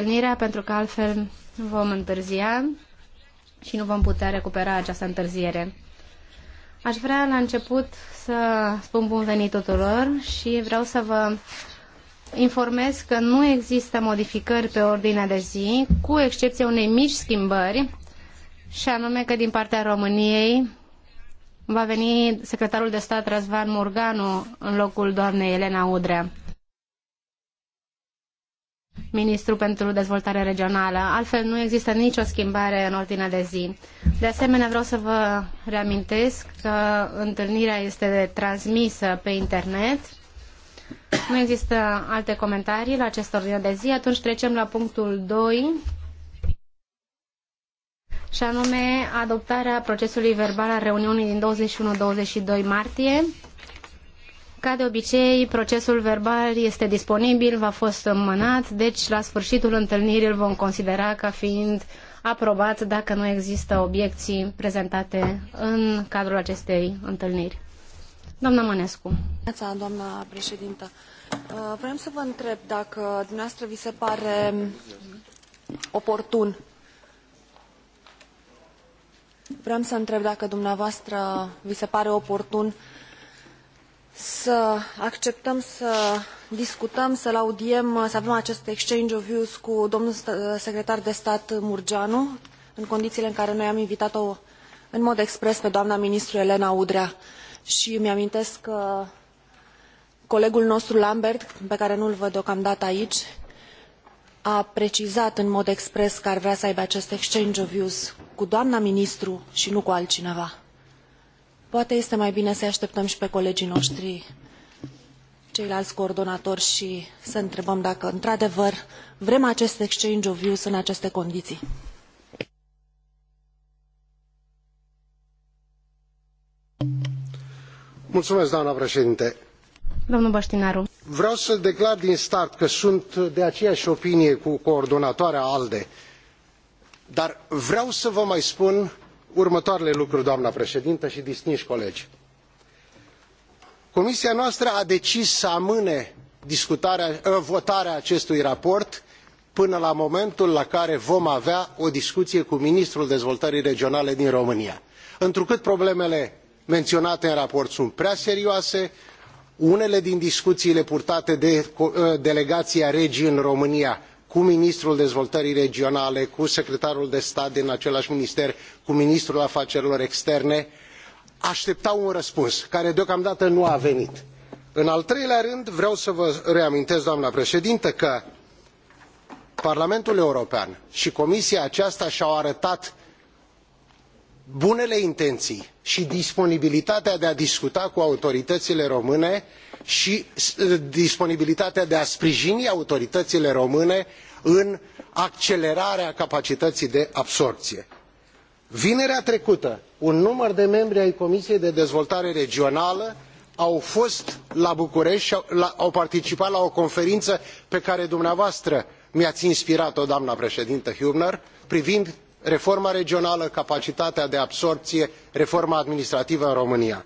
întâlnirea pentru că altfel vom întârzia și nu vom putea recupera această întârziere. Aș vrea la început să spun bun venit tuturor și vreau să vă informez că nu există modificări pe ordinea de zi, cu excepția unei mici schimbări, și anume că din partea României va veni secretarul de stat Răzvan Murganu în locul doamnei Elena Udrea ministru pentru dezvoltare regională. Altfel nu există nicio schimbare în ordinea de zi. De asemenea, vreau să vă reamintesc că întâlnirea este transmisă pe internet. Nu există alte comentarii la această ordine de zi. Atunci trecem la punctul 2 și anume adoptarea procesului verbal al reuniunii din 21-22 martie. Ca de obicei, procesul verbal este disponibil, va fost înmânat, deci la sfârșitul întâlnirii îl vom considera ca fiind aprobat dacă nu există obiecții prezentate în cadrul acestei întâlniri. Doamna Mănescu. Doamna președintă, uh, vreau să vă întreb dacă dumneavoastră vi se pare oportun Vreau să întreb dacă dumneavoastră vi se pare oportun să acceptăm să discutăm, să-l audiem, să avem acest exchange of views cu domnul secretar de stat Murgeanu, în condițiile în care noi am invitat-o în mod expres pe doamna ministru Elena Udrea. Și îmi amintesc că colegul nostru Lambert, pe care nu-l văd deocamdată aici, a precizat în mod expres că ar vrea să aibă acest exchange of views cu doamna ministru și nu cu altcineva. Poate este mai bine să-i așteptăm și pe colegii noștri, ceilalți coordonatori, și să întrebăm dacă, într-adevăr, vrem acest exchange of views în aceste condiții. Mulțumesc, doamna președinte. Domnul Băștinaru. Vreau să declar din start că sunt de aceeași opinie cu coordonatoarea ALDE, dar vreau să vă mai spun următoarele lucruri doamnă preedintă i distini colegi comisia noastră a decis să amâne ă, votarea acestui raport până la momentul la care vom avea o discuie cu ministrul dezvoltării regionale din românia întrucât problemele menionate în raport sunt prea serioase unele din discuiile purtate de ă, delegaia regi în românia cu ministrul dezvoltării regionale cu secretarul de stat din acelai minister cu ministrul afacerilor externe ateptau un răspuns care deocamdată nu a venit. în al treilea rând vreau să vă reamintesc doamnă preedintă că parlamentul european i comisia aceasta i au arătat bunele intenii i disponibilitatea de a discuta cu autorităile române și uh, disponibilitatea de a sprijini autoritățile române în accelerarea capacității de absorbie. vinerea trecută un număr de membri ai comisiei de dezvoltare regională au fost la bucureti i au participat la o conferină pe care dumneavoastră mi ai inspirat o doamnă preedintă hübner privind reforma regională capacitatea de absorbie reforma administrativă în românia.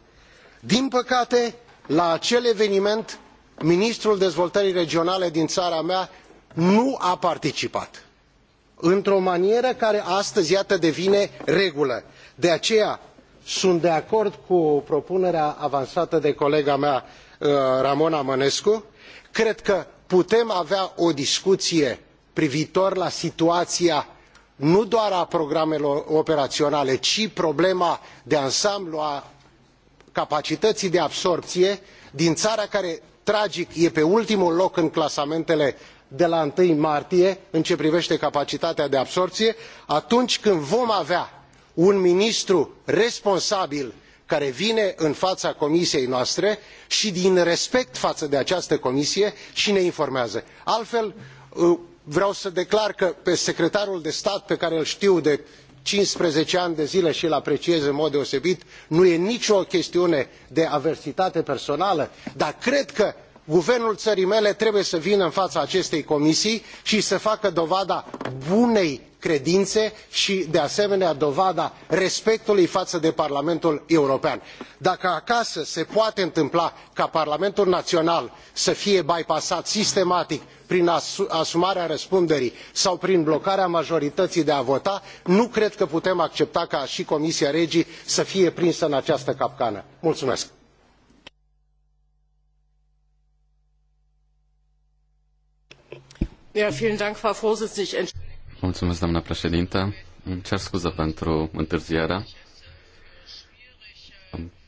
din păcate la acel eveniment ministrul dezvoltării regionale din ara mea nu a participat într o manieră care astăzi iată devine regulă. de aceea sunt de acord cu propunerea avansată de colega mea uh, ramona mănescu cred că putem avea o discuie privitor la situaia nu doar a programelor operaionale ci problema de ansamblu a capacităii de absorbie din ara care tragic este pe ultimul loc în clasamentele de la unu martie în ceea ce privete capacitatea de absorbie atunci când vom avea un ministru responsabil care vine în faa comisiei noastre i din respect faă de această comisie i ne informează. altfel uh, vreau să declar că pe secretarul de stat pe care îl tiu de cincisprezece ani de zile i îl apreciez în mod deosebit nu e nicio chestiune de aversitate personală dar cred că guvernul ării mele trebuie să vină în faa acestei comisii i să facă dovada bunei credine i de asemenea dovada respectului faă de parlamentul european. dacă acasă se poate întâmpla ca parlamentul naional să fie bypassat sistematic prin asumarea răspunderii sau prin blocarea majorităii de a vota nu cred că putem accepta ca i comisia regi să fie prinsă în această capcană. Mulțumesc, doamna președintă. Îmi cer scuze pentru întârzierea.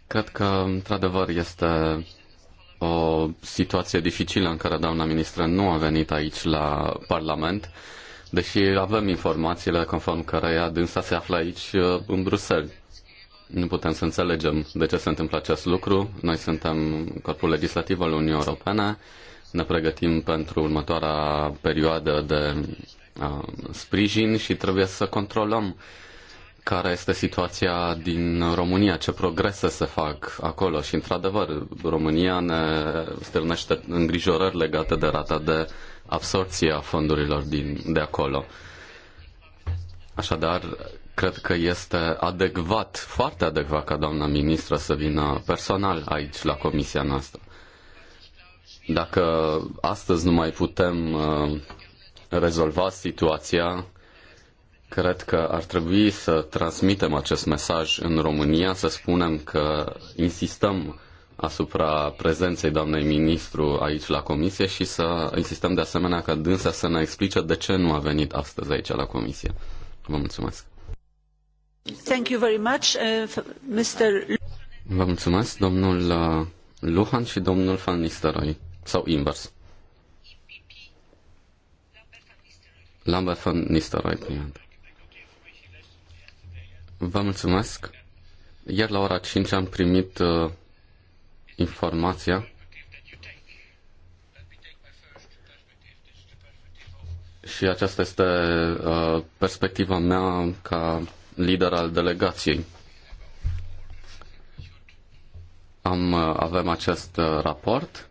Cred că, într-adevăr, este o situație dificilă în care doamna ministră nu a venit aici la Parlament, deși avem informațiile conform căreia dânsa se află aici uh, în Bruxelles. Nu putem să înțelegem de ce se întâmplă acest lucru. Noi suntem corpul legislativ al Uniunii Europene ne pregătim pentru următoarea perioadă de sprijin și trebuie să controlăm care este situația din România, ce progrese se fac acolo și, într-adevăr, România ne stârnește îngrijorări legate de rata de absorție a fondurilor din, de acolo. Așadar, cred că este adecvat, foarte adecvat ca doamna ministră să vină personal aici la comisia noastră. Dacă astăzi nu mai putem uh, rezolva situația, cred că ar trebui să transmitem acest mesaj în România, să spunem că insistăm asupra prezenței doamnei ministru aici la comisie și să insistăm de asemenea ca dânsa să ne explice de ce nu a venit astăzi aici la comisie. Vă mulțumesc. Thank you very much, uh, Mr. Vă mulțumesc, domnul uh, Luhan și domnul Van Nistelrooy sau invers. Lambert von Nistelrooy, Vă mulțumesc. Iar la ora 5 am primit uh, informația și aceasta este uh, perspectiva mea ca lider al delegației. Am, uh, avem acest uh, raport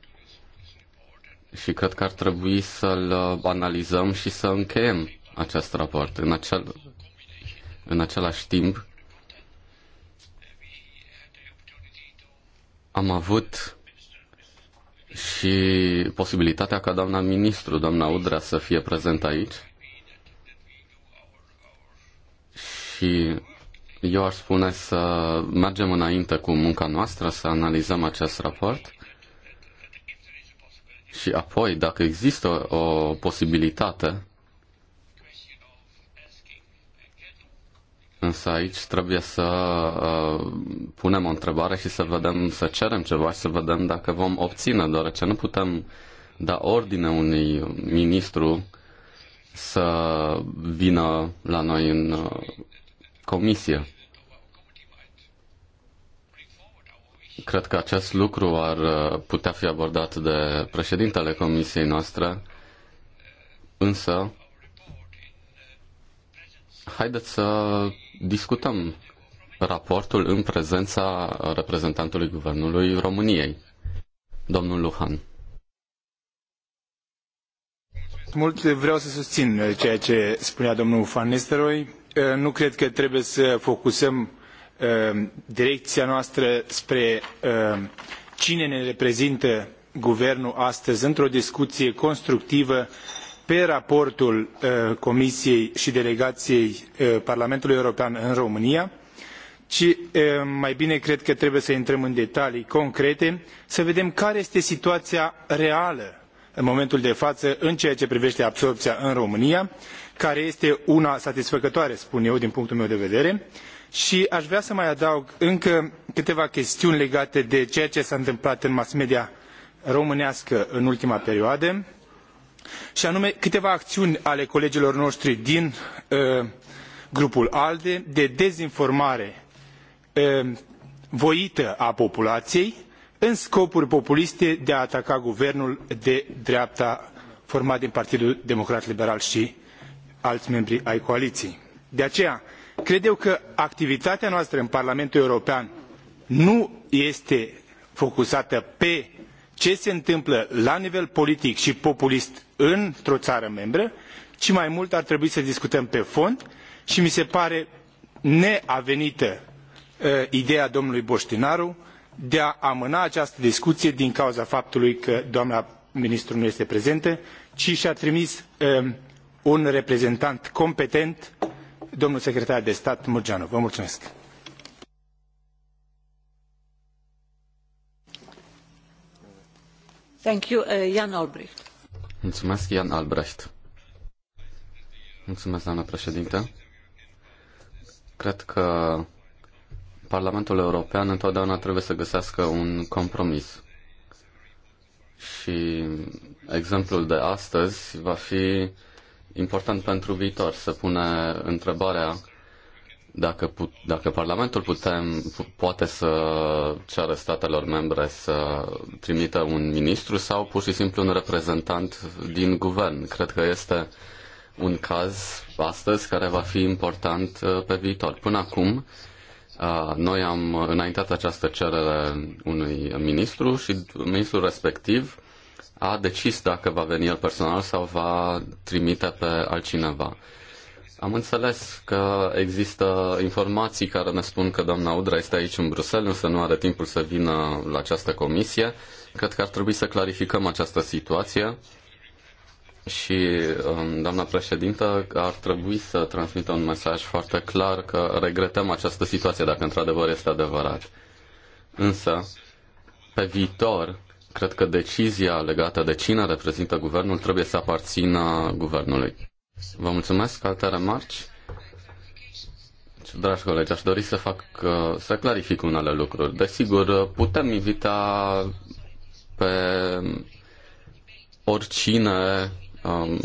și cred că ar trebui să-l analizăm și să încheiem acest raport. În, acel, în același timp, am avut și posibilitatea ca doamna ministru, doamna Udrea, să fie prezent aici. Și eu aș spune să mergem înainte cu munca noastră, să analizăm acest raport și apoi, dacă există o posibilitate, însă aici trebuie să uh, punem o întrebare și să vedem, să cerem ceva și să vedem dacă vom obține, deoarece nu putem da ordine unui ministru să vină la noi în uh, comisie. Cred că acest lucru ar uh, putea fi abordat de președintele comisiei noastre, însă haideți să discutăm raportul în prezența reprezentantului Guvernului României, domnul Luhan. Mult vreau să susțin uh, ceea ce spunea domnul Van Nistelrooy. Uh, nu cred că trebuie să focusăm uh, Ehm, direcția noastră spre ehm, cine ne reprezintă guvernul astăzi într o discuție constructivă pe raportul ehm, Comisiei și delegației Parlamentului European în România, ci mai bine cred că trebuie să intrăm în detalii concrete, să vedem care este situația reală în momentul de față în ceea ce privește absorbția în România, care este una satisfăcătoare, spun eu, din punctul meu de vedere, uh, și aș vrea să mai adaug încă câteva chestiuni legate de ceea ce s-a întâmplat în mass media românească în ultima perioadă, și anume câteva acțiuni ale colegilor noștri din uh, grupul ALDE de dezinformare uh, voită a populației în scopuri populiste de a ataca guvernul de dreapta format din Partidul Democrat Liberal și alți membri ai coaliției. De aceea, Cred eu că activitatea noastră în Parlamentul European nu este focusată pe ce se întâmplă la nivel politic și populist într-o țară membră, ci mai mult ar trebui să discutăm pe fond și mi se pare neavenită uh, ideea domnului Boștinaru de a amâna această discuție din cauza faptului că doamna ministru nu este prezentă, ci și-a trimis uh, un reprezentant competent domnul secretar de stat Murgeanu. Vă mulțumesc. Thank you, uh, Jan Albrecht. Mulțumesc, Jan Albrecht. Mulțumesc, doamnă președinte. Cred că Parlamentul European întotdeauna trebuie să găsească un compromis. Și exemplul de astăzi va fi important pentru viitor să pune întrebarea dacă, put, dacă Parlamentul putem, poate să ceară statelor membre să trimită un ministru sau pur și simplu un reprezentant din guvern. Cred că este un caz astăzi care va fi important uh, pe viitor. Până acum, uh, noi am înaintat această cerere unui ministru și ministrul respectiv a decis dacă va veni el personal sau va trimite pe altcineva. Am înțeles că există informații care ne spun că doamna Udra este aici în Bruxelles, însă nu are timpul să vină la această comisie. Cred că ar trebui să clarificăm această situație și um, doamna președintă ar trebui să transmită un mesaj foarte clar că regretăm această situație dacă într-adevăr este adevărat. Însă, pe viitor, cred că decizia legată de cine reprezintă guvernul trebuie să aparțină guvernului. Vă mulțumesc, alte remarci? Dragi colegi, aș dori să fac, uh, să clarific unele lucruri. Desigur, uh, putem invita pe oricine um,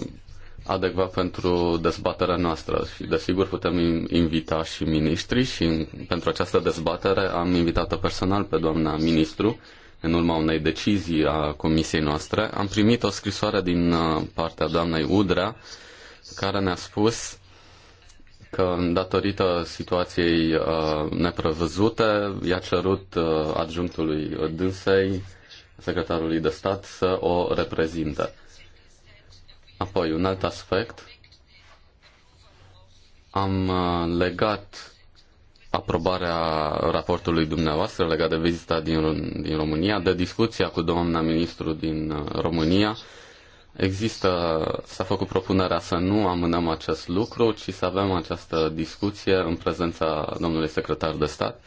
adecvat pentru dezbaterea noastră și desigur putem invita și miniștri și pentru această dezbatere am invitat-o personal pe doamna ministru în urma unei decizii a comisiei noastre, am primit o scrisoare din uh, partea doamnei Udrea care ne-a spus că datorită situației uh, neprevăzute i-a cerut uh, adjunctului dânsei, secretarului de stat, să o reprezinte. Apoi, un alt aspect, am legat aprobarea raportului dumneavoastră legat de vizita din, din România, de discuția cu doamna ministru din uh, România. Există, s-a făcut propunerea să nu amânăm acest lucru, ci să avem această discuție în prezența domnului secretar de stat.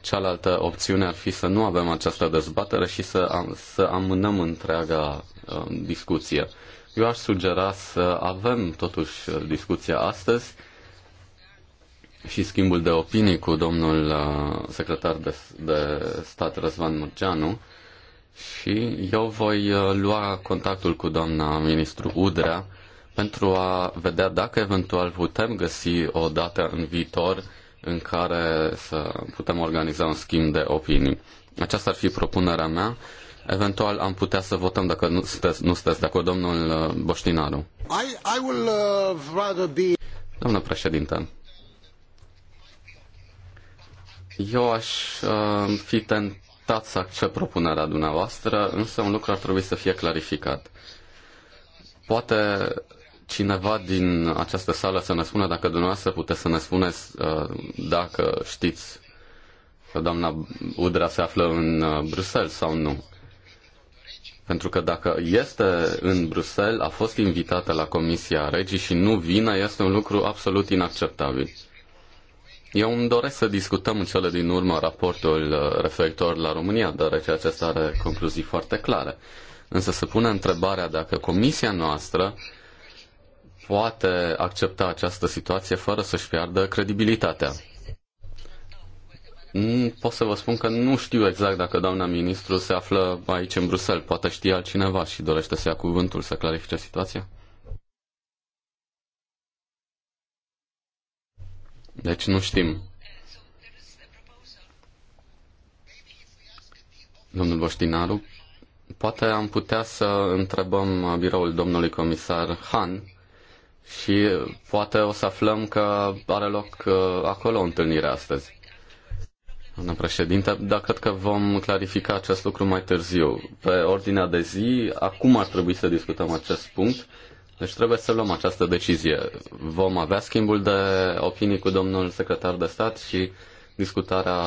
Cealaltă opțiune ar fi să nu avem această dezbatere și să, să amânăm întreaga uh, discuție. Eu aș sugera să avem totuși uh, discuția astăzi, și schimbul de opinii cu domnul uh, secretar de, de stat Răzvan Murgeanu și eu voi uh, lua contactul cu doamna ministru Udrea pentru a vedea dacă eventual putem găsi o dată în viitor în care să putem organiza un schimb de opinii. Aceasta ar fi propunerea mea. Eventual am putea să votăm dacă nu sunteți, nu sunteți de acord, domnul uh, Boștinaru. I, I will, uh, rather be... Doamnă președinte, eu aș uh, fi tentat să accept propunerea dumneavoastră, însă un lucru ar trebui să fie clarificat. Poate cineva din această sală să ne spună dacă dumneavoastră puteți să ne spuneți uh, dacă știți că doamna Udrea se află în uh, Bruxelles sau nu. Pentru că dacă este în Bruxelles, a fost invitată la Comisia Regii și nu vine, este un lucru absolut inacceptabil. Eu îmi doresc să discutăm în cele din urmă raportul uh, referitor la România, deoarece acesta are concluzii foarte clare. Însă se pune întrebarea dacă comisia noastră poate accepta această situație fără să-și piardă credibilitatea. Mm, pot să vă spun că nu știu exact dacă doamna ministru se află aici în Bruxelles. Poate știe altcineva și dorește să ia cuvântul să clarifice situația. Deci nu știm. Domnul Boștinaru, poate am putea să întrebăm biroul domnului comisar Han și poate o să aflăm că are loc uh, acolo o întâlnire astăzi. Doamna președinte, dar cred că vom clarifica acest lucru mai târziu. Pe ordinea de zi, acum ar trebui să discutăm acest punct, deci trebuie să luăm această decizie. Vom avea schimbul de opinii cu domnul secretar de stat și discutarea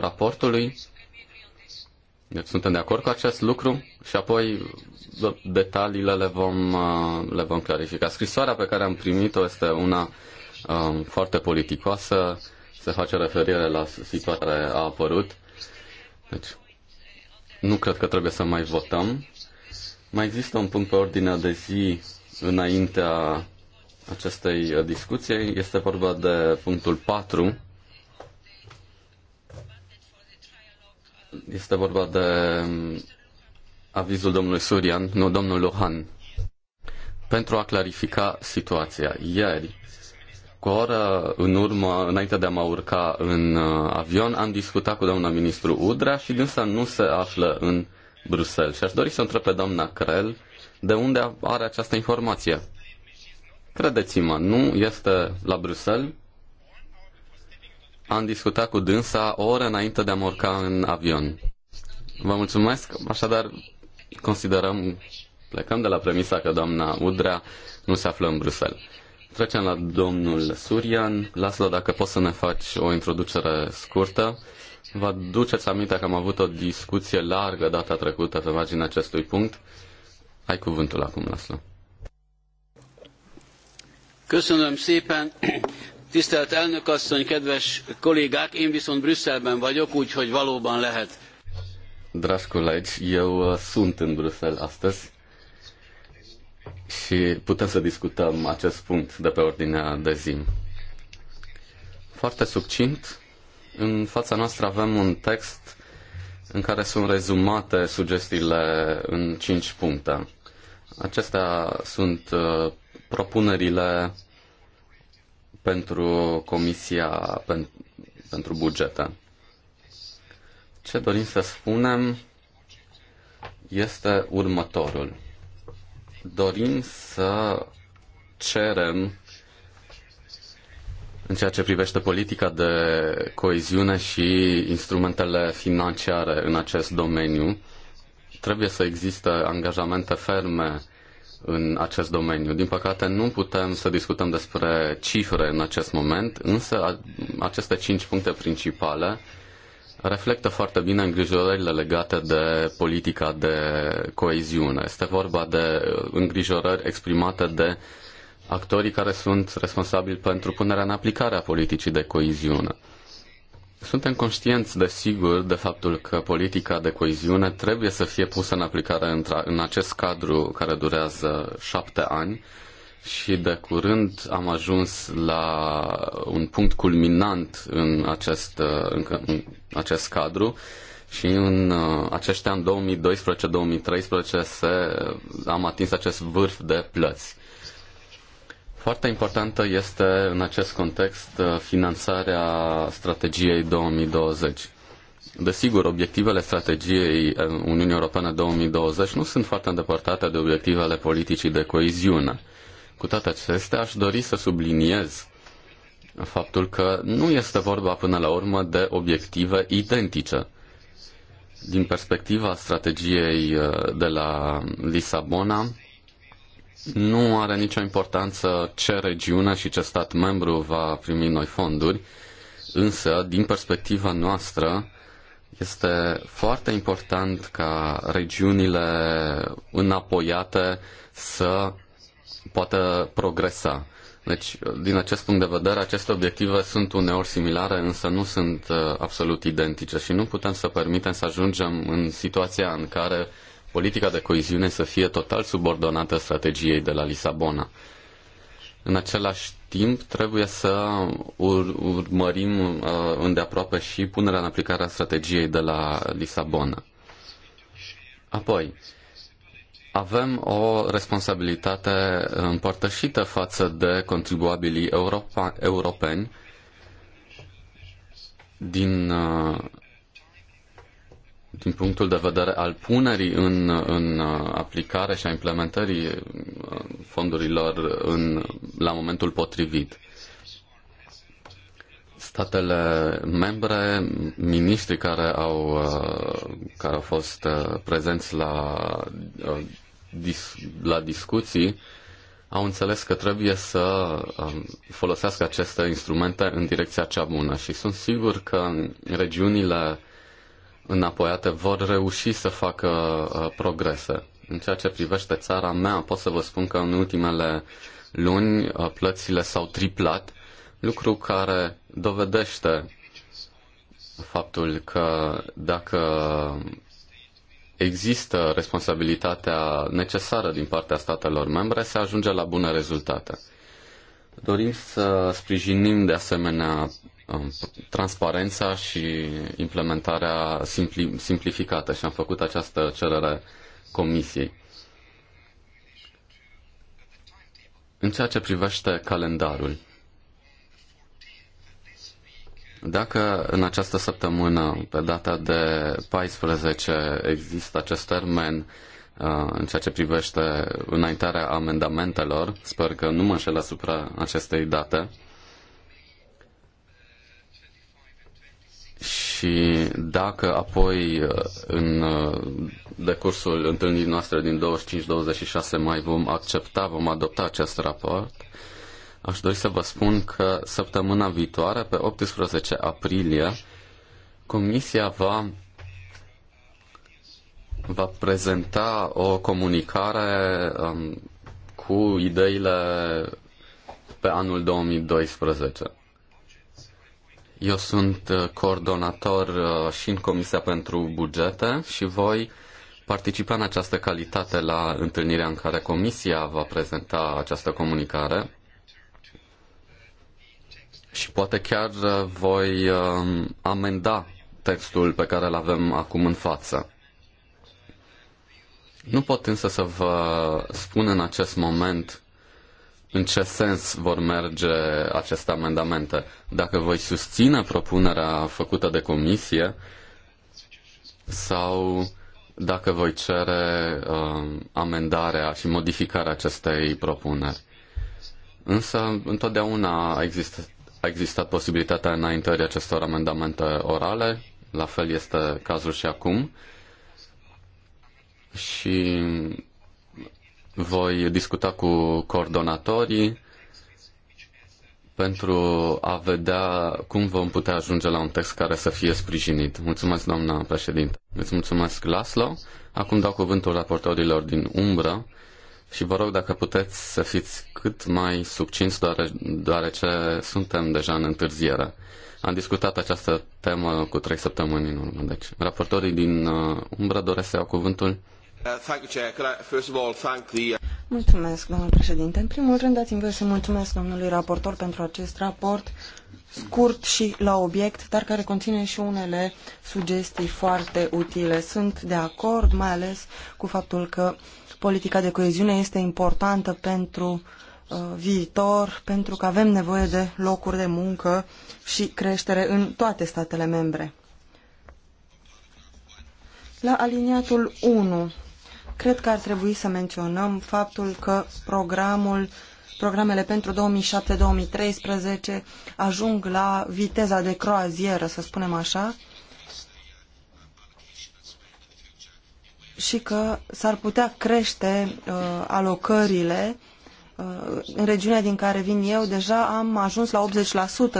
raportului. Deci suntem de acord cu acest lucru și apoi detaliile le vom, le vom clarifica. Scrisoarea pe care am primit-o este una um, foarte politicoasă, se face referire la situația care a apărut. Deci, nu cred că trebuie să mai votăm. Mai există un punct pe ordinea de zi înaintea acestei uh, discuții. Este vorba de punctul 4. Este vorba de um, avizul domnului Surian, nu domnul Lohan. Pentru a clarifica situația, ieri, cu o oră în urmă, înainte de a mă urca în uh, avion, am discutat cu doamna ministru Udrea și dânsa nu se află în Bruxelles. Și aș dori să întreb pe doamna Crel de unde are această informație. Credeți-mă, nu este la Bruxelles. Am discutat cu dânsa o oră înainte de a morca în avion. Vă mulțumesc, așadar considerăm, plecăm de la premisa că doamna Udrea nu se află în Bruxelles. Trecem la domnul Surian. Lasă-l dacă poți să ne faci o introducere scurtă. Vă duceți aminte că am avut o discuție largă data trecută pe marginea acestui punct. Ai cuvântul acum, Laslo. Köszönöm szépen. Tisztelt elnök asszony, kedves kollégák, én viszont Brüsszelben vagyok, úgyhogy valóban lehet. Dragi colegi, eu uh, sunt în Bruxelles astăzi și putem să discutăm acest punct de pe ordinea de zi. Foarte succint, în fața noastră avem un text în care sunt rezumate sugestiile în cinci puncte. Acestea sunt uh, propunerile pentru Comisia pentru Bugete. Ce dorim să spunem este următorul. Dorim să cerem în ceea ce privește politica de coeziune și instrumentele financiare în acest domeniu, trebuie să existe angajamente ferme în acest domeniu. Din păcate, nu putem să discutăm despre cifre în acest moment, însă aceste cinci puncte principale reflectă foarte bine îngrijorările legate de politica de coeziune. Este vorba de îngrijorări exprimate de actorii care sunt responsabili pentru punerea în aplicare a politicii de coeziune. Suntem conștienți, desigur, de faptul că politica de coeziune trebuie să fie pusă în aplicare în acest cadru care durează șapte ani și de curând am ajuns la un punct culminant în acest, în, în acest cadru și în uh, acești ani 2012-2013 se, am atins acest vârf de plăți. Foarte importantă este în acest context uh, finanțarea strategiei 2020. Desigur, obiectivele strategiei uh, Uniunii Europene 2020 nu sunt foarte îndepărtate de obiectivele politicii de coeziune. Cu toate acestea, aș dori să subliniez faptul că nu este vorba până la urmă de obiective identice. Din perspectiva strategiei uh, de la Lisabona, nu are nicio importanță ce regiune și ce stat membru va primi noi fonduri, însă, din perspectiva noastră, este foarte important ca regiunile înapoiate să poată progresa. Deci, din acest punct de vedere, aceste obiective sunt uneori similare, însă nu sunt uh, absolut identice și nu putem să permitem să ajungem în situația în care politica de coeziune să fie total subordonată strategiei de la Lisabona. În același timp, trebuie să ur- urmărim uh, îndeaproape și punerea în aplicare a strategiei de la Lisabona. Apoi, avem o responsabilitate împărtășită față de contribuabilii europa- europeni din uh, din punctul de vedere al punerii în, în aplicare și a implementării uh, fondurilor în, la momentul potrivit. Statele membre, ministrii care au, uh, care au fost uh, prezenți la, la discuții, au înțeles că trebuie să um, folosească aceste instrumente în direcția cea bună și sunt sigur că regiunile înapoiate vor reuși să facă uh, progrese. În ceea ce privește țara mea, pot să vă spun că în ultimele luni uh, plățile s-au triplat, lucru care dovedește faptul că dacă există responsabilitatea necesară din partea statelor membre, se ajunge la bune rezultate. Dorim să sprijinim de asemenea transparența și implementarea simpli, simplificată și am făcut această cerere comisiei. În ceea ce privește calendarul, dacă în această săptămână, pe data de 14, există acest termen uh, în ceea ce privește înaintarea amendamentelor, sper că nu mă înșel asupra acestei date, și dacă apoi uh, în uh, decursul întâlnirii noastre din 25-26 mai vom accepta, vom adopta acest raport, aș dori să vă spun că săptămâna viitoare, pe 18 aprilie, Comisia va va prezenta o comunicare um, cu ideile pe anul 2012. Eu sunt uh, coordonator uh, și în Comisia pentru Bugete și voi participa în această calitate la întâlnirea în care Comisia va prezenta această comunicare și poate chiar uh, voi um, amenda textul pe care îl avem acum în față. Nu pot însă să vă spun în acest moment în ce sens vor merge aceste amendamente. Dacă voi susține propunerea făcută de comisie sau dacă voi cere uh, amendarea și modificarea acestei propuneri. Însă, întotdeauna a existat, a existat posibilitatea înaintării acestor amendamente orale, la fel este cazul și acum. Și voi discuta cu coordonatorii pentru a vedea cum vom putea ajunge la un text care să fie sprijinit. Mulțumesc, doamna președinte. Îți mulțumesc, Laslo. Acum dau cuvântul raportorilor din umbră și vă rog dacă puteți să fiți cât mai succinți, deoarece suntem deja în întârziere. Am discutat această temă cu trei săptămâni în urmă, deci raportorii din uh, umbră doresc să iau cuvântul. Mulțumesc, președinte. În primul rând, dați-mi voie să mulțumesc domnului raportor pentru acest raport scurt și la obiect, dar care conține și unele sugestii foarte utile. Sunt de acord, mai ales cu faptul că politica de coeziune este importantă pentru uh, viitor, pentru că avem nevoie de locuri de muncă și creștere în toate statele membre. La aliniatul 1 Cred că ar trebui să menționăm faptul că programul, programele pentru 2007-2013 ajung la viteza de croazieră, să spunem așa, și că s-ar putea crește uh, alocările Uh, în regiunea din care vin eu, deja am ajuns la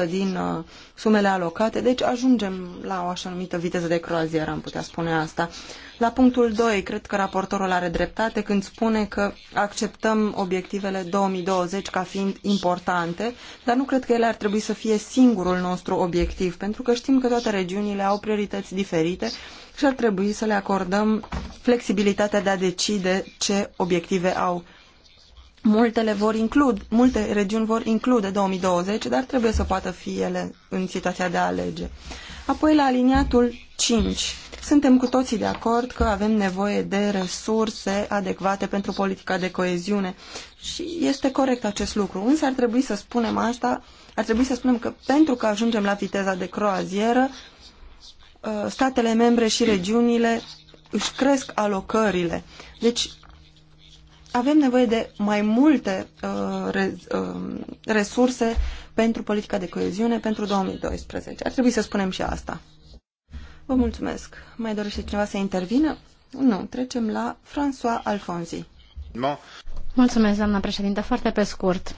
80% din uh, sumele alocate, deci ajungem la o așa numită viteză de croazieră, am putea spune asta. La punctul 2, cred că raportorul are dreptate când spune că acceptăm obiectivele 2020 ca fiind importante, dar nu cred că ele ar trebui să fie singurul nostru obiectiv, pentru că știm că toate regiunile au priorități diferite și ar trebui să le acordăm flexibilitatea de a decide ce obiective au Multele vor include, multe regiuni vor include 2020, dar trebuie să poată fi ele în situația de a alege. Apoi la aliniatul 5. Suntem cu toții de acord că avem nevoie de resurse adecvate pentru politica de coeziune și este corect acest lucru, însă ar trebui să spunem asta, ar trebui să spunem că pentru că ajungem la viteza de croazieră, ă, statele membre și regiunile își cresc alocările. Deci avem nevoie de mai multe uh, re, uh, resurse pentru politica de coeziune pentru 2012. Ar trebui să spunem și asta. Vă mulțumesc. Mai dorește cineva să intervină? Nu. Trecem la François Alfonzi. Mulțumesc, doamna președinte. Foarte pe scurt.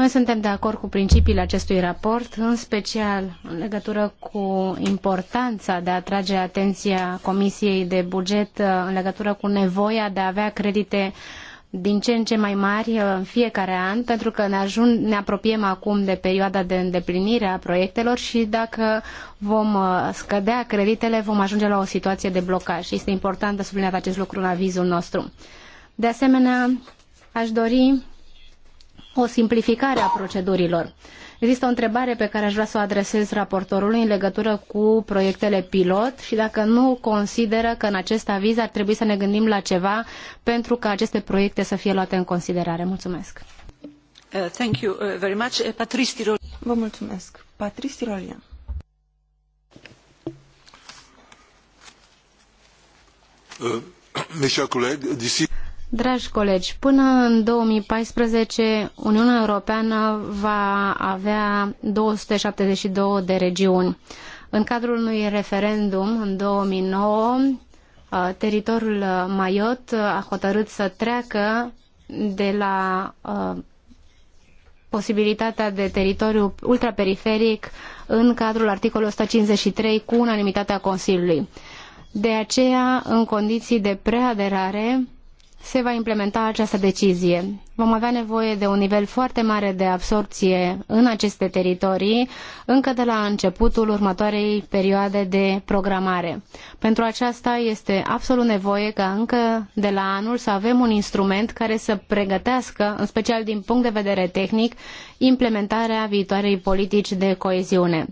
Noi suntem de acord cu principiile acestui raport, în special în legătură cu importanța de a atrage atenția Comisiei de Buget uh, în legătură cu nevoia de a avea credite din ce în ce mai mari uh, în fiecare an, pentru că ne, ajung, ne apropiem acum de perioada de îndeplinire a proiectelor și dacă vom uh, scădea creditele, vom ajunge la o situație de blocaj. Este important de subliniat acest lucru în avizul nostru. De asemenea, aș dori o simplificare a procedurilor. Există o întrebare pe care aș vrea să o adresez raportorului în legătură cu proiectele pilot și dacă nu consideră că în acest aviz ar trebui să ne gândim la ceva pentru ca aceste proiecte să fie luate în considerare. Mulțumesc. Uh, thank you uh, very much. Uh, Patrice Vă mulțumesc. Patrice Tirolian. Uh, mes chers collègues, d'ici Dragi colegi, până în 2014 Uniunea Europeană va avea 272 de regiuni. În cadrul unui referendum în 2009, uh, teritoriul Maiot a hotărât să treacă de la uh, posibilitatea de teritoriu ultraperiferic în cadrul articolului 153 cu unanimitatea Consiliului. De aceea, în condiții de preaderare, se va implementa această decizie. Vom avea nevoie de un nivel foarte mare de absorpție în aceste teritorii încă de la începutul următoarei perioade de programare. Pentru aceasta este absolut nevoie ca încă de la anul să avem un instrument care să pregătească, în special din punct de vedere tehnic, implementarea viitoarei politici de coeziune.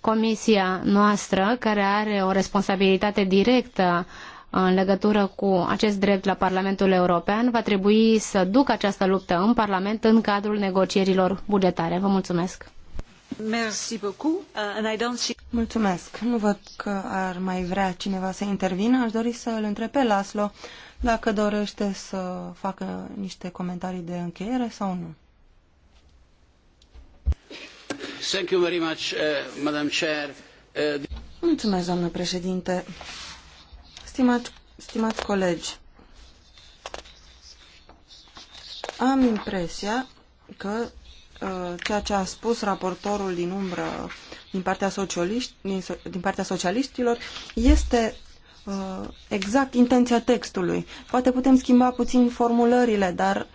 Comisia noastră, care are o responsabilitate directă în legătură cu acest drept la Parlamentul European. Va trebui să ducă această luptă în Parlament în cadrul negocierilor bugetare. Vă mulțumesc! Uh, mulțumesc. Nu văd că ar mai vrea cineva să intervină. Aș dori să îl întreb pe Laslo dacă dorește să facă niște comentarii de încheiere sau nu. Uh, uh, mulțumesc, doamnă președinte. Stimați, stimați colegi, am impresia că uh, ceea ce a spus raportorul din umbră din partea, socialiști, din, din partea socialiștilor este uh, exact intenția textului. Poate putem schimba puțin formulările, dar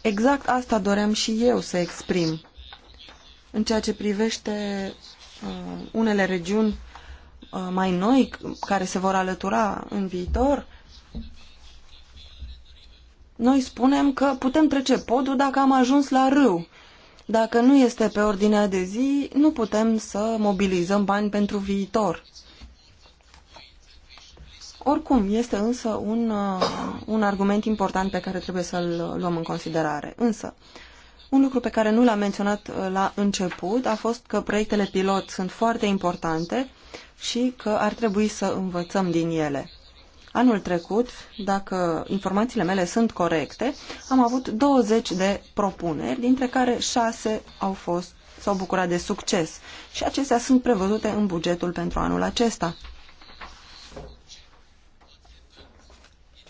exact asta doream și eu să exprim. În ceea ce privește uh, unele regiuni Uh, mai noi care se vor alătura în viitor, noi spunem că putem trece podul dacă am ajuns la râu. Dacă nu este pe ordinea de zi, nu putem să mobilizăm bani pentru viitor. Oricum, este însă un, uh, un argument important pe care trebuie să-l luăm în considerare. Însă, un lucru pe care nu l-am menționat uh, la început a fost că proiectele pilot sunt foarte importante și că ar trebui să învățăm din ele. Anul trecut, dacă informațiile mele sunt corecte, am avut 20 de propuneri, dintre care 6 au fost s-au bucurat de succes și acestea sunt prevăzute în bugetul pentru anul acesta.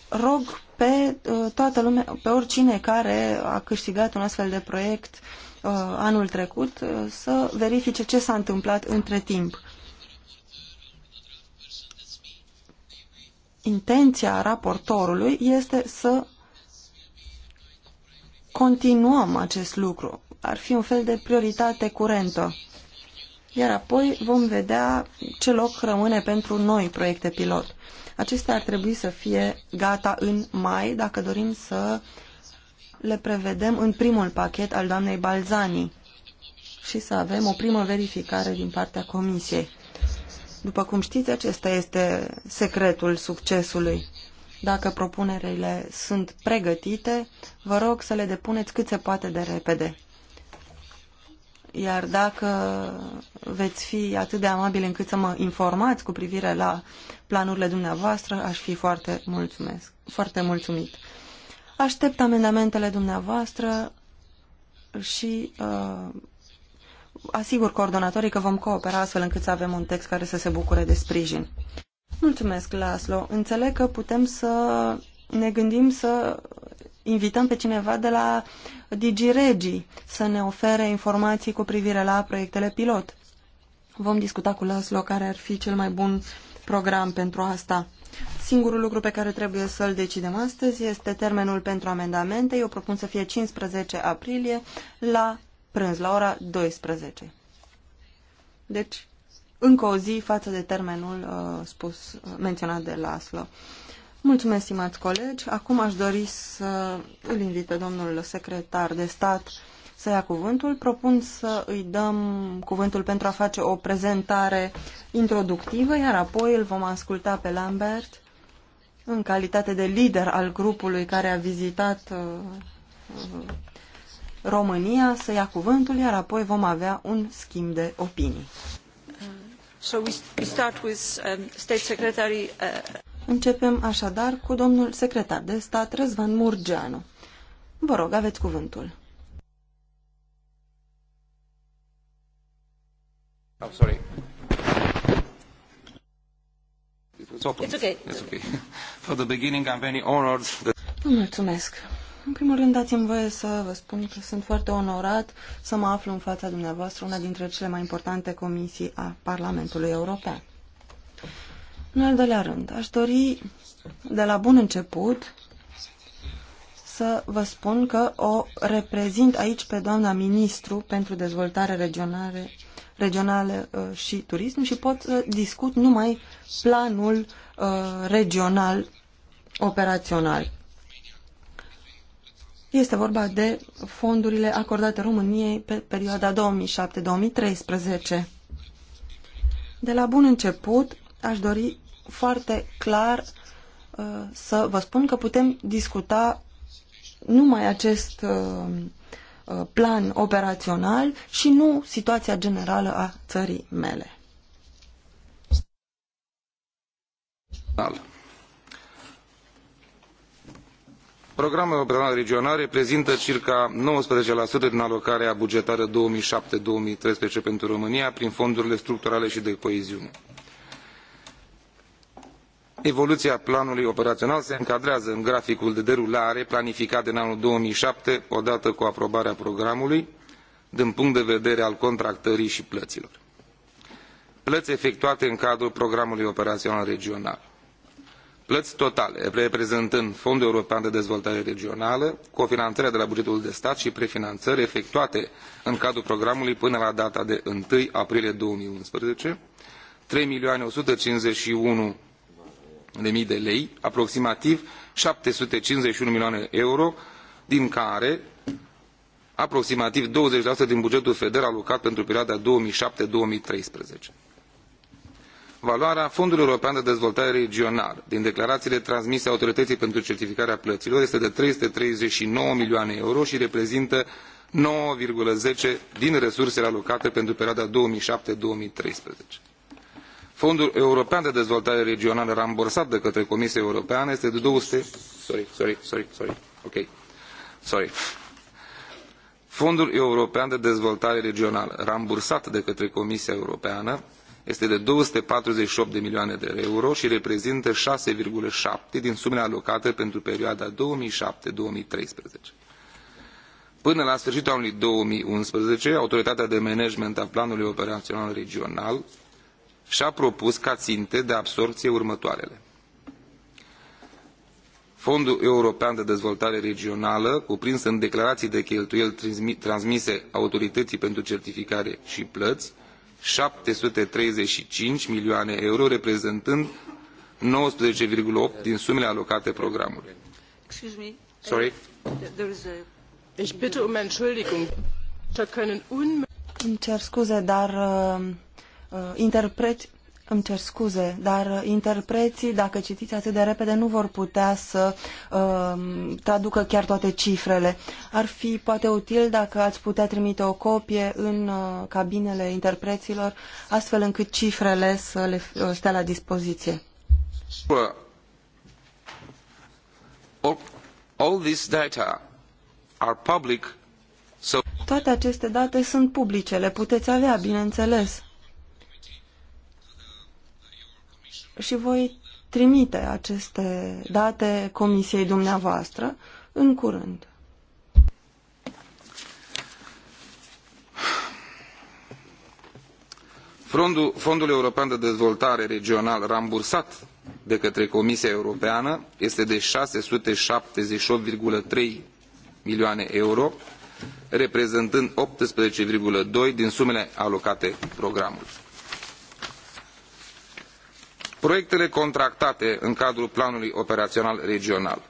Rog pe uh, toată lumea, pe oricine care a câștigat un astfel de proiect uh, anul trecut uh, să verifice ce s-a întâmplat între timp. intenția raportorului este să continuăm acest lucru. Ar fi un fel de prioritate curentă. Iar apoi vom vedea ce loc rămâne pentru noi proiecte pilot. Acestea ar trebui să fie gata în mai, dacă dorim să le prevedem în primul pachet al doamnei Balzani și să avem o primă verificare din partea Comisiei. După cum știți, acesta este secretul succesului. Dacă propunerile sunt pregătite, vă rog să le depuneți cât se poate de repede. Iar dacă veți fi atât de amabil încât să mă informați cu privire la planurile dumneavoastră, aș fi foarte, mulțumesc, foarte mulțumit. Aștept amendamentele dumneavoastră și uh, asigur coordonatorii că vom coopera astfel încât să avem un text care să se bucure de sprijin. Mulțumesc, Laslo. Înțeleg că putem să ne gândim să invităm pe cineva de la DigiRegi să ne ofere informații cu privire la proiectele pilot. Vom discuta cu Laslo care ar fi cel mai bun program pentru asta. Singurul lucru pe care trebuie să-l decidem astăzi este termenul pentru amendamente. Eu propun să fie 15 aprilie la prânz, la ora 12. Deci, încă o zi față de termenul uh, spus, uh, menționat de Laslo. Mulțumesc, stimați colegi. Acum aș dori să îl invit pe domnul secretar de stat să ia cuvântul. Propun să îi dăm cuvântul pentru a face o prezentare introductivă, iar apoi îl vom asculta pe Lambert în calitate de lider al grupului care a vizitat uh, uh România să ia cuvântul, iar apoi vom avea un schimb de opinii. So we start with, um, State Secretary, uh... Începem așadar cu domnul secretar de stat Răzvan Murgeanu. Vă rog, aveți cuvântul. Oh, sorry. It's okay. It's okay. For the beginning, I'm very honored that... Mulțumesc. În primul rând, dați-mi voie să vă spun că sunt foarte onorat să mă aflu în fața dumneavoastră, una dintre cele mai importante comisii a Parlamentului European. În al doilea rând, aș dori de la bun început să vă spun că o reprezint aici pe doamna ministru pentru dezvoltare regionale, regională uh, și turism și pot să discut numai planul uh, regional operațional. Este vorba de fondurile acordate României pe perioada 2007-2013. De la bun început, aș dori foarte clar uh, să vă spun că putem discuta numai acest uh, uh plan operațional și nu situația generală a țării mele. programele operaționale regionale reprezintă circa nouăsprezece din alocarea bugetară două mii șapte două mii treisprezece pentru românia prin fondurile structurale și de coeziune. evoluția planului operațional se încadrează în graficul de derulare planificat în anul două mii șapte odată cu aprobarea programului din punct de vedere al contractării și plăților plăți efectuate în cadrul programului operațional regional plăți totale reprezentând Fondul European de Dezvoltare Regională, cofinanțarea de la bugetul de stat și prefinanțări efectuate în cadrul programului până la data de 1 aprilie 2011, 3 milioane de mii de lei, aproximativ 751 milioane euro, din care aproximativ 20% din bugetul FEDER alocat pentru perioada 2007-2013 valoarea fondului european de dezvoltare regională din declarațiile transmise autorității pentru certificarea plăților este de trei sute treizeci și nouă milioane euro și reprezintă nouă zece din resursele alocate pentru perioada două mii șapte două mii treisprezece fondul european de dezvoltare regională rambursat de către comisia europeană este de două sute sorry, sorry, sorry, sorry. ok, sorry. Fondul European de Dezvoltare Regională, rambursat de către Comisia Europeană, este de 248 de milioane de euro și reprezintă 6,7 din sumele alocate pentru perioada 2007-2013. Până la sfârșitul anului 2011, Autoritatea de Management a Planului Operațional Regional și-a propus ca ținte de absorpție următoarele. Fondul European de Dezvoltare Regională, cuprins în declarații de cheltuieli transmise autorității pentru certificare și plăți, 735 milioane euro, reprezentând 19,8 din sumele alocate programului. Sorry. Ich bitte um Entschuldigung. Da Îmi cer scuze, dar uh, uh interpreți îmi cer scuze, dar uh, interpreții, dacă citiți atât de repede, nu vor putea să uh, traducă chiar toate cifrele. Ar fi poate util dacă ați putea trimite o copie în uh, cabinele interpreților, astfel încât cifrele să le uh, stea la dispoziție. All this data are public, so... Toate aceste date sunt publice, le puteți avea, bineînțeles. și voi trimite aceste date comisiei dumneavoastră în curând. Fondul, Fondul European de Dezvoltare Regional rambursat de către Comisia Europeană este de 678,3 milioane euro, reprezentând 18,2 din sumele alocate programului proiectele contractate în cadrul planului operațional regional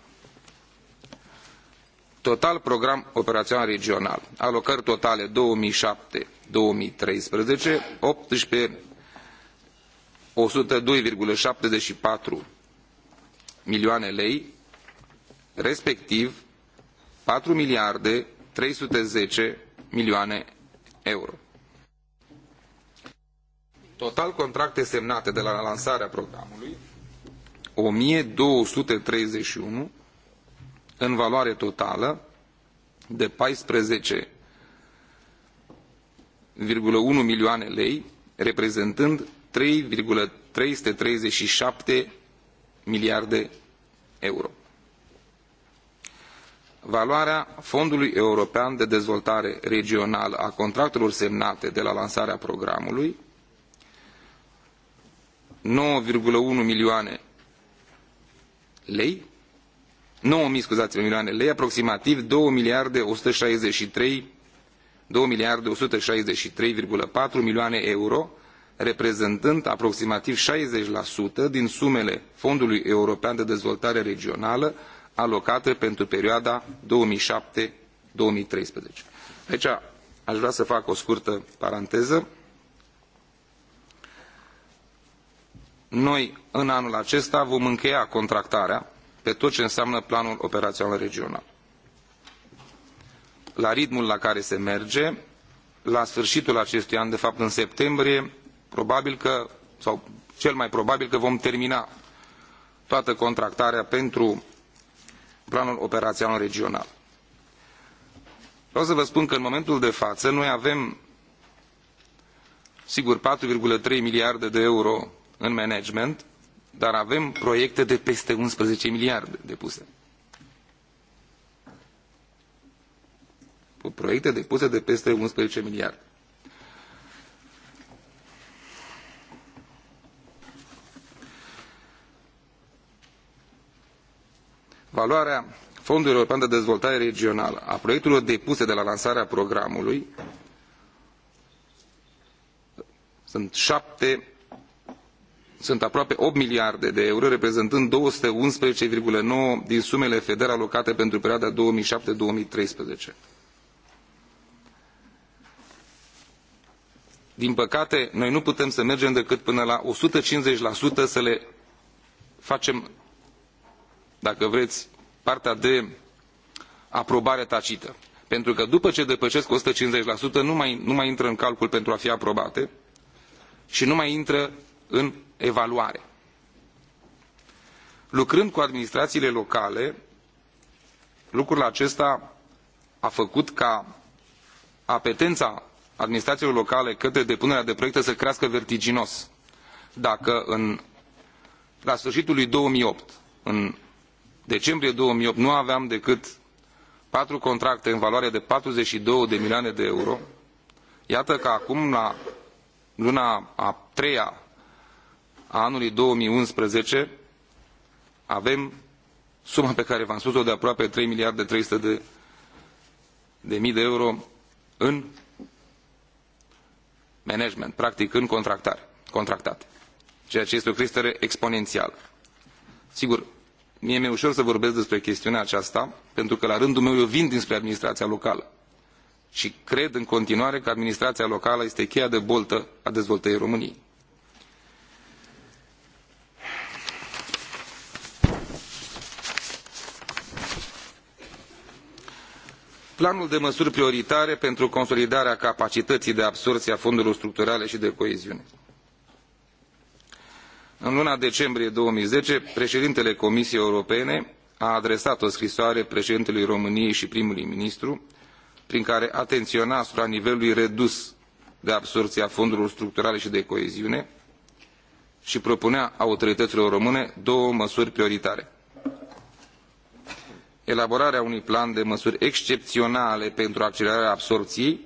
total program operațional regional alocări totale două mii șapte două mii treisprezece sută doi șaptezeci și patru milioane lei respectiv patru miliarde trei sute zece milioane euro. Total contracte semnate de la lansarea programului 1231 în valoare totală de 14,1 milioane lei, reprezentând 3,337 miliarde euro. Valoarea Fondului European de Dezvoltare Regională a contractelor semnate de la lansarea programului 9,1 milioane lei, 9.000, scuzați-vă, milioane lei, aproximativ 2 miliarde 163 2 miliarde 163,4 milioane euro, reprezentând aproximativ 60% din sumele Fondului European de Dezvoltare Regională alocate pentru perioada 2007-2013. Aici aș vrea să fac o scurtă paranteză Noi, în anul acesta, vom încheia contractarea pe tot ce înseamnă planul operațional regional. La ritmul la care se merge, la sfârșitul acestui an, de fapt în septembrie, probabil că, sau cel mai probabil că vom termina toată contractarea pentru planul operațional regional. Vreau să vă spun că în momentul de față noi avem, sigur, 4,3 miliarde de euro în management, dar avem proiecte de peste 11 miliarde depuse. Proiecte depuse de peste 11 miliarde. Valoarea Fondului European de Dezvoltare Regională a proiectelor depuse de la lansarea programului sunt șapte sunt aproape opt miliarde de euro reprezentând două sute unsprezece nouă din sumele feder alocate pentru perioada două mii șapte două mii treisprezece din păcate noi nu putem să mergem decât până la o sută cincizeci să le facem dacă vrei partea de aprobare tacită pentru că după ce depășesc o sută cincizeci nu mai intră în calcul pentru a fi aprobate și nu mai intră în evaluare. Lucrând cu administrațiile locale, lucrul acesta a făcut ca apetența administrațiilor locale către depunerea de proiecte să crească vertiginos. Dacă în, la sfârșitul lui 2008, în decembrie 2008, nu aveam decât patru contracte în valoare de 42 de milioane de euro, iată că acum, la luna a treia a anului unsprezece avem suma pe care v-am spus-o de aproape 3 miliarde 300 de, de mii de euro în management, practic în contractare, contractate, ceea ce este o creștere exponențială. Sigur, mie mi-e ușor să vorbesc despre chestiunea aceasta, pentru că la rândul meu eu vin dinspre administrația locală și cred în continuare că administrația locală este cheia de boltă a dezvoltării României. planul de măsuri prioritare pentru consolidarea capacității de absorbție a fondurilor structurale și de coeziune. În luna decembrie 2010, președintele Comisiei Europene a adresat o scrisoare președintelui României și primului ministru, prin care atenționa asupra nivelului redus de absorbție a fondurilor structurale și de coeziune și propunea autorităților române două măsuri prioritare – elaborarea unui plan de măsuri excepționale pentru accelerarea absorbției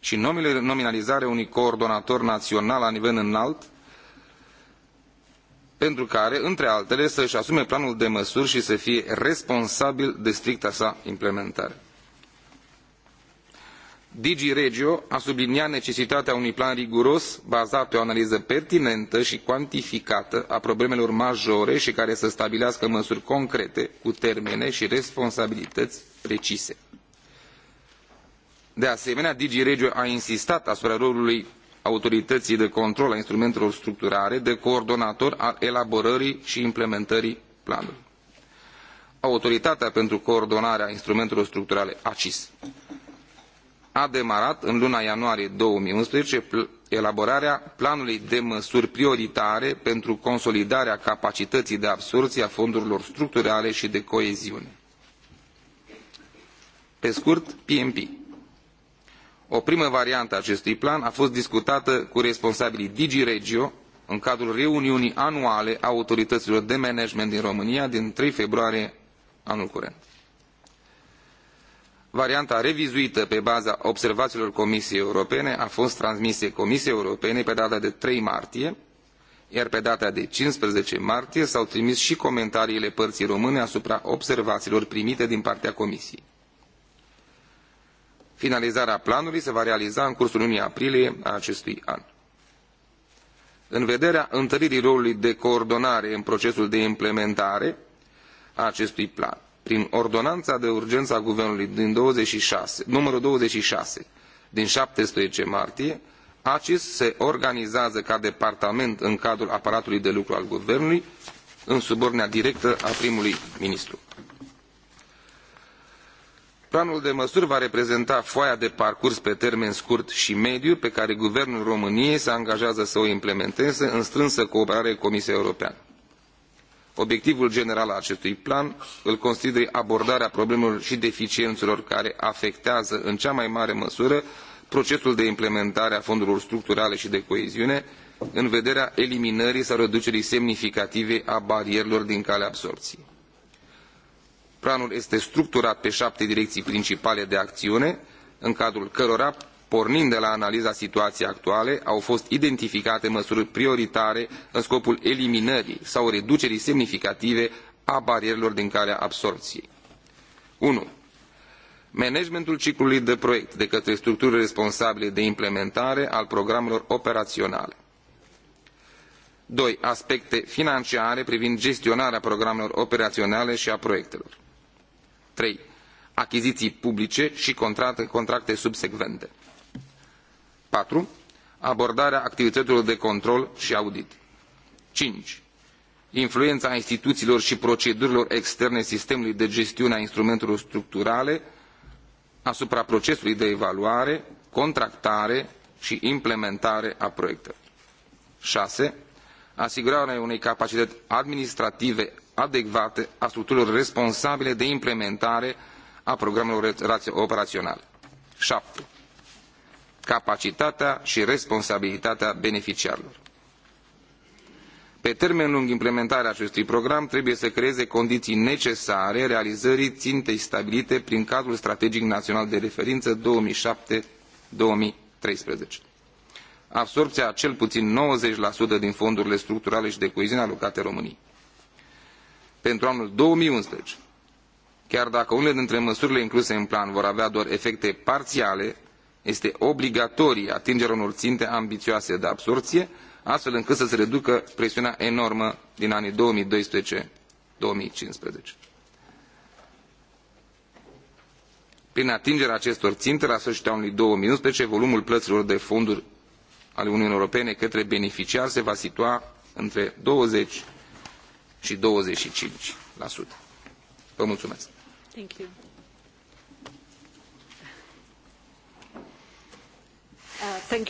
și nominalizarea unui coordonator național la nivel înalt pentru care, între altele, să își asume planul de măsuri și să fie responsabil de stricta sa implementare dg regio a subliniat necesitatea unui plan riguros bazat pe o analiză pertinentă i cuantificată a problemelor majore i care să stabilească măsuri concrete cu termene i responsabilităi precise. de asemenea dg regio a insistat asupra rolului autorităii de control a instrumentelor structurale de coordonator al elaborării i implementării planului autoritatea pentru coordonarea instrumentelor structurale acis a demarat în luna ianuarie două mii unsprezece elaborarea planului de măsuri prioritare pentru consolidarea capacității de absorbție a fondurilor structurale și de coeziune. Pe scurt, PMP. O primă variantă a acestui plan a fost discutată cu responsabilii DIGIREGIO Regio în cadrul reuniunii anuale a autorităților de management din România din 3 februarie anul curent varianta revizuită pe baza observațiilor Comisiei Europene a fost transmisă Comisiei Europene pe data de 3 martie, iar pe data de 15 martie s-au trimis și comentariile părții române asupra observațiilor primite din partea Comisiei. Finalizarea planului se va realiza în cursul lunii aprilie a acestui an. În vederea întăririi rolului de coordonare în procesul de implementare a acestui plan, prin ordonanța de urgență a Guvernului din 26, numărul 26 din 17 martie, ACIS se organizează ca departament în cadrul aparatului de lucru al Guvernului, în subordinea directă a primului ministru. Planul de măsuri va reprezenta foaia de parcurs pe termen scurt și mediu pe care Guvernul României se angajează să o implementeze în strânsă cooperare cu Comisia Europeană obiectivul general al acestui plan îl constituie abordarea problemelor i deficienelor care afectează în cea mai mare măsură procesul de implementare a fondurilor structurale i de coeziune în vederea eliminării sau reducerii semnificative a barierelor din calea absorbiei. planul este structurat pe apte direcii principale de aciune în cadrul cărora pornind de la analiza situației actuale au fost identificate măsuri prioritare în scopul eliminării sau reducerii semnificative a barierelor din calea absorbției. 1. Managementul ciclului de proiect de către structurile responsabile de implementare al programelor operaționale. 2. Aspecte financiare privind gestionarea programelor operaționale și a proiectelor. 3. Achiziții publice și contracte, contracte subsecvente patru abordarea activităților de control și audit cinci influența instituțiilor și procedurilor externe sistemului de gestiune a instrumentelor structurale asupra procesului de evaluare contractare și implementare a proiectelor șase asigurarea unei capacități administrative adecvate a structurilor responsabile de implementare a programelor operaționale. șapte capacitatea și responsabilitatea beneficiarilor. Pe termen lung, implementarea acestui program trebuie să creeze condiții necesare realizării țintei stabilite prin cadrul strategic național de referință 2007-2013. Absorpția a cel puțin 90% din fondurile structurale și de coeziune alocate României. Pentru anul 2011, chiar dacă unele dintre măsurile incluse în plan vor avea doar efecte parțiale, este obligatorie atingerea unor ținte ambiioase de absorbție, astfel încât să se reducă presiunea enormă din anii două mii doisprezece două mii cincisprezece prin atingerea acestor ținte, la sfârșitul anului două mii unsprezece volumul plăților de fonduri ale uniunii europene către beneficiari se va situa între douăzeci și douăzeci și cinci vă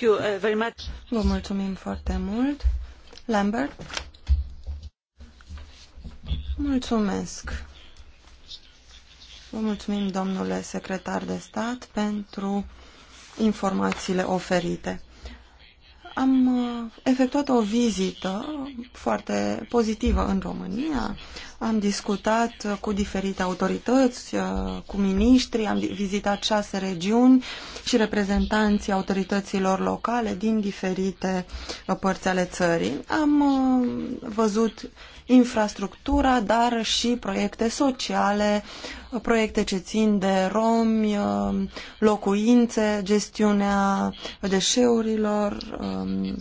Uh, Vă mulțumim foarte mult. Lambert? Mulțumesc. mulțumim, domnule secretar de stat, pentru informațiile oferite. Am uh, efectuat o vizită foarte pozitivă în România, am discutat uh, cu diferite autorități, uh, cu miniștri, am vizitat șase regiuni și reprezentanții autorităților locale din diferite părți ale țării. Am văzut infrastructura, dar și proiecte sociale, proiecte ce țin de romi, locuințe, gestiunea deșeurilor, um,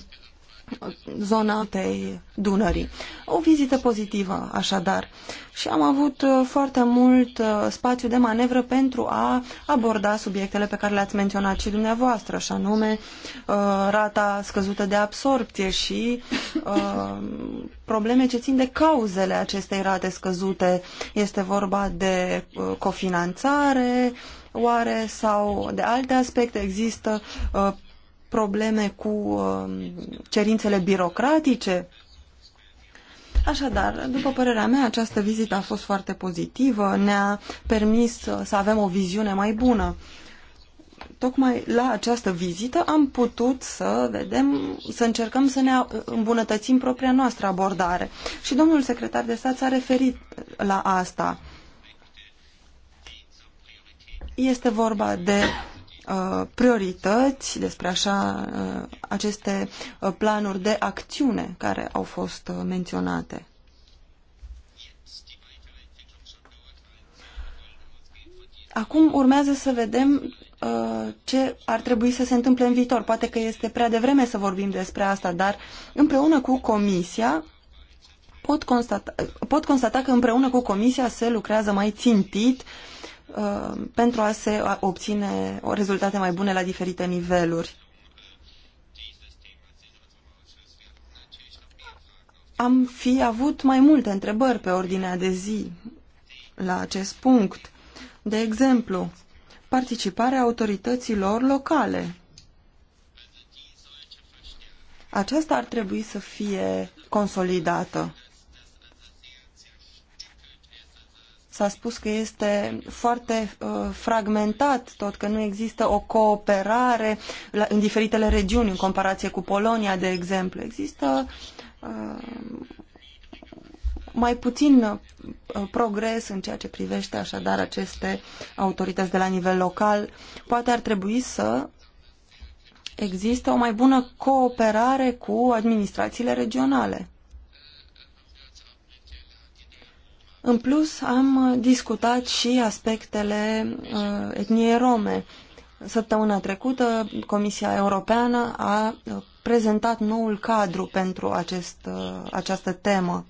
zona zonatei Dunării. O vizită pozitivă, așadar. Și am avut uh, foarte mult uh, spațiu de manevră pentru a aborda subiectele pe care le-ați menționat și dumneavoastră, și anume uh, rata scăzută de absorpție și probleme ce țin de cauzele acestei rate scăzute. Este vorba de cofinanțare, oare sau de alte aspecte există probleme cu um, cerințele birocratice. Așadar, după părerea mea, această vizită a fost foarte pozitivă, ne-a permis să avem o viziune mai bună. Tocmai la această vizită am putut să vedem, să încercăm să ne îmbunătățim propria noastră abordare. Și domnul secretar de stat s-a referit la asta. Este vorba de Uh, priorități, despre așa, uh, aceste uh, planuri de acțiune care au fost menționate. Acum urmează să vedem ce ar trebui să se întâmple în viitor. Poate că este prea devreme să vorbim despre asta, dar împreună cu Comisia pot constata, pot constata că împreună cu Comisia se lucrează mai țintit uh, Uh, pentru a se obține o rezultate mai bune la diferite niveluri. Am fi avut mai multe întrebări pe ordinea de zi la acest punct. De exemplu, participarea autorităților locale. Aceasta ar trebui să fie consolidată. S-a spus că este foarte uh, fragmentat tot, că nu există o cooperare la, în diferitele regiuni în comparație cu Polonia, de exemplu. Există uh, mai puțin uh, progres în ceea ce privește așadar aceste autorități de la nivel local. Poate ar trebui să există o mai bună cooperare cu administrațiile regionale. În plus, am uh, discutat și aspectele uh, etniei rome. Săptămâna trecută, Comisia Europeană a uh, prezentat noul cadru pentru acest, uh, această temă.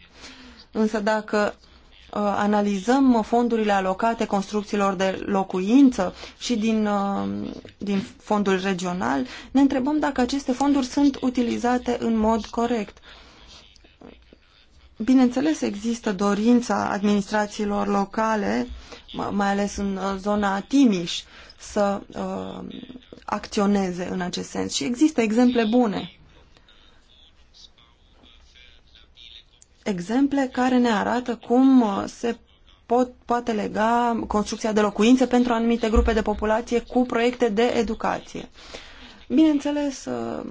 Însă dacă uh, analizăm fondurile alocate construcțiilor de locuință și din, uh, din fondul regional, ne întrebăm dacă aceste fonduri sunt utilizate în mod corect. Uh, Bineînțeles, există dorința administrațiilor locale, mai ales în uh, zona Timiș, să uh, acționeze în acest sens și există exemple bune. Exemple care ne arată cum uh, se pot, poate lega construcția de locuințe pentru anumite grupe de populație cu proiecte de educație. Bineînțeles, uh,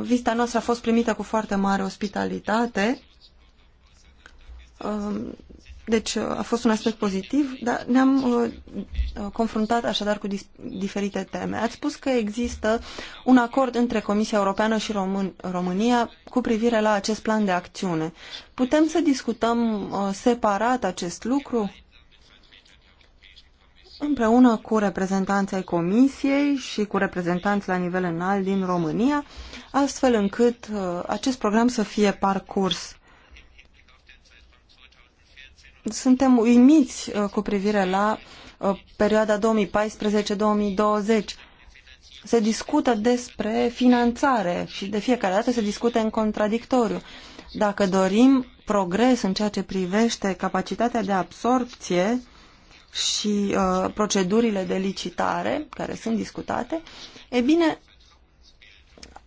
vizita noastră a fost primită cu foarte mare ospitalitate Um, deci uh, a fost un aspect pozitiv, dar ne-am uh, uh, confruntat așadar cu diferite teme. Ați spus că există un acord între Comisia Europeană și Român România cu privire la acest plan de acțiune. Putem să discutăm separat acest lucru? Împreună cu reprezentanții ai Comisiei și cu reprezentanți la nivel înalt din România, astfel încât acest program să fie parcurs suntem uimiți uh, cu privire la uh, perioada 2014-2020. Se discută despre finanțare și de fiecare dată se discute în contradictoriu. Dacă dorim progres în ceea ce privește capacitatea de absorpție și uh, procedurile de licitare care sunt discutate, e bine,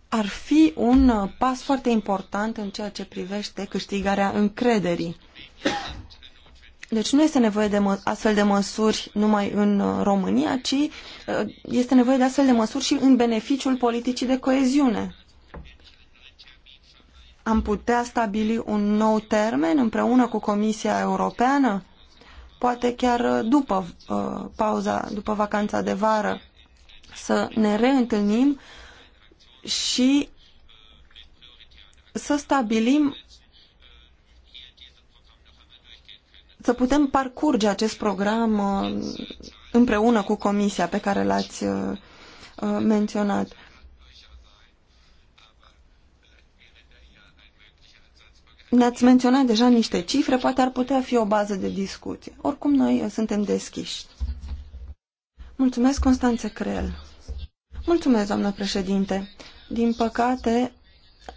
ar fi un uh, pas foarte important în ceea ce privește câștigarea încrederii. Deci nu este nevoie de astfel de măsuri numai în uh, România, ci uh, este nevoie de astfel de măsuri și în beneficiul politicii de coeziune. Am putea stabili un nou termen împreună cu Comisia Europeană, poate chiar uh, după uh, pauza, după vacanța de vară, să ne reîntâlnim și să stabilim să putem parcurge acest program uh, împreună cu comisia pe care l-ați uh, uh, menționat. Ne-ați menționat deja niște cifre, poate ar putea fi o bază de discuție. Oricum, noi suntem deschiși. Mulțumesc, Constanțe Creel. Mulțumesc, doamnă președinte. Din păcate,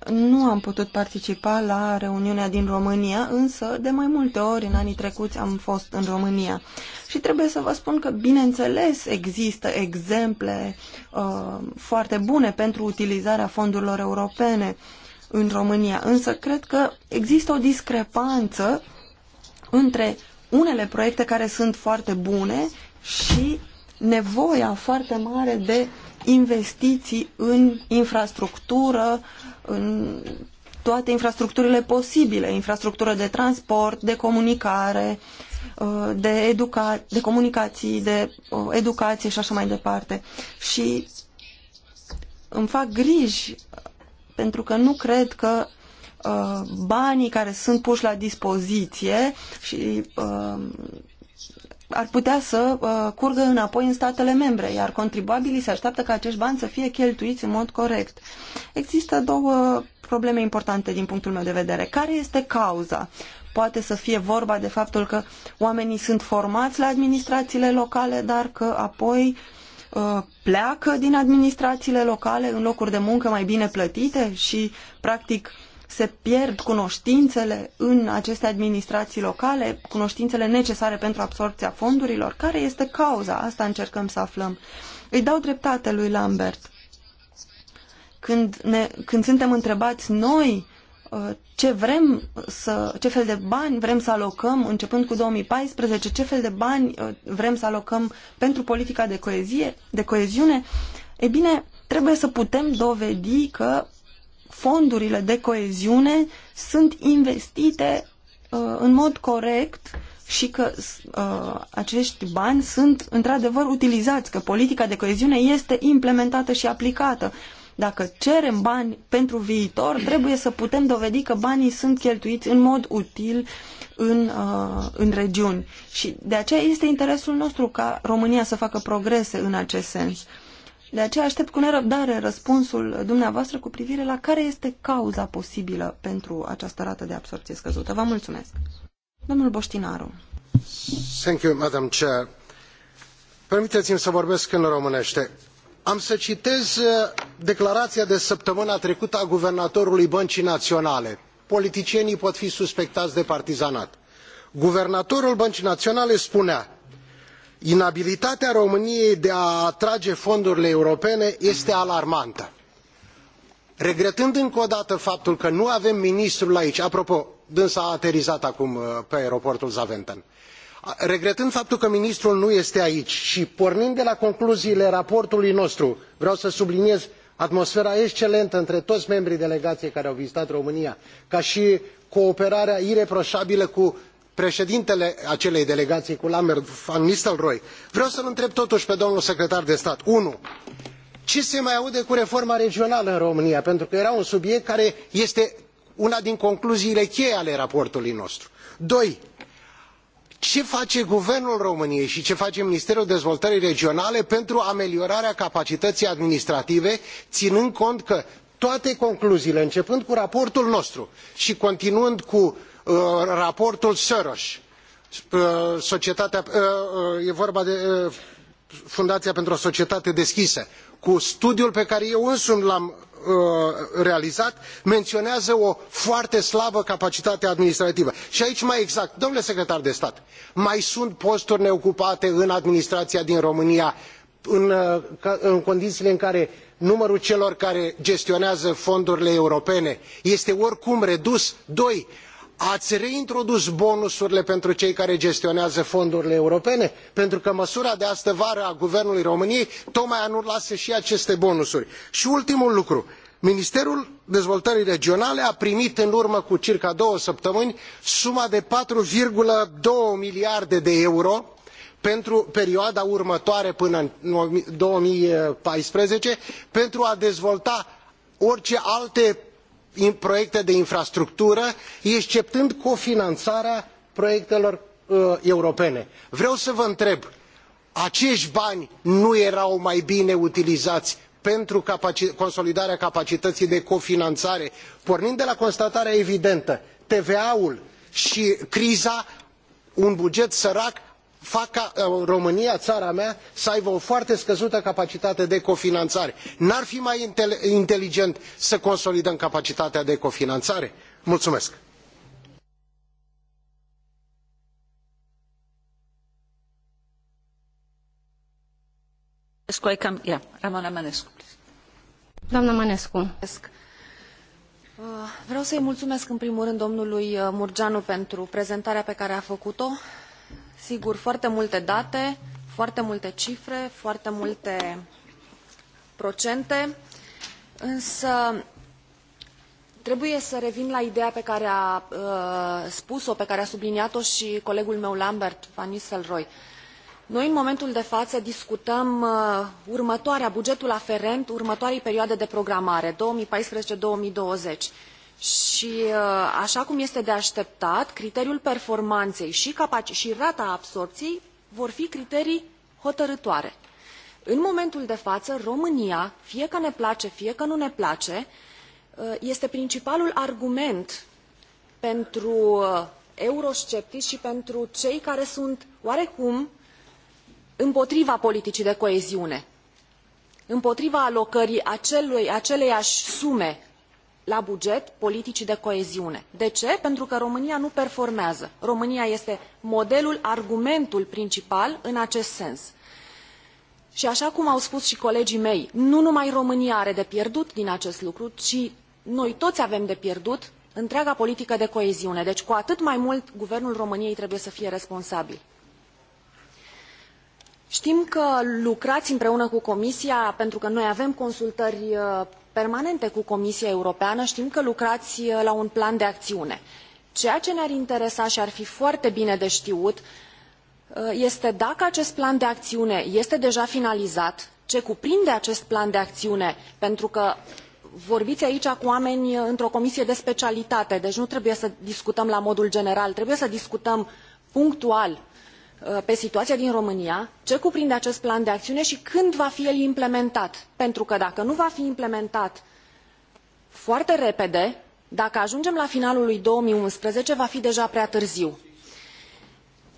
nu am putut participa la reuniunea din România, însă de mai multe ori în anii trecuți am fost în România. Și trebuie să vă spun că, bineînțeles, există exemple uh, foarte bune pentru utilizarea fondurilor europene în România, însă cred că există o discrepanță între unele proiecte care sunt foarte bune și nevoia foarte mare de investiții în infrastructură, uh, în toate infrastructurile posibile, infrastructură de transport, de comunicare, uh, de, educa- de comunicații, de uh, educație și așa mai departe. Și îmi fac griji pentru că nu cred că uh, banii care sunt puși la dispoziție și ar putea să uh, curgă înapoi în statele membre, iar contribuabilii se așteaptă ca acești bani să fie cheltuiți în mod corect. Există două probleme importante din punctul meu de vedere. Care este cauza? Poate să fie vorba de faptul că oamenii sunt formați la administrațiile locale, dar că apoi uh, pleacă din administrațiile locale în locuri de muncă mai bine plătite și, practic, se pierd cunoștințele în aceste administrații locale, cunoștințele necesare pentru absorpția fondurilor? Care este cauza? Asta încercăm să aflăm. Îi dau dreptate lui Lambert. Când, ne, când suntem întrebați noi uh, ce vrem să, ce fel de bani vrem să alocăm începând cu 2014, ce fel de bani uh, vrem să alocăm pentru politica de coezie, de coeziune, e bine, trebuie să putem dovedi că fondurile de coeziune sunt investite uh, în mod corect și că uh, acești bani sunt într-adevăr utilizați, că politica de coeziune este implementată și aplicată. Dacă cerem bani pentru viitor, trebuie să putem dovedi că banii sunt cheltuiți în mod util în, uh, în regiuni. Și de aceea este interesul nostru ca România să facă progrese în acest sens. Uh, de aceea aștept cu nerăbdare răspunsul dumneavoastră cu privire la care este cauza posibilă pentru această rată de absorție scăzută. Vă mulțumesc. Domnul Boștinaru. Thank you, Madam Chair. Permiteți-mi să vorbesc în românește. Am să citez uh, declarația de săptămâna trecută a guvernatorului Băncii Naționale. Politicienii pot fi suspectați de partizanat. Guvernatorul Băncii Naționale spunea inabilitatea româniei de a atrage fondurile europene este alarmantă. regretând încă o dată faptul că nu avem ministrul aici apropo dânsa a aterizat acum uh, pe aeroportul zaventem regretând faptul că ministrul nu este aici i pornind de la concluziile raportului nostru vreau să subliniez atmosfera excelentă între toi membrii delegaiei care au vizitat românia ca i cooperarea ireproabilă cu preedintele acelei delegaii cu lambert van nistelrooij vreau să l întreb totui pe domnul secretar de stat ce se mai aude cu reforma regională în românia pentru că era un subiect care este una din concluziile cheie ale raportului nostru; doi ce face guvernul româniei i ce face ministerul dezvoltării regionale pentru ameliorarea capacităii administrative inând cont că toate concluziile începând cu raportul nostru i continuând cu Uh, raportul soros uh, societatea, uh, e vorba de fundaia pentru o societate deschisă cu studiul pe care eu însumi l am realizat menionează o foarte slabă capacitate administrativă i aici mai exact domnule secretar de stat mai sunt posturi neocupate în administraia din românia în, în condiiile în care numărul celor care gestionează fondurile europene este oricum redus doi ați reintrodus bonusurile pentru cei care gestionează fondurile europene pentru că măsura de astă vară a guvernului româniei tocmai anulase i aceste bonusuri. i ultimul lucru ministerul dezvoltării regionale a primit în urmă cu circa două săptămâni suma de patru doi miliarde de euro pentru perioada următoare până în două mii paisprezece pentru a dezvolta orice alte proiecte de infrastructură exceptând cofinanarea proiectelor uh, europene. vreau să vă întreb aceti bani nu erau mai bine utilizai pentru consolidarea capacităii de cofinanare pornind de la constatarea evidentă tva ul i criza un buget sărac fac ca uh, românia ara mea să aibă o foarte scăzută capacitate de cofinanare. n ar fi mai inteligent să consolidăm capacitatea de cofinanare? mulumesc. Uh, vreau să i mulumesc în primul rând domnului uh, murgeanu pentru prezentarea pe care a făcut o Sigur, foarte multe date, foarte multe cifre, foarte multe procente, însă trebuie să revin la ideea pe care a uh, spus-o, pe care a subliniat-o și colegul meu Lambert Van Nistelrooy. Noi, în momentul de față, discutăm uh, următoarea, bugetul aferent următoarei perioade de programare, 2014-2020 și uh, așa cum este de așteptat, criteriul performanței și, și rata absorbției vor fi criterii hotărătoare. În momentul de față, România, fie că ne place, fie că nu ne place, uh, este principalul argument pentru uh, eurosceptici și pentru cei care sunt oarecum împotriva politicii de coeziune, împotriva alocării aceleiași sume la buget politicii de coeziune. De ce? Pentru că România nu performează. România este modelul, argumentul principal în acest sens. Și așa cum au spus și colegii mei, nu numai România are de pierdut din acest lucru, ci noi toți avem de pierdut întreaga politică de coeziune. Deci cu atât mai mult guvernul României trebuie să fie responsabil. Știm că lucrați împreună cu Comisia, pentru că noi avem consultări uh, permanente cu Comisia Europeană, știm că lucrați uh, la un plan de acțiune. Ceea ce ne-ar interesa și ar fi foarte bine de știut uh, este dacă acest plan de acțiune este deja finalizat, ce cuprinde acest plan de acțiune, pentru că vorbiți aici cu oameni uh, într-o comisie de specialitate, deci nu trebuie să discutăm la modul general, trebuie să discutăm punctual Uh, pe situația din România, ce cuprinde acest plan de acțiune și când va fi el implementat. Pentru că dacă nu va fi implementat foarte repede, dacă ajungem la finalul lui unsprezece va fi deja prea târziu.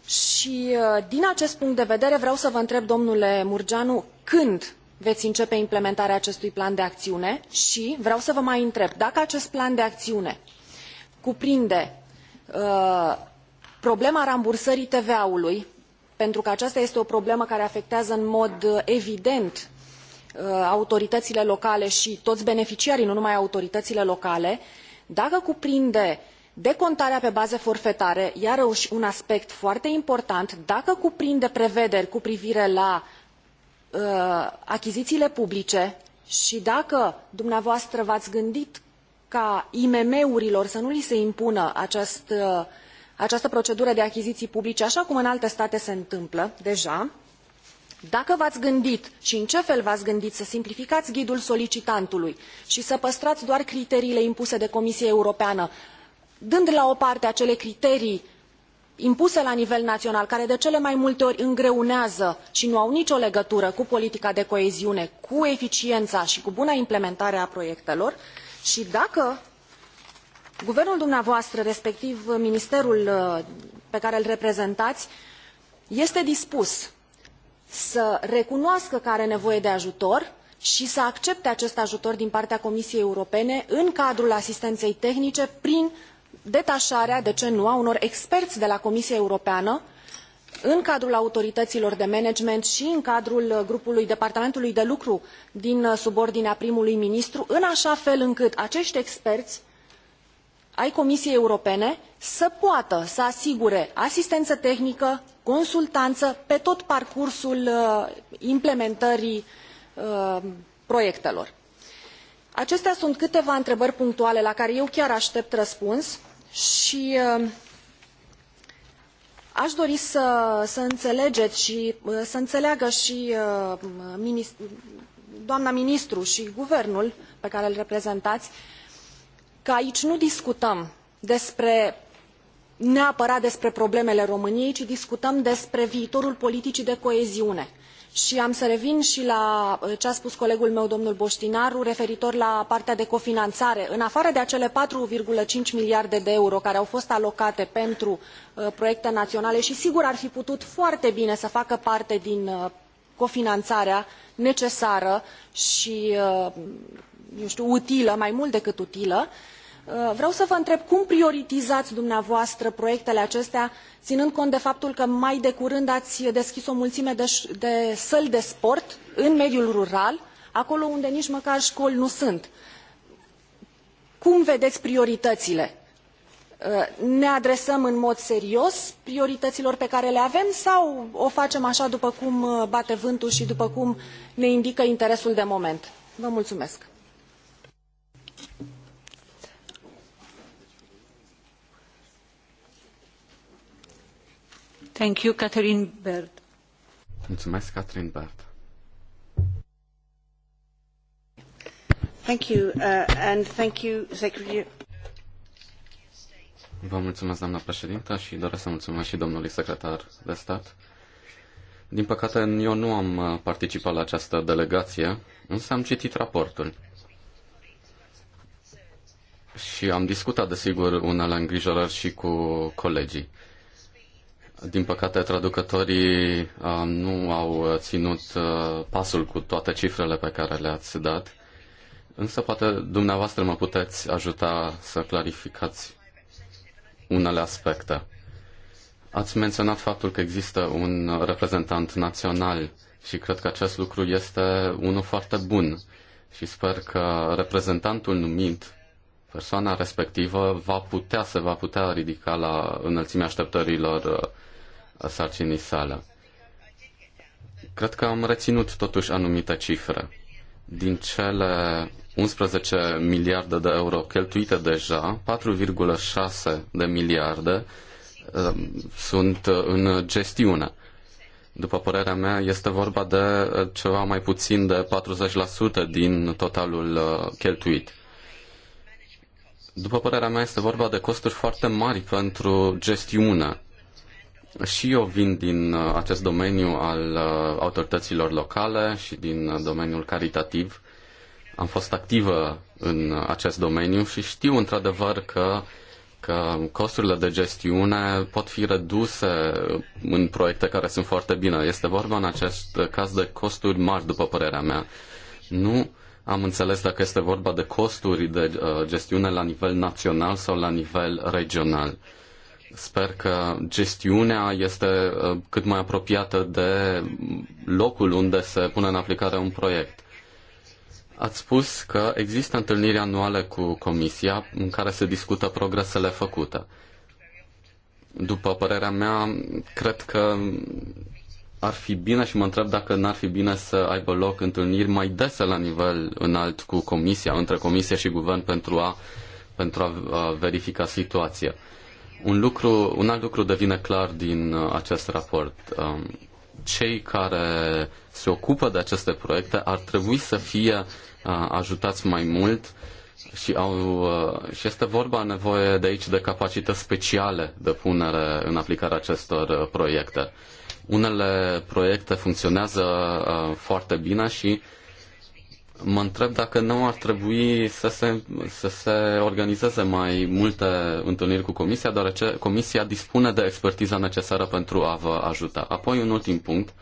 Uh, din acest punct de vedere vreau să vă întreb, domnule Murgeanu, când veți începe implementarea acestui plan de acțiune și vreau să vă mai întreb dacă acest plan de acțiune cuprinde uh, problema rambursării tva ului pentru că aceasta este o problemă care afectează în mod uh, evident uh, autoritățile locale și toți beneficiarii, nu numai autoritățile locale, dacă cuprinde decontarea pe bază forfetare, iarăi un aspect foarte important, dacă cuprinde prevederi cu privire la achiziiile uh, achizițiile publice și dacă dumneavoastră v-ați gândit ca IMM-urilor să nu li se impună acest această procedură de achiziii publice aa cum în alte state se întâmplă deja dacă v ai gândit și în ce fel v ai gândit să simplificați ghidul solicitantului și să păstrați doar criteriile impuse de Comisia Europeană, dând la o parte acele criterii impuse la nivel național, care de cele mai multe ori îngreunează și nu au nicio legătură cu politica de coeziune, cu eficiența și cu buna implementare a proiectelor, și dacă Guvernul dumneavoastră, respectiv uh, ministerul uh, pe care îl reprezentați, este dispus să recunoască că are nevoie de ajutor și să accepte acest ajutor din partea Comisiei Europene în cadrul asistenței tehnice prin detașarea, de ce nu, a unor experți de la Comisia Europeană în cadrul autorităților de management și în cadrul uh, grupului departamentului de lucru din subordinea primului ministru, în așa fel încât acești experți ai Comisiei Europene să poată să asigure asistență tehnică, consultanță pe tot parcursul uh, implementării uh, proiectelor. Acestea sunt câteva întrebări punctuale la care eu chiar aștept răspuns și uh, aș dori să, să înțelegeți și să înțeleagă și doamna ministru și guvernul pe care îl reprezentați că aici nu discutăm despre neapărat despre problemele României, ci discutăm despre viitorul politicii de coeziune. Și am să revin și la uh, ce a spus colegul meu, domnul Boștinaru, referitor la partea de cofinanțare. În afară de acele 4,5 miliarde de euro care au fost alocate pentru uh, proiecte naționale și sigur ar fi putut foarte bine să facă parte din uh, cofinanțarea necesară și, știu, utilă, mai mult decât utilă, Uh, vreau să vă întreb cum prioritizați dumneavoastră proiectele acestea, ținând cont de faptul că mai de curând ați deschis o mulțime de, de săli de sport în mediul rural, acolo unde nici măcar școli nu sunt. Cum vedeți prioritățile? Uh, ne adresăm în mod serios priorităților pe care le avem sau o facem așa după cum uh, bate vântul și după cum ne indică interesul de moment? Vă mulțumesc! Thank you, Catherine Bird. Mulțumesc, Catherine Bird. Thank you, uh, and thank you, Secretary. Vă mulțumesc, doamna președintă, și doresc să mulțumesc și domnului secretar de stat. Din păcate, eu nu am uh, participat la această delegație, însă am citit raportul. Și am discutat, desigur, unele îngrijorări și cu colegii. Din păcate, traducătorii uh, nu au uh, ținut uh, pasul cu toate cifrele pe care le-ați dat, însă poate dumneavoastră mă puteți ajuta să clarificați unele aspecte. Ați menționat faptul că există un reprezentant național și cred că acest lucru este unul foarte bun și sper că reprezentantul numit, persoana respectivă, va putea, se va putea ridica la înălțimea așteptărilor sarcinii sale. Cred că am reținut totuși anumite cifre. Din cele 11 miliarde de euro cheltuite deja, 4,6 de miliarde um, sunt uh, în gestiune. După părerea mea, este vorba de uh, ceva mai puțin de 40% din totalul uh, cheltuit. După părerea mea, este vorba de costuri foarte mari pentru gestiune și eu vin din uh, acest domeniu al uh, autorităților locale și din uh, domeniul caritativ. Am fost activă în acest domeniu și știu într-adevăr că, că costurile de gestiune pot fi reduse în proiecte care sunt foarte bine. Este vorba în acest caz de costuri mari, după părerea mea. Nu am înțeles dacă este vorba de costuri de gestiune la nivel național sau la nivel regional. Sper că gestiunea este uh, cât mai apropiată de locul unde se pune în aplicare un proiect. Ați spus că există întâlniri anuale cu Comisia în care se discută progresele făcute. După părerea mea, cred că ar fi bine și mă întreb dacă n-ar fi bine să aibă loc întâlniri mai dese la nivel înalt cu Comisia, între Comisie și Guvern pentru a, pentru a verifica situația. Un, lucru, un alt lucru devine clar din uh, acest raport. Um, cei care se ocupă de aceste proiecte ar trebui să fie uh, ajutați mai mult și, au, uh, și este vorba nevoie de aici de capacități speciale de punere în aplicare acestor proiecte. Unele proiecte funcționează foarte bine și mă întreb dacă nu ar trebui să se, să se organizeze mai multe întâlniri cu Comisia, deoarece Comisia dispune de expertiza necesară pentru a vă ajuta. Apoi, un ultim punct.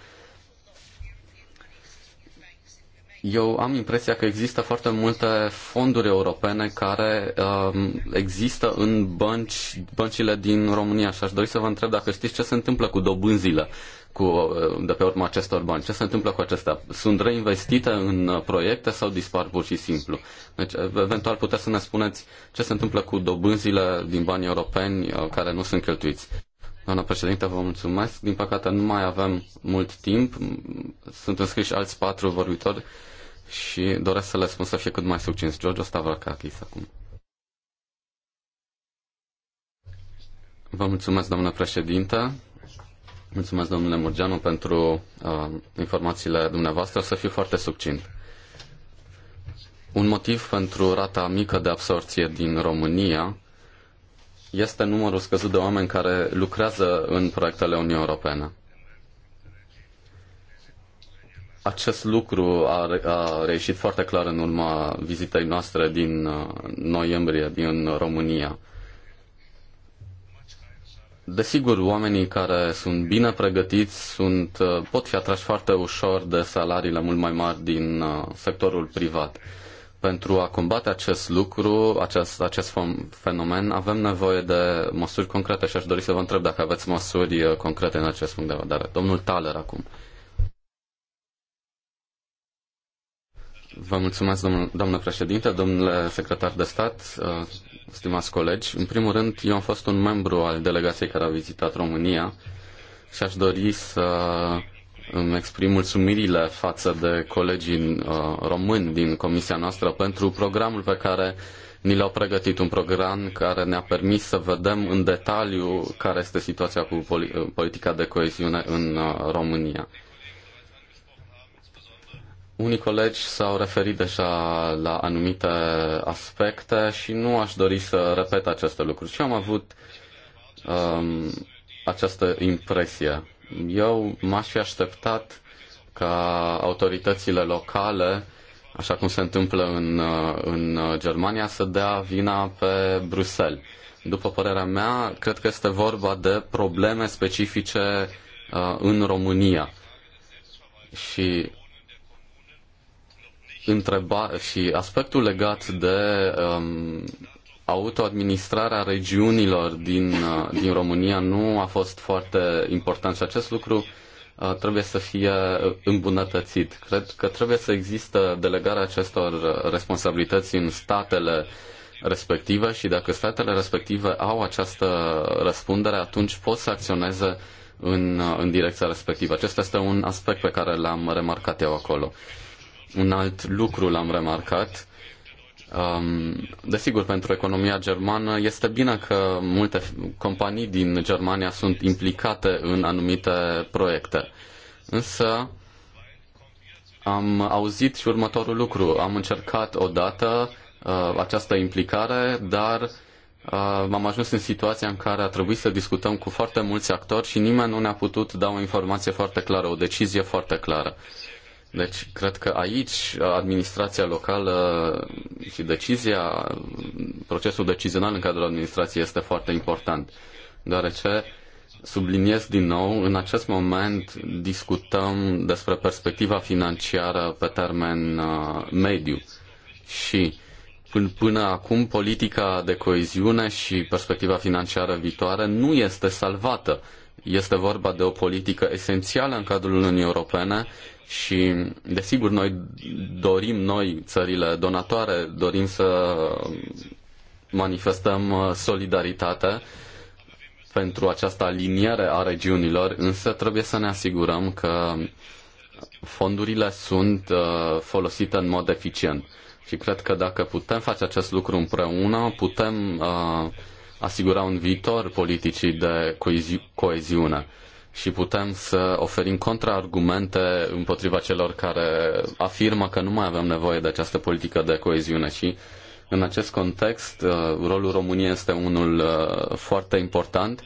Eu am impresia că există foarte multe fonduri europene care um, există în bănci, băncile din România și aș dori să vă întreb dacă știți ce se întâmplă cu dobânzile cu, uh, de pe urma acestor bani. Ce se întâmplă cu acestea? Sunt reinvestite în uh, proiecte sau dispar pur și simplu? Deci, eventual puteți să ne spuneți ce se întâmplă cu dobânzile din banii europeni uh, care nu sunt cheltuiți. Doamna președinte, vă mulțumesc. Din păcate nu mai avem mult timp. Sunt înscriși alți patru vorbitori și doresc să le spun să fie cât mai succins. George Stavrakakis acum. Vă mulțumesc, doamnă președinte. Mulțumesc, domnule Murgeanu, pentru uh, informațiile dumneavoastră. O să fiu foarte succint. Un motiv pentru rata mică de absorție din România este numărul scăzut de oameni care lucrează în proiectele Uniunii Europene. Acest lucru a, a reieșit foarte clar în urma vizitei noastre din uh, noiembrie din România. Desigur, oamenii care sunt bine pregătiți sunt, uh, pot fi atrași foarte ușor de salariile mult mai mari din uh, sectorul privat. Pentru a combate acest lucru, acest, acest fenomen, avem nevoie de măsuri concrete și aș dori să vă întreb dacă aveți măsuri uh, concrete în acest punct de vedere. Domnul Taler acum. Vă mulțumesc, domnul, președinte, domnule secretar de stat, stimați colegi. În primul rând, eu am fost un membru al delegației care a vizitat România și aș dori să îmi exprim mulțumirile față de colegii uh, români din comisia noastră pentru programul pe care ni l-au pregătit, un program care ne-a permis să vedem în detaliu care este situația cu politica de coeziune în uh, România. Unii colegi s-au referit deja la anumite aspecte și nu aș dori să repet aceste lucruri. Și am avut um, această impresie. Eu m-aș fi așteptat ca autoritățile locale, așa cum se întâmplă în, uh, în Germania, să dea vina pe Bruxelles. După părerea mea, cred că este vorba de probleme specifice uh, în România. Și întreba și aspectul legat de um, autoadministrarea regiunilor din, uh, din România nu a fost foarte important și acest lucru uh, trebuie să fie uh, îmbunătățit. Cred că trebuie să există delegarea acestor uh, responsabilități în statele respective și dacă statele respective au această răspundere, atunci pot să acționeze în, uh, în direcția respectivă. Acesta este un aspect pe care l-am remarcat eu acolo. Uh, un alt lucru l-am remarcat. Um, desigur, pentru economia germană este bine că multe companii din Germania sunt implicate în anumite proiecte. Însă am auzit și următorul lucru. Am încercat odată uh, această implicare, dar uh, am ajuns în situația în care a trebuit să discutăm cu foarte mulți actori și nimeni nu ne-a putut da o informație foarte clară, o decizie foarte clară. Uh, deci, cred că aici administrația locală și decizia, procesul decizional în cadrul administrației este foarte important, deoarece subliniez din nou, în acest moment discutăm despre perspectiva financiară pe termen uh, mediu și Până acum, politica de coeziune și perspectiva financiară viitoare nu este salvată. Este vorba de o politică esențială în cadrul Uniunii Europene și, desigur, noi dorim, noi, țările donatoare, dorim să manifestăm uh, solidaritate pentru această aliniere a regiunilor, însă trebuie să ne asigurăm că fondurile sunt uh, folosite în mod eficient. Și cred că dacă putem face acest lucru împreună, putem uh, asigura un viitor politicii de coeziune și putem să oferim contraargumente împotriva celor care afirmă că nu mai avem nevoie de această politică de coeziune și în acest context uh, rolul României este unul uh, foarte important.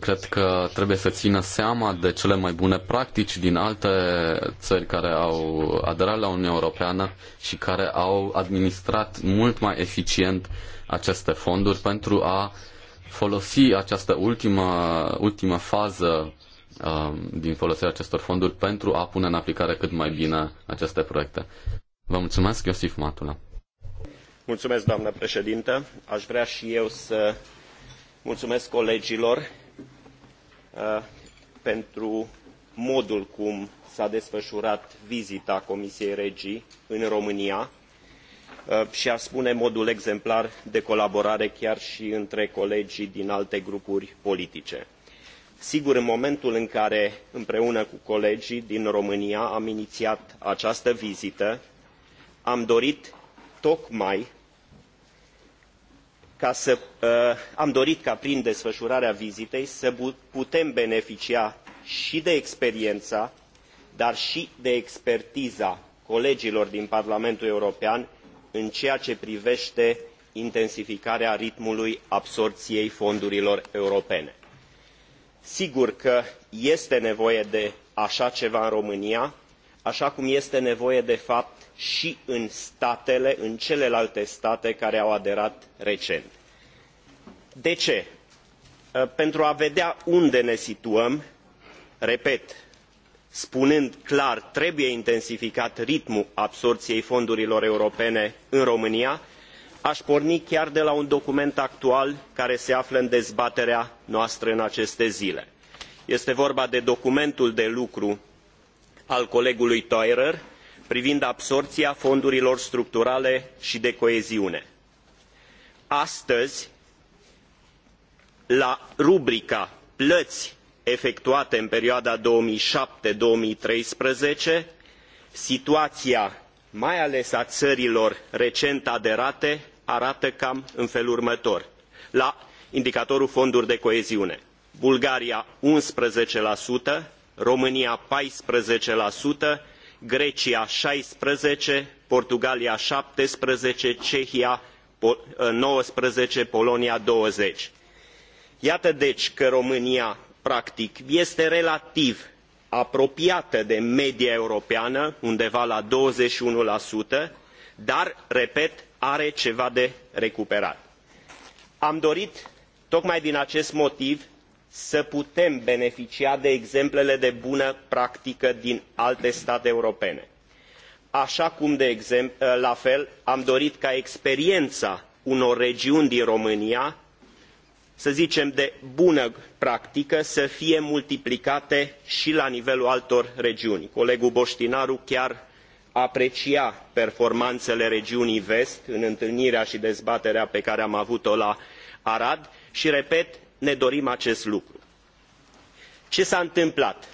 Cred că trebuie să țină seama de cele mai bune practici din alte țări care au aderat la Uniunea Europeană și care au administrat mult mai eficient aceste fonduri pentru a uh, folosi această ultimă, ultimă fază um, din folosirea acestor fonduri pentru a pune în aplicare cât mai bine aceste proiecte. Vă mulțumesc, Iosif Matula. Mulțumesc, doamnă președintă. Aș vrea și eu să mulțumesc colegilor uh, pentru modul cum s-a desfășurat vizita Comisiei Regii în România Uh, i a spune modul exemplar de colaborare chiar i între colegii din alte grupuri politice. sigur în momentul în care împreună cu colegii din românia am iniiat această vizită am dorit tocmai ca, să, uh, am dorit ca prin desfăurarea vizitei să putem beneficia i de experiena dar i de expertiza colegilor din parlamentul european în ceea ce privete intensificarea ritmului absorbiei fondurilor europene. sigur că este nevoie de aa ceva în românia aa cum este nevoie de fapt i în statele în celelalte state care au aderat recent. de ce? pentru a vedea unde ne situăm repet spunând clar trebuie intensificat ritmul absorbiei fondurilor europene în românia a porni chiar de la un document actual care se află în dezbaterea noastră în aceste zile este vorba de documentul de lucru al colegului theurer privind absorbia fondurilor structurale i de coeziune. astăzi la rubrica plăi efectuate în perioada două mii șapte două mii treisprezece situaia mai ales a ărilor recent aderate arată cam în felul următor la indicatorul fonduri de coeziune bulgaria unsprezece românia paisprezece grecia șaisprezece portugalia șaptesprezece cehia nouăsprezece polonia. douăzeci iată deci că românia practic este relativ apropiată de media europeană undeva la douăzeci și unu dar repet are ceva de recuperat. am dorit tocmai din acest motiv să putem beneficia de exemplele de bună practică din alte state europene aa cum de la fel am dorit ca experiena unor regiuni din românia să zicem de bună practică să fie multiplicate i la nivelul altor regiuni. colegul botinaru chiar aprecia performanele regiunii vest în întâlnirea i dezbaterea pe care am avut o la arad i repet ne dorim acest lucru. ce s a întâmplat?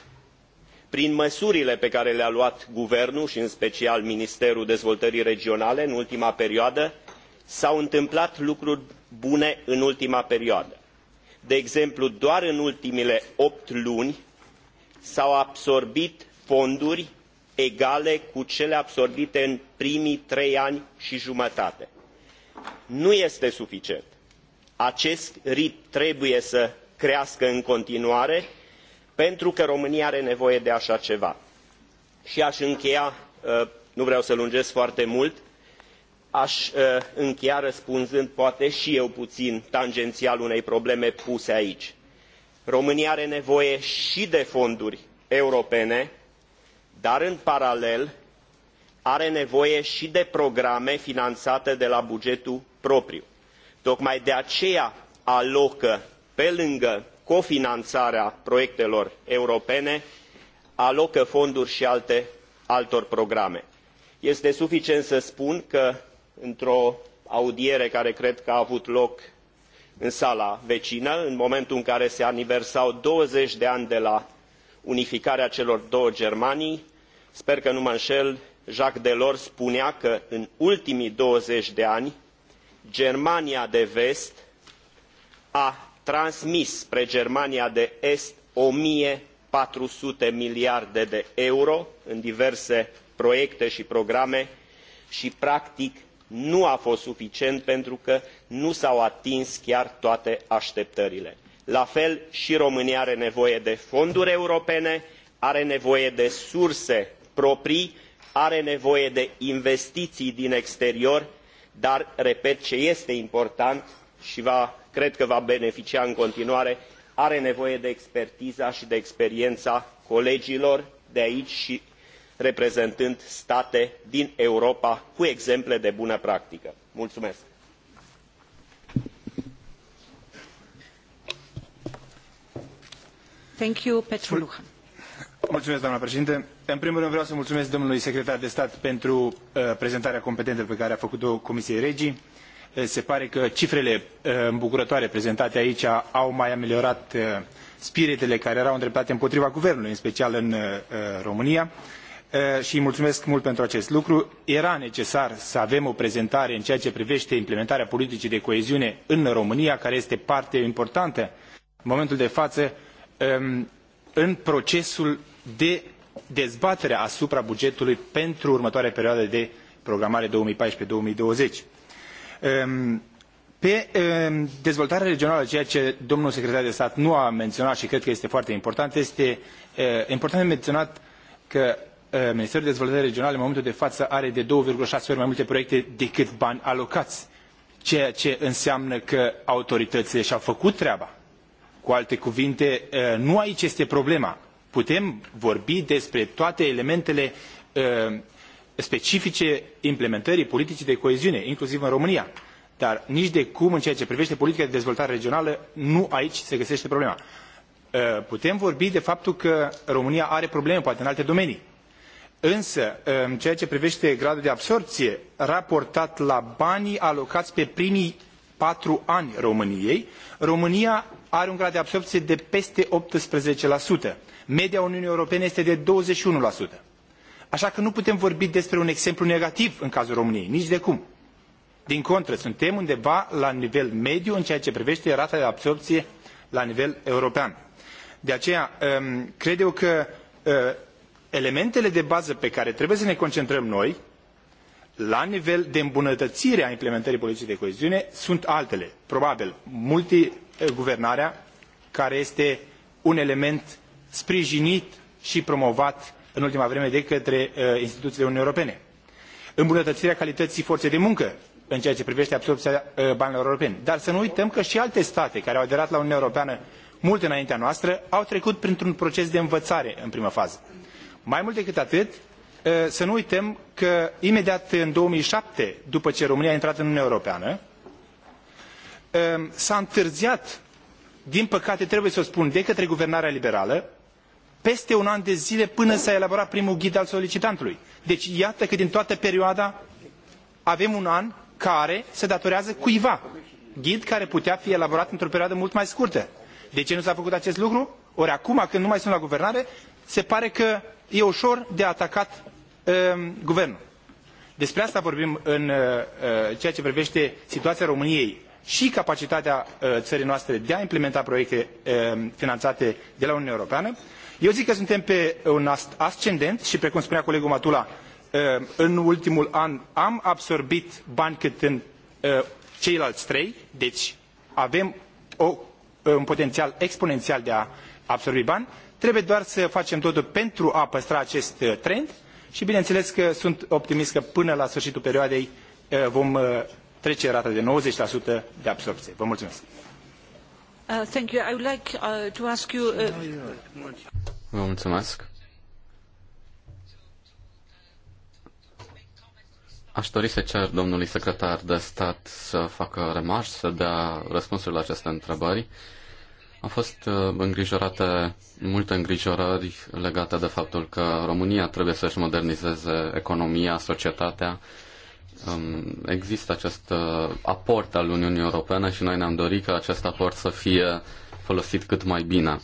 prin măsurile pe care le a luat guvernul i în special ministerul dezvoltării regionale în ultima perioadă s au întâmplat lucruri bune în ultima perioadă de exemplu doar în ultimele opt luni s au absorbit fonduri egale cu cele absorbite în primii trei ani i jumătate. nu este suficient acest ritm trebuie să crească în continuare pentru că românia are nevoie de aa ceva. i a încheia uh, nu vreau să lungesc foarte mult a uh, încheia răspunzând poate i eu puin tangenial unei probleme puse aici românia are nevoie i de fonduri europene dar în paralel are nevoie i de programe finanate de la bugetul propriu. tocmai de aceea alocă pe lângă cofinanarea proiectelor europene fonduri i altor programe. este suficient să spun că într o audiere care cred că a avut loc în sala vecină în momentul în care se aniversau douăzeci de ani de la unificarea celor două germanii sper că nu mă înșel jacques delors spunea că în ultimii douăzeci de ani germania de vest a transmis spre germania de est unu patru sute miliarde de euro în diverse proiecte i programe i practic nu a fost suficient pentru că nu s au atins chiar toate ateptările. la fel i românia are nevoie de fonduri europene are nevoie de surse proprii are nevoie de investiii din exterior dar repet ce este important i cred că va beneficia în continuare are nevoie de expertiza i de experiena colegilor de aici i reprezentând state din europa cu exemple de bună practică. președinte. în primul rând vreau să mulumesc domnului secretar de stat pentru uh, prezentarea competentă pe care a făcut o comisiei regi. Uh, se pare că cifrele uh, îmbucurătoare prezentate aici au mai ameliorat spiritele care erau îndreptate împotriva guvernului în special în românia. Eh, și îi mulțumesc mult pentru acest lucru. Era necesar să avem o prezentare în ceea ce privește implementarea politicii de coeziune în România, care este parte importantă în momentul de față ehm, în procesul de dezbatere asupra bugetului pentru următoarea perioadă de programare 2014-2020. Ehm, pe ehm, dezvoltarea regională, ceea ce domnul secretar de stat nu a menționat și cred că este foarte important, este eh, important de menționat că Uh, Ministerul Dezvoltării Regionale în momentul de față are de 2,6 ori mai multe proiecte decât bani alocați, ceea ce înseamnă că autoritățile și-au făcut treaba. Cu alte cuvinte, uh, nu aici este problema. Putem vorbi despre toate elementele uh, specifice implementării politicii de coeziune, inclusiv în România. Dar nici de cum, în ceea ce privește politica de dezvoltare regională, nu aici se găsește problema. Putem vorbi de faptul că România are probleme, poate în alte domenii Însă, în ceea ce privește gradul de absorbie raportat la banii alocați pe primii patru ani României, România are un grad de absorbie de peste 18%. Media Uniunii Europene este de 21%. Așa că nu putem vorbi despre un exemplu negativ în cazul României, nici de cum. Din contră, suntem undeva la nivel mediu în ceea ce privește rata de absorbție la nivel european. De aceea, ehm, cred eu că ehm, elementele de bază pe care trebuie să ne concentrăm noi la nivel de îmbunătățire a implementării politicii de coeziune sunt altele. Probabil, multiguvernarea, care este un element sprijinit și promovat în ultima vreme de către uh, instituțiile Uniunii Europene. Îmbunătățirea calității forței de muncă în ceea ce privește absorbția uh, banilor europeni. Dar să nu uităm că și alte state care au aderat la Uniunea Europeană mult înaintea noastră au trecut printr-un proces de învățare în primă fază mai mult decât atât, ă, să nu uităm că imediat în 2007, după ce România a intrat în Uniunea Europeană, ă, s-a întârziat, din păcate trebuie să o spun, de către guvernarea liberală, peste un an de zile până s-a elaborat primul ghid al solicitantului. Deci iată că din toată perioada avem un an care se datorează cuiva. Ghid care putea fi elaborat într-o perioadă mult mai scurtă. De ce nu s-a făcut acest lucru? Ori acum, când nu mai sunt la guvernare, se pare că e ușor de atacat ehm, guvernul. Despre asta vorbim în eh, eh, ceea ce privește situația României și capacitatea eh, țării noastre de a implementa proiecte ehm, finanțate de la Uniunea Europeană. Eu zic că suntem pe un ascendent și, precum spunea colegul Matula, ehm, în ultimul an am absorbit bani cât în ceilalți trei, deci avem o, un potențial exponențial de a absorbi bani, Trebuie doar să facem totul pentru a păstra acest uh, trend și bineînțeles că sunt optimist că până la sfârșitul perioadei uh, vom uh, trece rata de 90% de absorpție. Vă mulțumesc! thank you. I would like to ask you. Vă mulțumesc. Aș dori să cer domnului secretar de stat să facă remarci, să dea răspunsuri la aceste întrebări. A fost uh, îngrijorată, multe îngrijorări legate de faptul că România trebuie să-și modernizeze economia, societatea. Um, există acest uh, aport al Uniunii Europene și noi ne-am dorit ca acest aport să fie folosit cât mai bine.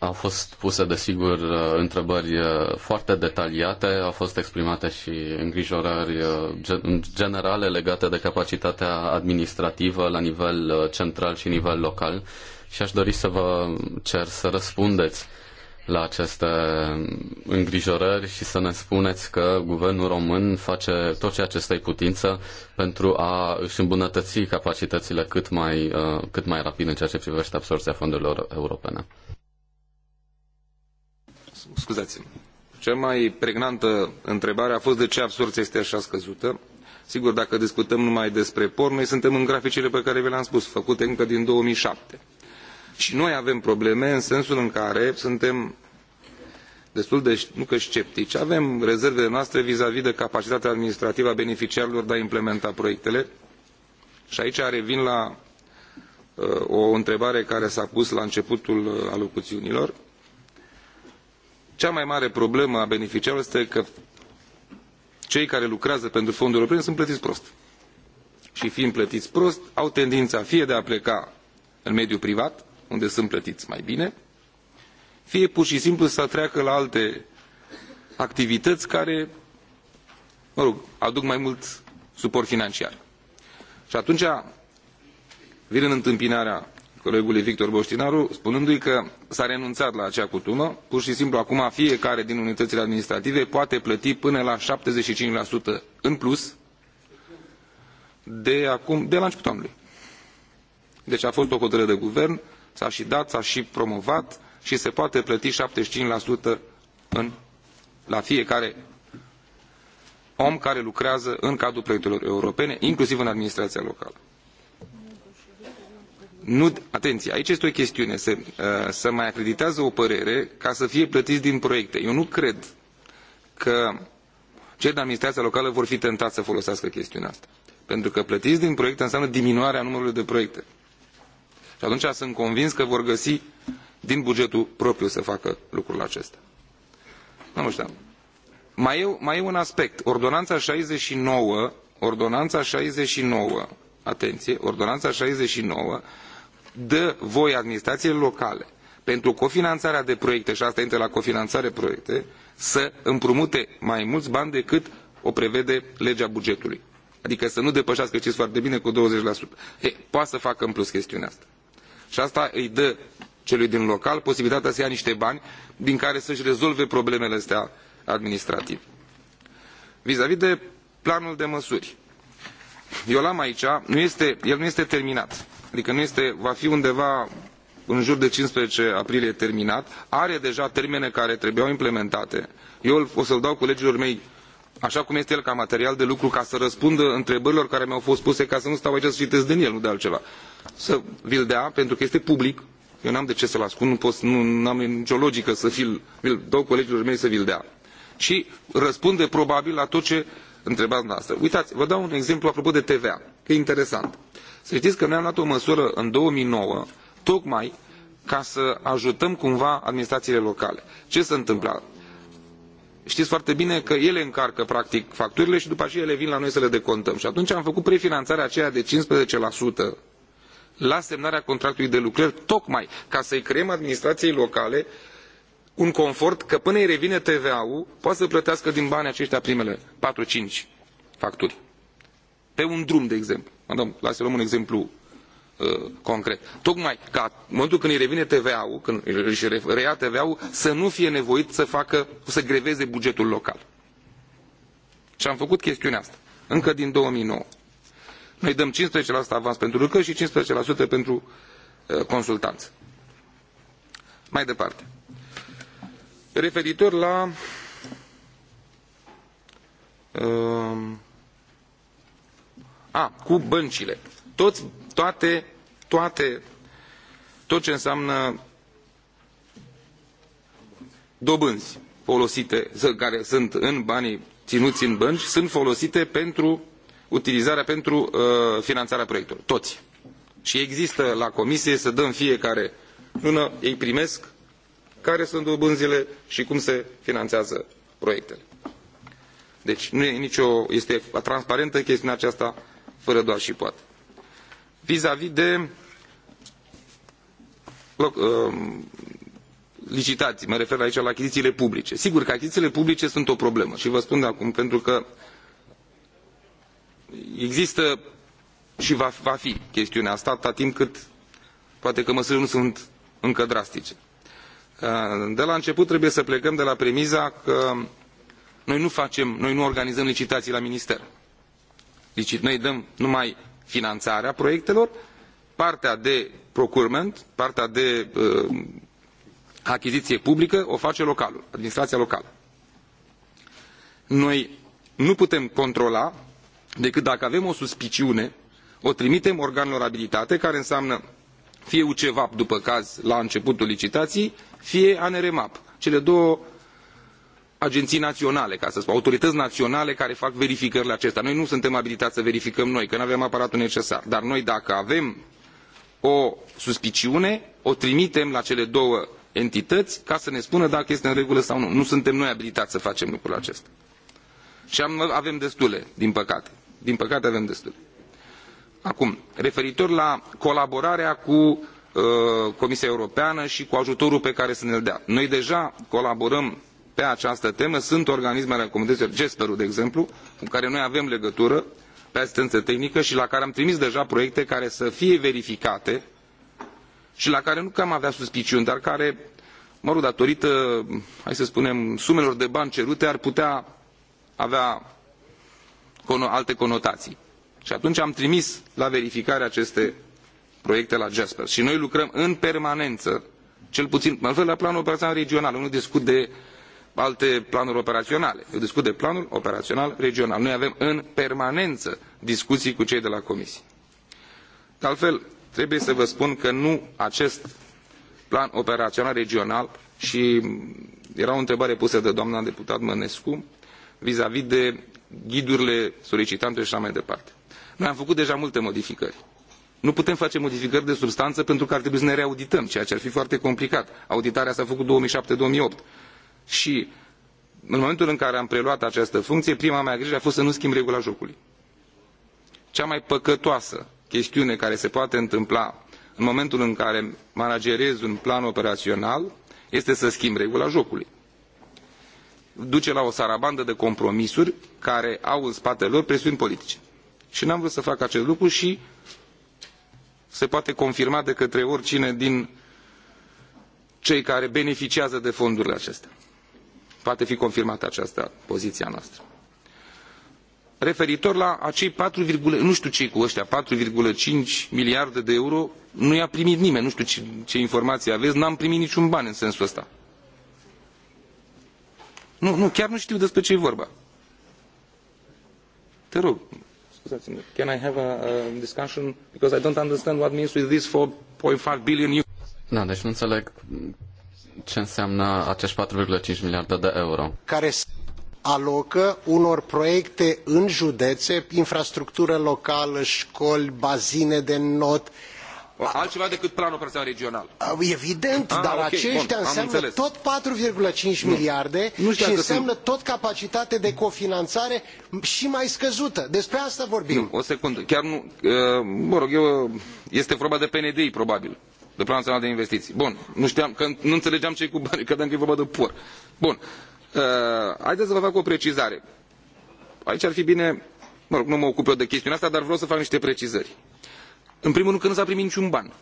Au fost puse, desigur, uh, întrebări uh, foarte detaliate, au fost exprimate și îngrijorări uh, generale legate de capacitatea administrativă la nivel central și nivel local și aș dori să vă cer să răspundeți la aceste îngrijorări și să ne spuneți că guvernul român face tot ceea ce stă putință pentru a își îmbunătăți capacitățile cât mai, cât mai rapid în ceea ce privește absorbția fondurilor europene scuzați cea mai pregnantă întrebare a fost de ce absorbția este așa scăzută. Sigur, dacă discutăm numai despre porn, noi suntem în graficele pe care vi le-am spus, făcute încă din 2007. Și noi avem probleme în sensul în care suntem destul de, nu că sceptici, avem rezervele noastre vizavi de capacitatea administrativă a beneficiarilor de a implementa proiectele. Și aici revin la uh, o întrebare care s-a pus la începutul uh, alocuțiunilor. Uh, cea mai mare problemă a beneficiarilor este că cei care lucrează pentru fonduri europene sunt plătiți prost. Și fiind plătiți prost, au tendința fie de a pleca în mediul privat, unde sunt plătiți mai bine, fie pur și simplu să treacă la alte activități care, mă rog, aduc mai mult suport financiar. Și atunci vin în întâmpinarea colegului Victor Boștinaru, spunându-i că s-a renunțat la acea cutumă. Pur și simplu, acum fiecare din unitățile administrative poate plăti până la 75% în plus de, acum, de la începutul anului. Deci a fost o hotărâre de guvern, s-a și dat, s-a și promovat și se poate plăti 75% în, la fiecare om care lucrează în cadrul proiectelor europene, inclusiv în administrația locală nu, atenție, aici este o chestiune, să, uh, să mai acreditează o părere ca să fie plătiți din proiecte. Eu nu cred că cei de administrația locală vor fi tentați să folosească chestiunea asta. Pentru că plătiți din proiecte înseamnă diminuarea numărului de proiecte. Și atunci sunt convins că vor găsi din bugetul propriu să facă lucrul acesta. Nu știu. Mai e, mai e un aspect. Ordonanța 69, ordonanța 69, atenție, ordonanța 69 dă voie administrației locale pentru cofinanțarea de proiecte, și asta intră la cofinanțare proiecte, să împrumute mai mulți bani decât o prevede legea bugetului. Adică să nu depășească, știți foarte bine, cu 20%. E, poate să facă în plus chestiunea asta. Și asta îi dă celui din local posibilitatea să ia niște bani din care să-și rezolve problemele astea administrative. Vis-a-vis -vis de planul de măsuri. Eu l-am aici, nu este, el nu este terminat adică nu este, va fi undeva în jur de 15 aprilie terminat, are deja termene care trebuiau implementate. Eu o să-l dau colegilor mei așa cum este el ca material de lucru, ca să răspundă întrebărilor care mi-au fost puse, ca să nu stau aici să citesc din el, nu de altceva. Să vi-l dea, pentru că este public, eu n-am de ce să-l ascund, nu, pot, nu am nicio logică să fi l vi-l dau colegilor mei să vi-l dea. Și răspunde probabil la tot ce întrebați noastră. Uitați, vă dau un exemplu apropo de TVA, că e interesant. Să știți că noi am luat o măsură în 2009, tocmai ca să ajutăm cumva administrațiile locale. Ce se întâmplat? Știți foarte bine că ele încarcă practic facturile și după aceea ele vin la noi să le decontăm. Și atunci am făcut prefinanțarea aceea de 15% la semnarea contractului de lucrări, tocmai ca să-i creăm administrației locale un confort că până îi revine TVA-ul, poate să plătească din banii aceștia primele 4-5 facturi. Pe un drum, de exemplu lasă la să luăm un exemplu uh, concret. Tocmai ca în momentul când îi revine TVA-ul, când își reia TVA-ul, să nu fie nevoit să facă, să greveze bugetul local. Și am făcut chestiunea asta, încă din 2009. Noi dăm 15% avans pentru lucrări și 15% pentru uh, consultanță. Mai departe. Referitor la uh, a, cu băncile. Toți, toate, toate, tot ce înseamnă dobânzi folosite, care sunt în banii ținuți în bănci, sunt folosite pentru utilizarea pentru uh, finanțarea proiectelor. Toți. Și există la comisie să dăm fiecare lună, ei primesc care sunt dobânzile și cum se finanțează proiectele. Deci nu e nicio, este transparentă chestiunea aceasta fără doar și poate. Vis-a-vis -vis de uh, licitații, mă refer aici la achizițiile publice. Sigur că achizițiile publice sunt o problemă și vă spun de acum pentru că există și va, va fi chestiunea asta atâta timp cât poate că măsurile nu sunt încă drastice. Uh, de la început trebuie să plecăm de la premiza că noi nu facem, noi nu organizăm licitații la minister. Deci noi dăm numai finanțarea proiectelor, partea de procurement, partea de uh, achiziție publică o face localul, administrația locală. Noi nu putem controla decât dacă avem o suspiciune, o trimitem organelor abilitate, care înseamnă fie UCVAP după caz la începutul licitației, fie ANRMAP, cele două agenții naționale, ca să spun, autorități naționale care fac verificările acestea. Noi nu suntem abilitați să verificăm noi, că nu avem aparatul necesar. Dar noi, dacă avem o suspiciune, o trimitem la cele două entități ca să ne spună dacă este în regulă sau nu. Nu suntem noi abilitați să facem lucrul acesta. Și am, avem destule, din păcate. Din păcate avem destule. Acum, referitor la colaborarea cu uh, Comisia Europeană și cu ajutorul pe care să ne-l dea. Noi deja colaborăm pe această temă. Sunt organismele comunităților, gesper de exemplu, cu care noi avem legătură pe asistență tehnică și la care am trimis deja proiecte care să fie verificate și la care nu că am avea suspiciuni, dar care, mă rog, datorită, hai să spunem, sumelor de bani cerute, ar putea avea alte conotații. Și atunci am trimis la verificare aceste proiecte la Jasper. Și noi lucrăm în permanență, cel puțin, mă refer la planul operațional regional, nu discut de alte planuri operaționale. Eu discut de planul operațional regional. Noi avem în permanență discuții cu cei de la Comisie. De altfel, trebuie să vă spun că nu acest plan operațional regional și era o întrebare pusă de doamna deputat Mănescu vis-a-vis -vis de ghidurile solicitante și așa mai departe. Noi am făcut deja multe modificări. Nu putem face modificări de substanță pentru că ar trebui să ne reaudităm, ceea ce ar fi foarte complicat. Auditarea s-a făcut 2007-2008 și în momentul în care am preluat această funcție, prima mea grijă a fost să nu schimb regula jocului. Cea mai păcătoasă chestiune care se poate întâmpla în momentul în care managerezi un plan operațional este să schimbi regula jocului. Duce la o sarabandă de compromisuri care au în spatele lor presiuni politice. Și n-am vrut să fac acest lucru și se poate confirma de către oricine din cei care beneficiază de fondurile acestea poate fi confirmată această poziție a noastră. Referitor la acei 4, nu știu ce cu ăștia, 4,5 miliarde de euro, nu i-a primit nimeni, nu știu ce, ce informații aveți, n-am primit niciun ban în sensul ăsta. Nu, nu, chiar nu știu despre ce e vorba. Te rog, scuzați-mă, can I have a, a discussion? Because I don't understand what means with this 4.5 billion Da, deci nu înțeleg ce înseamnă acești 4,5 miliarde de euro. Care alocă unor proiecte în județe, infrastructură locală, școli, bazine de not, altceva decât planul operațional regional. Evident, ah, dar okay, aceștia înseamnă tot 4,5 miliarde nu și înseamnă tot capacitate de cofinanțare și mai scăzută. Despre asta vorbim. Nu, o secundă. Chiar nu, uh, mă rog, eu, este vorba de PNDI, probabil de Plan Național de Investiții. Bun, nu știam, că nu înțelegeam ce cu bani, credeam că e vorba de por. Bun, uh, haideți să vă fac o precizare. Aici ar fi bine, mă rog, nu mă ocup eu de chestiunea asta, dar vreau să fac niște precizări. În primul rând că nu s-a primit niciun ban.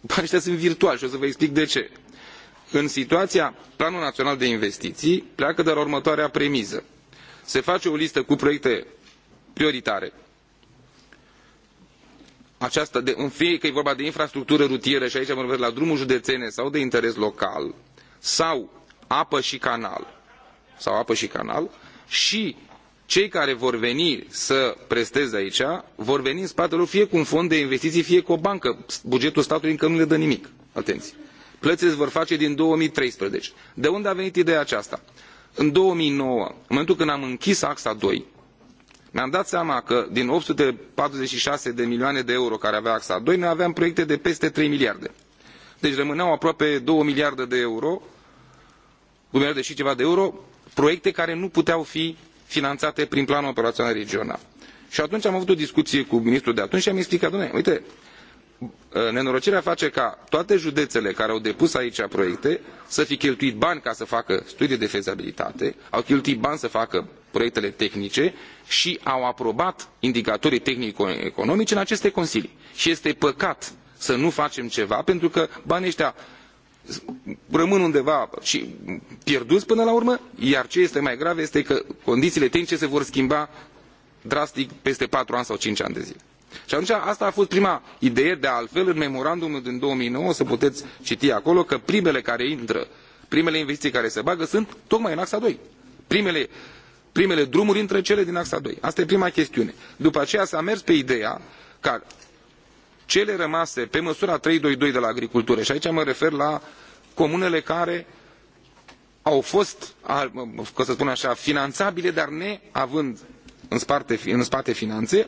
Banii ăștia sunt virtuali și o să vă explic de ce. În situația Planul Național de Investiții pleacă de la următoarea premiză. Se face o listă cu proiecte prioritare, aceasta de, fie că e vorba de infrastructură rutieră și aici mă refer la drumuri județene sau de interes local sau apă și canal sau apă și canal și cei care vor veni să presteze aici vor veni în spatele lor fie cu un fond de investiții, fie cu o bancă. Bugetul statului încă nu le dă nimic. Atenție. Plățile se vor face din 2013. De unde a venit ideea aceasta? În 2009, în momentul când am închis AXA 2, mi-am dat seama că din 846 de milioane de euro care avea AXA doi noi aveam proiecte de peste trei miliarde. Deci rămâneau aproape două miliarde de euro, două miliarde și ceva de euro, proiecte care nu puteau fi finanțate prin planul operațional regional. Și atunci am avut o discuție cu ministrul de atunci și am explicat, domnule, uite, Uh, nenorocirea face ca toate județele care au depus aici proiecte să fi cheltuit bani ca să facă studii de fezabilitate, au cheltuit bani să facă proiectele tehnice și au aprobat indicatorii tehnico-economici în aceste consilii. Și este păcat să nu facem ceva, pentru că banii ăștia rămân undeva și pierduți până la urmă, iar ce este mai grav este că condițiile tehnice se vor schimba drastic peste patru ani sau cinci ani de zile. Și atunci asta a fost prima idee, de altfel, în memorandumul din 2009, să puteți citi acolo că primele care intră, primele investiții care se bagă sunt tocmai în axa 2. Primele, primele drumuri între cele din axa 2. Asta e prima chestiune. După aceea s-a mers pe ideea că cele rămase pe măsura 322 de la agricultură, și aici mă refer la comunele care au fost, ca să spun așa, finanțabile, dar neavând în spate, în spate finanțe,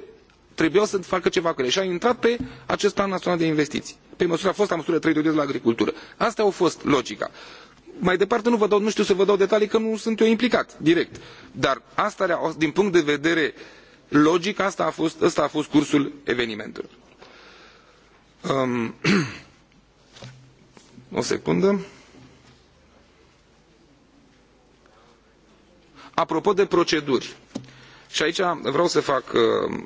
trebuiau să facă ceva cu ele și a intrat pe acest plan național de investiții. Pe măsura la măsură 3 de la agricultură. Asta a fost logica. Mai departe nu vă dau, nu știu să vă dau detalii că nu sunt eu implicat direct. Dar asta era, din punct de vedere logic, asta a fost, asta a fost cursul evenimentului. Um, o secundă. Apropo de proceduri, și aici vreau să fac uh,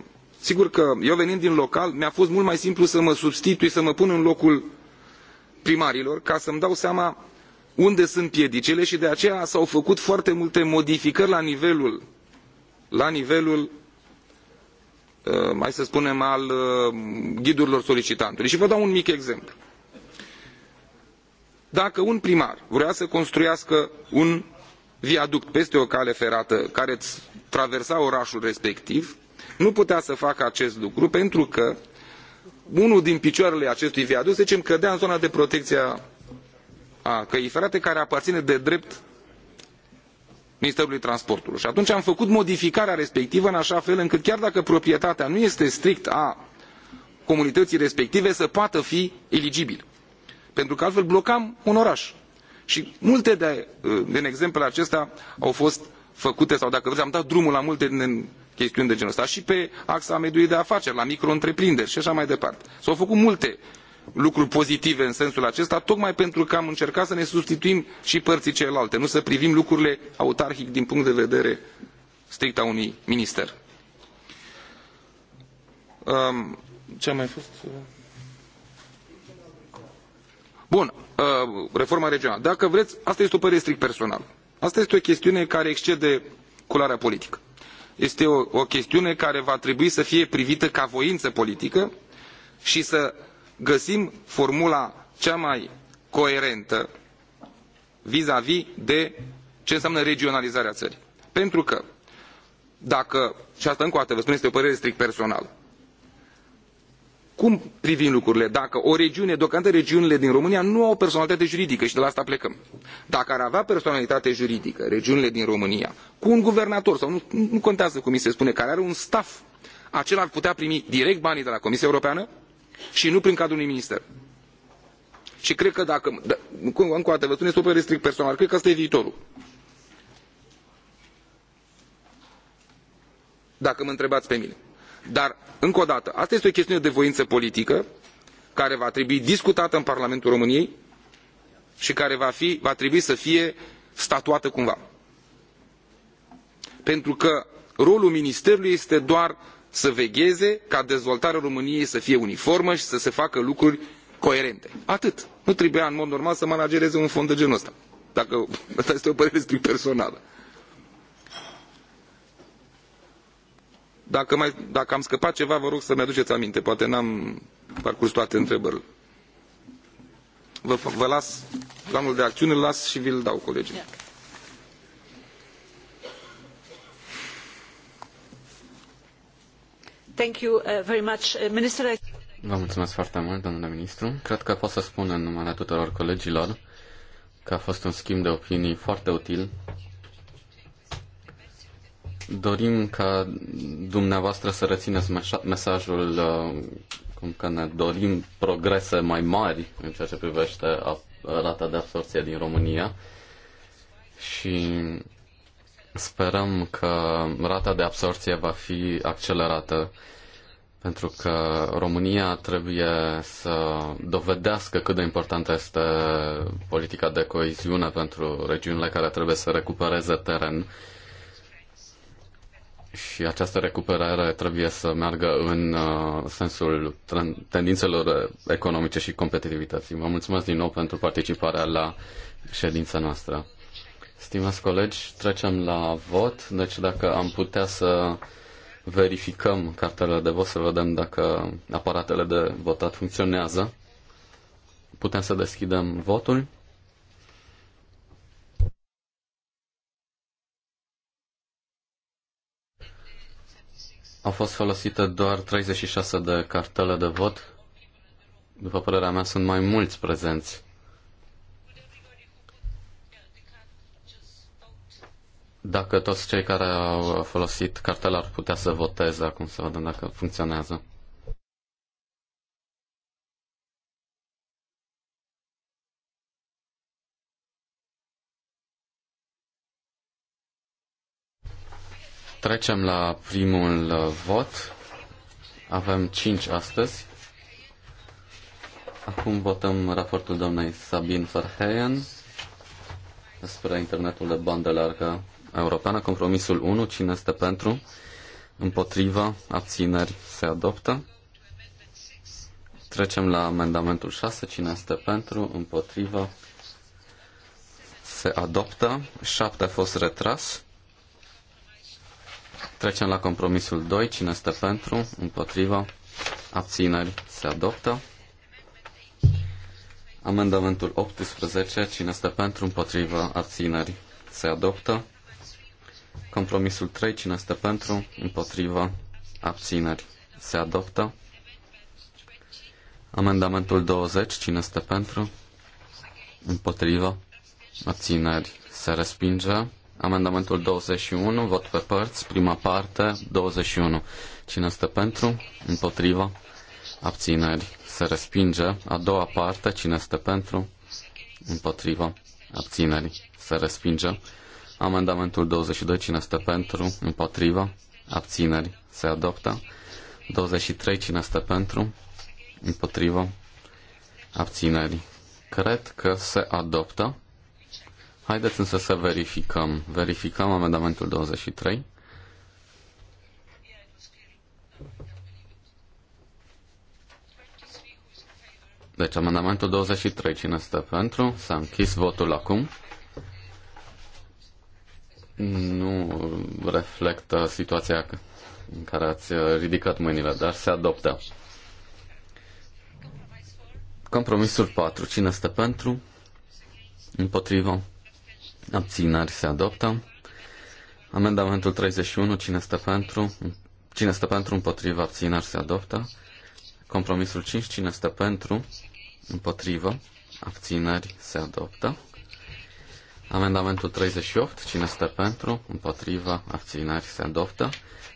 Sigur că eu venind din local, mi-a fost mult mai simplu să mă substitui, să mă pun în locul primarilor, ca să-mi dau seama unde sunt piedicile și de aceea s-au făcut foarte multe modificări la nivelul, la nivelul uh, mai să spunem, al uh, ghidurilor solicitantului. Și vă dau un mic exemplu. Dacă un primar vrea să construiască un viaduct peste o cale ferată care traversa orașul respectiv, nu putea să facă acest lucru pentru că unul din picioarele acestui viaduct, să zicem, cădea în zona de protecție a căii ferate care aparține de drept Ministerului Transportului. Și atunci am făcut modificarea respectivă în așa fel încât chiar dacă proprietatea nu este strict a comunității respective să poată fi eligibil. Pentru că altfel blocam un oraș. Și multe de, din exemplele acestea au fost făcute sau dacă vreți am dat drumul la multe din chestiuni de genul ăsta și pe axa mediului de afaceri, la micro-întreprinderi și așa mai departe. S-au făcut multe lucruri pozitive în sensul acesta, tocmai pentru că am încercat să ne substituim și părții celelalte, nu să privim lucrurile autarhic din punct de vedere strict a unui minister. Um, ce a mai fost? Bun, uh, reforma regională. Dacă vreți, asta este o părere strict personală. Asta este o chestiune care excede culoarea politică. Este o, o chestiune care va trebui să fie privită ca voință politică și să găsim formula cea mai coerentă vis-a-vis -vis de ce înseamnă regionalizarea țării. Pentru că dacă, și asta încă o dată vă spun, este o părere strict personală, cum privim lucrurile? Dacă o regiune, deocamdată regiunile din România nu au personalitate juridică și de la asta plecăm. Dacă ar avea personalitate juridică, regiunile din România, cu un guvernator sau nu, nu contează cum mi se spune, care are un staff, acela ar putea primi direct banii de la Comisia Europeană și nu prin cadrul unui minister. Și cred că dacă, da, încă o dată vă spun, este o părere strict personal, cred că asta e viitorul. Dacă mă întrebați pe mine dar încă o dată asta este o chestiune de voință politică care va trebui discutată în parlamentul româniei și care va, fi, va trebui să fie statuată cumva pentru că rolul ministerului este doar să vegheze ca dezvoltarea româniei să fie uniformă și să se facă lucruri coerente. Atât. Nu trebuia în mod normal să managereze un fond de genul ăsta. Dacă, asta este o părere strict personală. Dacă, mai, dacă am scăpat ceva, vă rog să-mi aduceți aminte. Poate n-am parcurs toate întrebările. Vă, vă las planul de acțiune, îl las și vi-l dau, colegii. Yeah. Thank you uh, very much. Uh, Minister... Vă mulțumesc foarte mult, domnule ministru. Cred că pot să spun în numele tuturor colegilor că a fost un schimb de opinii foarte util Dorim ca dumneavoastră să rețineți mesajul uh, cum că ne dorim progrese mai mari în ceea ce privește rata de absorție din România și sperăm că rata de absorție va fi accelerată pentru că România trebuie să dovedească cât de importantă este politica de coeziune pentru regiunile care trebuie să recupereze teren și această recuperare trebuie să meargă în uh, sensul tendințelor economice și competitivității. Vă mulțumesc din nou pentru participarea la ședința noastră. Stimați colegi, trecem la vot, deci dacă am putea să verificăm cartele de vot, să vedem dacă aparatele de votat funcționează. Putem să deschidem votul. Au fost folosite doar 36 de cartele de vot. După părerea mea, sunt mai mulți prezenți. Dacă toți cei care au folosit cartela ar putea să voteze acum, să vedem dacă funcționează. Trecem la primul uh, vot. Avem 5 astăzi. Acum votăm raportul doamnei Sabine Verheyen despre internetul de bandă largă europeană. Compromisul 1. Cine este pentru? Împotriva? Abțineri? Se adoptă. Trecem la amendamentul 6. Cine este pentru? Împotriva? Se adoptă. 7 a fost retras. Trecem la compromisul 2. Cine este pentru? Împotriva? Abțineri? Se adoptă. Amendamentul 18. Cine este pentru? Împotriva? Abțineri? Se adoptă. Compromisul 3. Cine este pentru? Împotriva? Abțineri? Se adoptă. Amendamentul 20. Cine este pentru? Împotriva? Abțineri? Se respinge. Amendamentul 21, vot pe părți, prima parte, 21. Cine este pentru? Împotriva? Abțineri. Se respinge. A doua parte, cine este pentru? Împotriva? Abțineri. Se respinge. Amendamentul 22, cine este pentru? Împotriva? Abțineri. Se adoptă. 23, cine este pentru? Împotriva? Abțineri. Cred că se adoptă. Haideți însă să verificăm. Verificăm amendamentul 23. Deci amendamentul 23, cine stă pentru? S-a închis votul acum. Nu reflectă situația în care ați ridicat mâinile, dar se adoptă. Compromisul 4. Cine stă pentru? Împotrivă? Abținari se adoptă. Amendamentul 31. Cine stă pentru? Cine stă pentru? Împotriva. Abținari se adoptă. Compromisul 5. Cine stă pentru? Împotrivă. Abținari se adoptă. Amendamentul 38. Cine stă pentru? Împotriva. Abținari se adoptă.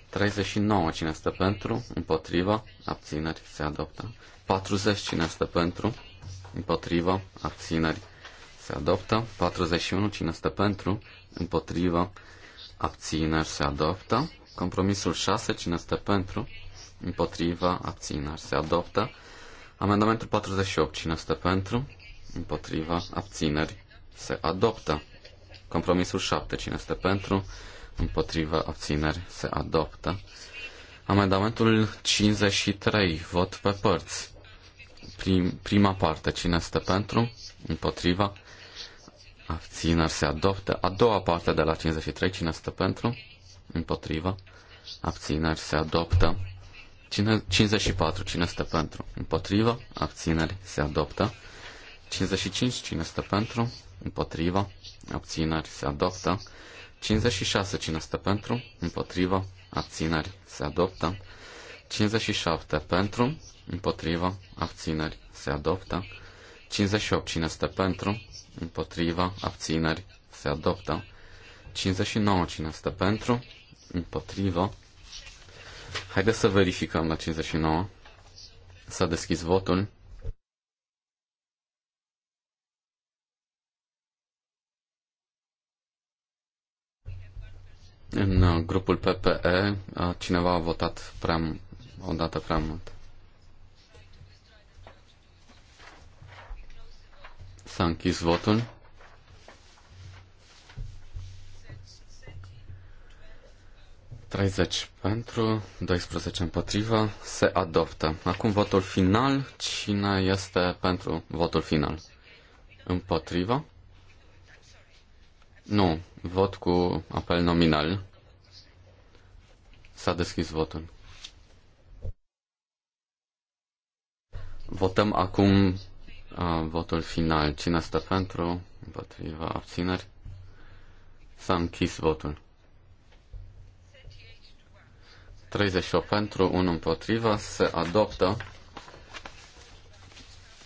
39. Cine stă pentru? Împotriva. Abținari Se adoptă. 40. Cine stă pentru? Împotrivă. Abțineri se adoptă. 41. Cine stă pentru? Împotriva. Abțineri se adoptă. Compromisul 6. Cine stă pentru? Împotriva. Abțineri se adoptă. Amendamentul 48. Cine stă pentru? Împotriva. Abțineri se adoptă. Compromisul 7. Cine stă pentru? Împotriva. Abțineri se adoptă. Amendamentul 53. Vot pe părți. Prim, prima parte. Cine stă pentru? Împotriva? abțineri se adoptă. A doua parte de la 53, cine stă pentru? Împotrivă. Abțineri se adoptă. Cine, 54, cine stă pentru? Împotrivă. Abțineri se adoptă. 55, cine stă pentru? Împotrivă. Abțineri se adoptă. 56, cine stă pentru? Împotrivă. Abțineri se adoptă. 57, pentru? Împotrivă. Abțineri se adoptă. 58. Cine este pentru? Împotriva. Abțineri. Se adoptă. 59. Cine este pentru? Împotriva. Haideți să verificăm la 59. S-a deschis votul. În uh, grupul PPE uh, cineva a votat prea, o dată prea mult. S-a închis votul. Treizeci pentru, 12 împotriva, se adoptă. Acum votul final. Cine este pentru votul final? Împotriva? Nu, vot cu apel nominal. S-a deschis votul. Votăm acum Votul final. Cine stă pentru? Împotriva abțineri? S-a închis votul. 38 pentru, 1 împotriva, se adoptă.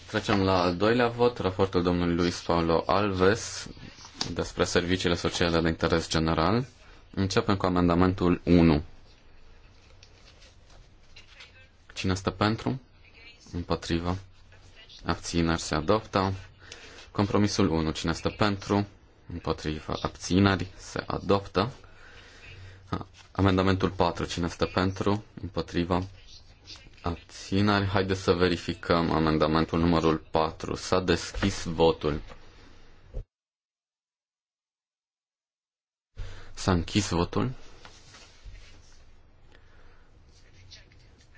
Trecem la al doilea vot, raportul domnului Luis Paulo Alves despre serviciile sociale de interes general. Începem cu amendamentul 1. Cine stă pentru? Împotriva abțineri se adoptă. Compromisul 1. Cine este pentru? Împotriva abțineri se adoptă. Amendamentul 4. Cine este pentru? Împotriva abțineri. Haideți să verificăm amendamentul numărul 4. S-a deschis votul. S-a închis votul.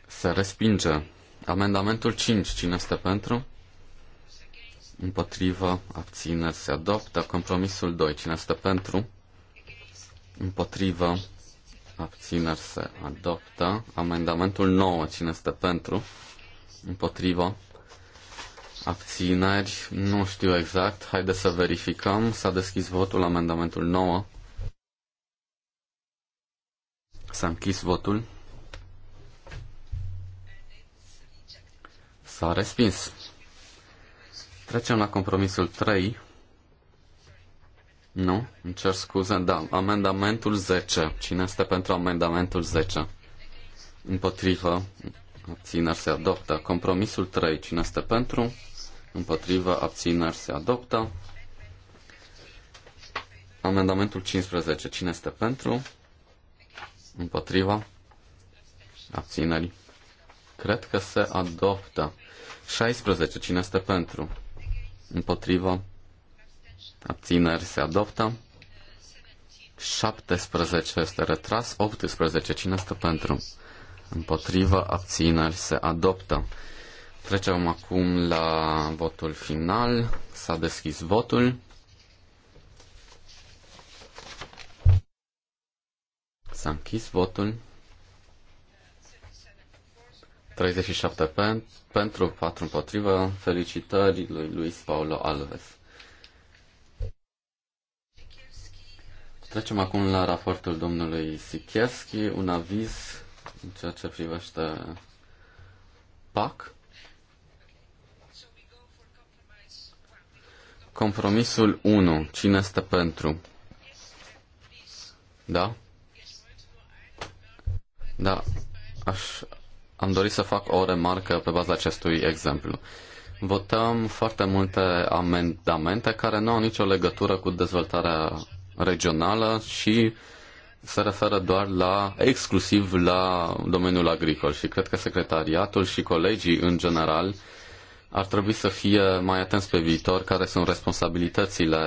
Se respinge. Amendamentul 5. Cine este pentru? împotrivă, abțineri, se adoptă. Compromisul 2, cine este pentru, împotrivă, abțineri, se adoptă. Amendamentul 9, cine este pentru, împotrivă, abțineri, nu știu exact, haideți să verificăm. S-a deschis votul, amendamentul 9. S-a închis votul. S-a respins. Trecem la compromisul 3. Nu, îmi cer scuze, da. Amendamentul 10. Cine este pentru amendamentul 10? Împotrivă. Abțineri se adoptă. Compromisul 3. Cine este pentru? Împotrivă. Abțineri se adoptă. Amendamentul 15. Cine este pentru? Împotriva? Abțineri. Cred că se adoptă. 16. Cine este pentru? împotrivă, abțineri se adoptă. 17 este retras, 18 cine stă pentru? Împotrivă, abțineri se adoptă. Trecem acum la votul final. S-a deschis votul. S-a închis votul. 37 pen, pentru, 4 împotrivă. Felicitări lui Luis Paulo Alves. Trecem acum la raportul domnului Sikierski, un aviz în ceea ce privește PAC. Compromisul 1. Cine este pentru? Da? Da, aș, am dorit să fac o remarcă pe baza acestui exemplu. Votăm foarte multe amendamente care nu au nicio legătură cu dezvoltarea regională și se referă doar la, exclusiv la domeniul agricol și cred că secretariatul și colegii în general ar trebui să fie mai atenți pe viitor care sunt responsabilitățile,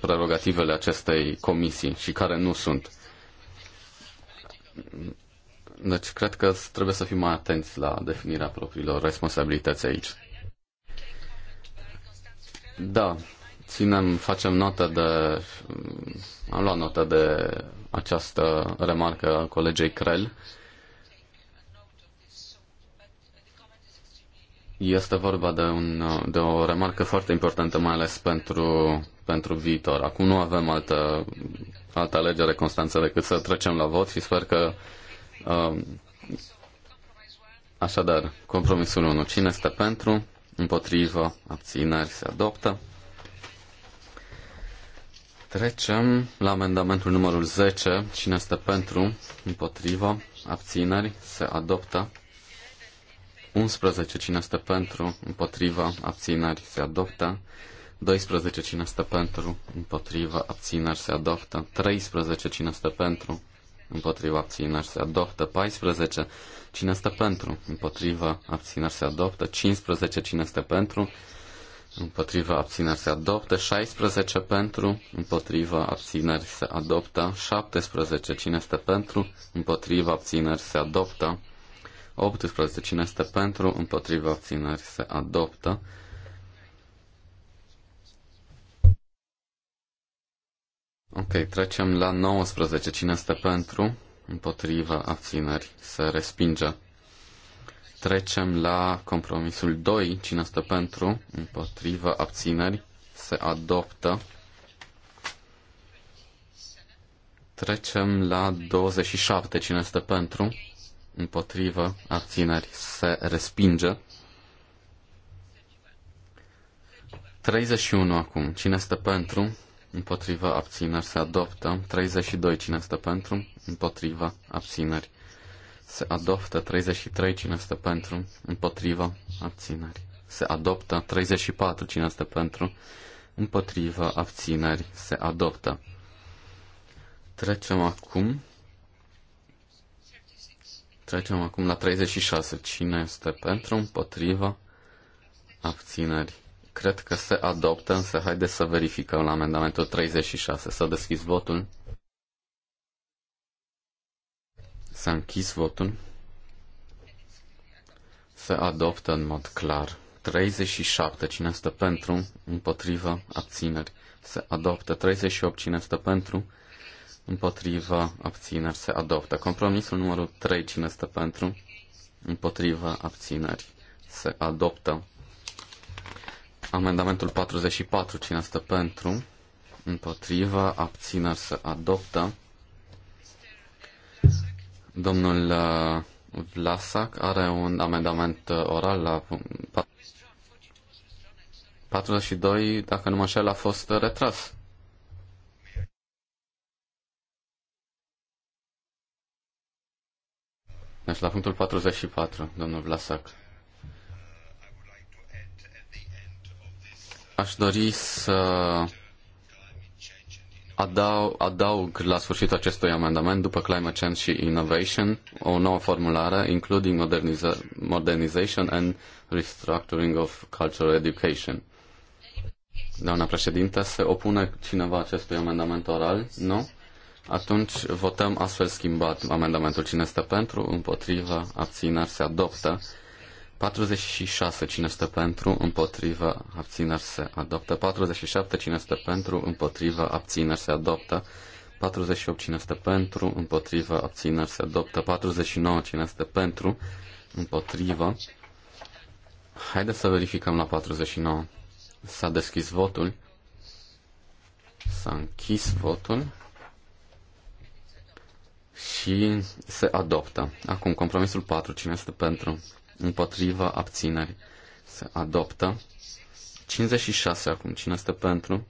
prerogativele acestei comisii și care nu sunt deci cred că trebuie să fim mai atenți la definirea propriilor responsabilități aici. Da, ținem, facem notă de... Mm, am luat notă de această remarcă a colegei Crel. Este vorba de, un, de o remarcă foarte importantă, mai ales pentru, pentru viitor. Acum nu avem altă, altă alegere, Constanță, decât să trecem la vot și sper că uh, Um, așadar, compromisul 1. Cine este pentru? Împotrivă? Abțineri? Se adoptă. Trecem la amendamentul numărul 10. Cine este pentru? Împotrivă? Abțineri? Se adoptă. 11. Cine este pentru? Împotrivă? Abțineri? Se adoptă. 12. Cine este pentru? Împotrivă? Abțineri? Se adoptă. 13. Cine este pentru? împotriva abținerii se adoptă. 14. Cine este pentru? Împotriva abținerii se adoptă. 15. Cine este pentru? Împotriva abținerii se adoptă. 16 pentru. Împotriva abținerii se adoptă. 17. Cine este pentru? Împotriva abținerii se adoptă. 18. Cine este pentru? Împotriva abținerii se adoptă. Ok, trecem la 19. Cine este pentru? Împotriva abțineri se respinge. Trecem la compromisul 2. Cine este pentru? Împotriva abțineri se adoptă. Trecem la 27. Cine este pentru? împotriva Abțineri. Se respinge. 31 acum. Cine este pentru? împotriva abțineri se adoptă, 32 cine este pentru, împotriva abțineri se adoptă, 33 cine este pentru, împotriva abțineri se adoptă, 34 cine este pentru, împotriva abțineri se adoptă. Trecem acum Trecem acum la 36. Cine este pentru, împotriva, abțineri cred că se adoptă, însă haideți să verificăm la amendamentul 36. Să deschis votul. S-a închis votul. Se adoptă în mod clar. 37. Cine stă pentru? Împotrivă? Abțineri. Se adoptă. 38. Cine stă pentru? Împotrivă? Abțineri. Se adoptă. Compromisul numărul 3. Cine stă pentru? Împotrivă? Abțineri. Se adoptă. Amendamentul 44, cine stă pentru, împotriva, abțineri să adoptă. Domnul uh, Vlasac are un amendament uh, oral la 42, dacă nu mă înșel, a fost retras. Deci la punctul 44, domnul Vlasac. Aș dori să adaug, adaug la sfârșitul acestui amendament, după Climate Change și Innovation, o nouă formulare, including moderniza- modernization and restructuring of cultural education. Doamna președinte, se opune cineva acestui amendament oral? Nu? Atunci votăm astfel schimbat amendamentul. Cine este pentru, împotriva abțineri, se adoptă. 46. Cine stă pentru, împotrivă, abțineri se adoptă. 47. Cine stă pentru, împotrivă, abțineri se adoptă. 48. Cine stă pentru, împotrivă, abțineri se adoptă. 49. Cine stă pentru, împotrivă. Haideți să verificăm la 49. S-a deschis votul. S-a închis votul și se adoptă. Acum, compromisul 4. Cine este pentru? împotriva abținerii. se adoptă. 56 acum, cine este pentru?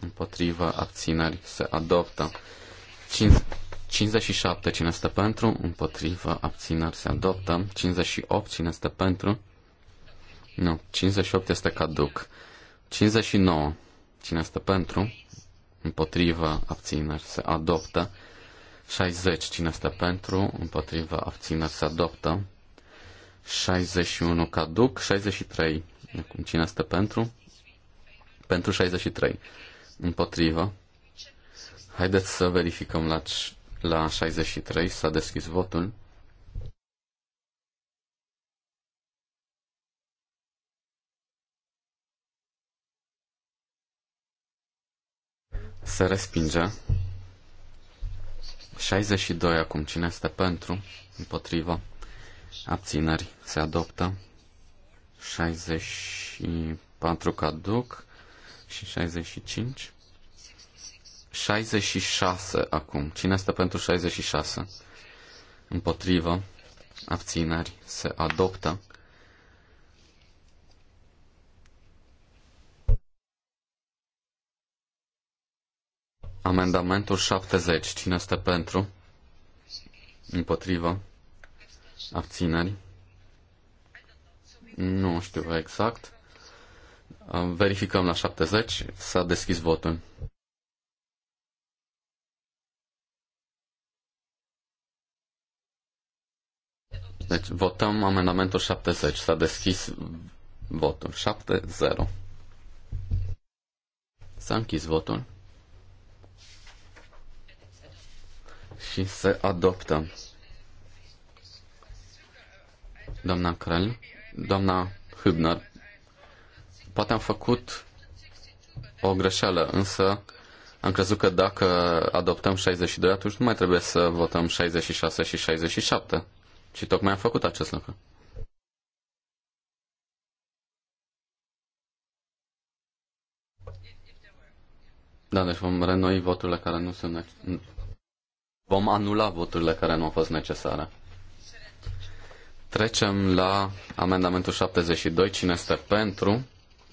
Împotriva abținerii. se adoptă. 57, cine este pentru? Împotriva abținerii. se adoptă. 58, cine este pentru? Nu, 58 este caduc. 59, cine este pentru? Împotriva abțineri se adoptă. 60, cine este pentru? Împotriva abțineri se adoptă. 61 caduc, 63. Acum cine stă pentru? Pentru 63. Împotrivă. Haideți să verificăm la, la 63. S-a deschis votul. Se respinge. 62 acum. Cine este pentru? Împotrivă abțineri se adoptă, 64 caduc și 65. 66 acum. Cine este pentru 66? Împotrivă. Abțineri. Se adoptă. Amendamentul 70. Cine este pentru? Împotrivă. Abțineri. Nu știu exact. Verificăm la 70. S-a deschis votul. Deci votăm amendamentul 70. S-a deschis votul. 7-0. S-a închis votul. Și se adoptă doamna Krell, doamna Hübner. Poate am făcut o greșeală, însă am crezut că dacă adoptăm 62, atunci nu mai trebuie să votăm 66 și 67. Și tocmai am făcut acest lucru. Da, deci vom renoi voturile care nu sunt... Vom anula voturile care nu au fost necesare. Trecem la amendamentul 72. Cine este pentru?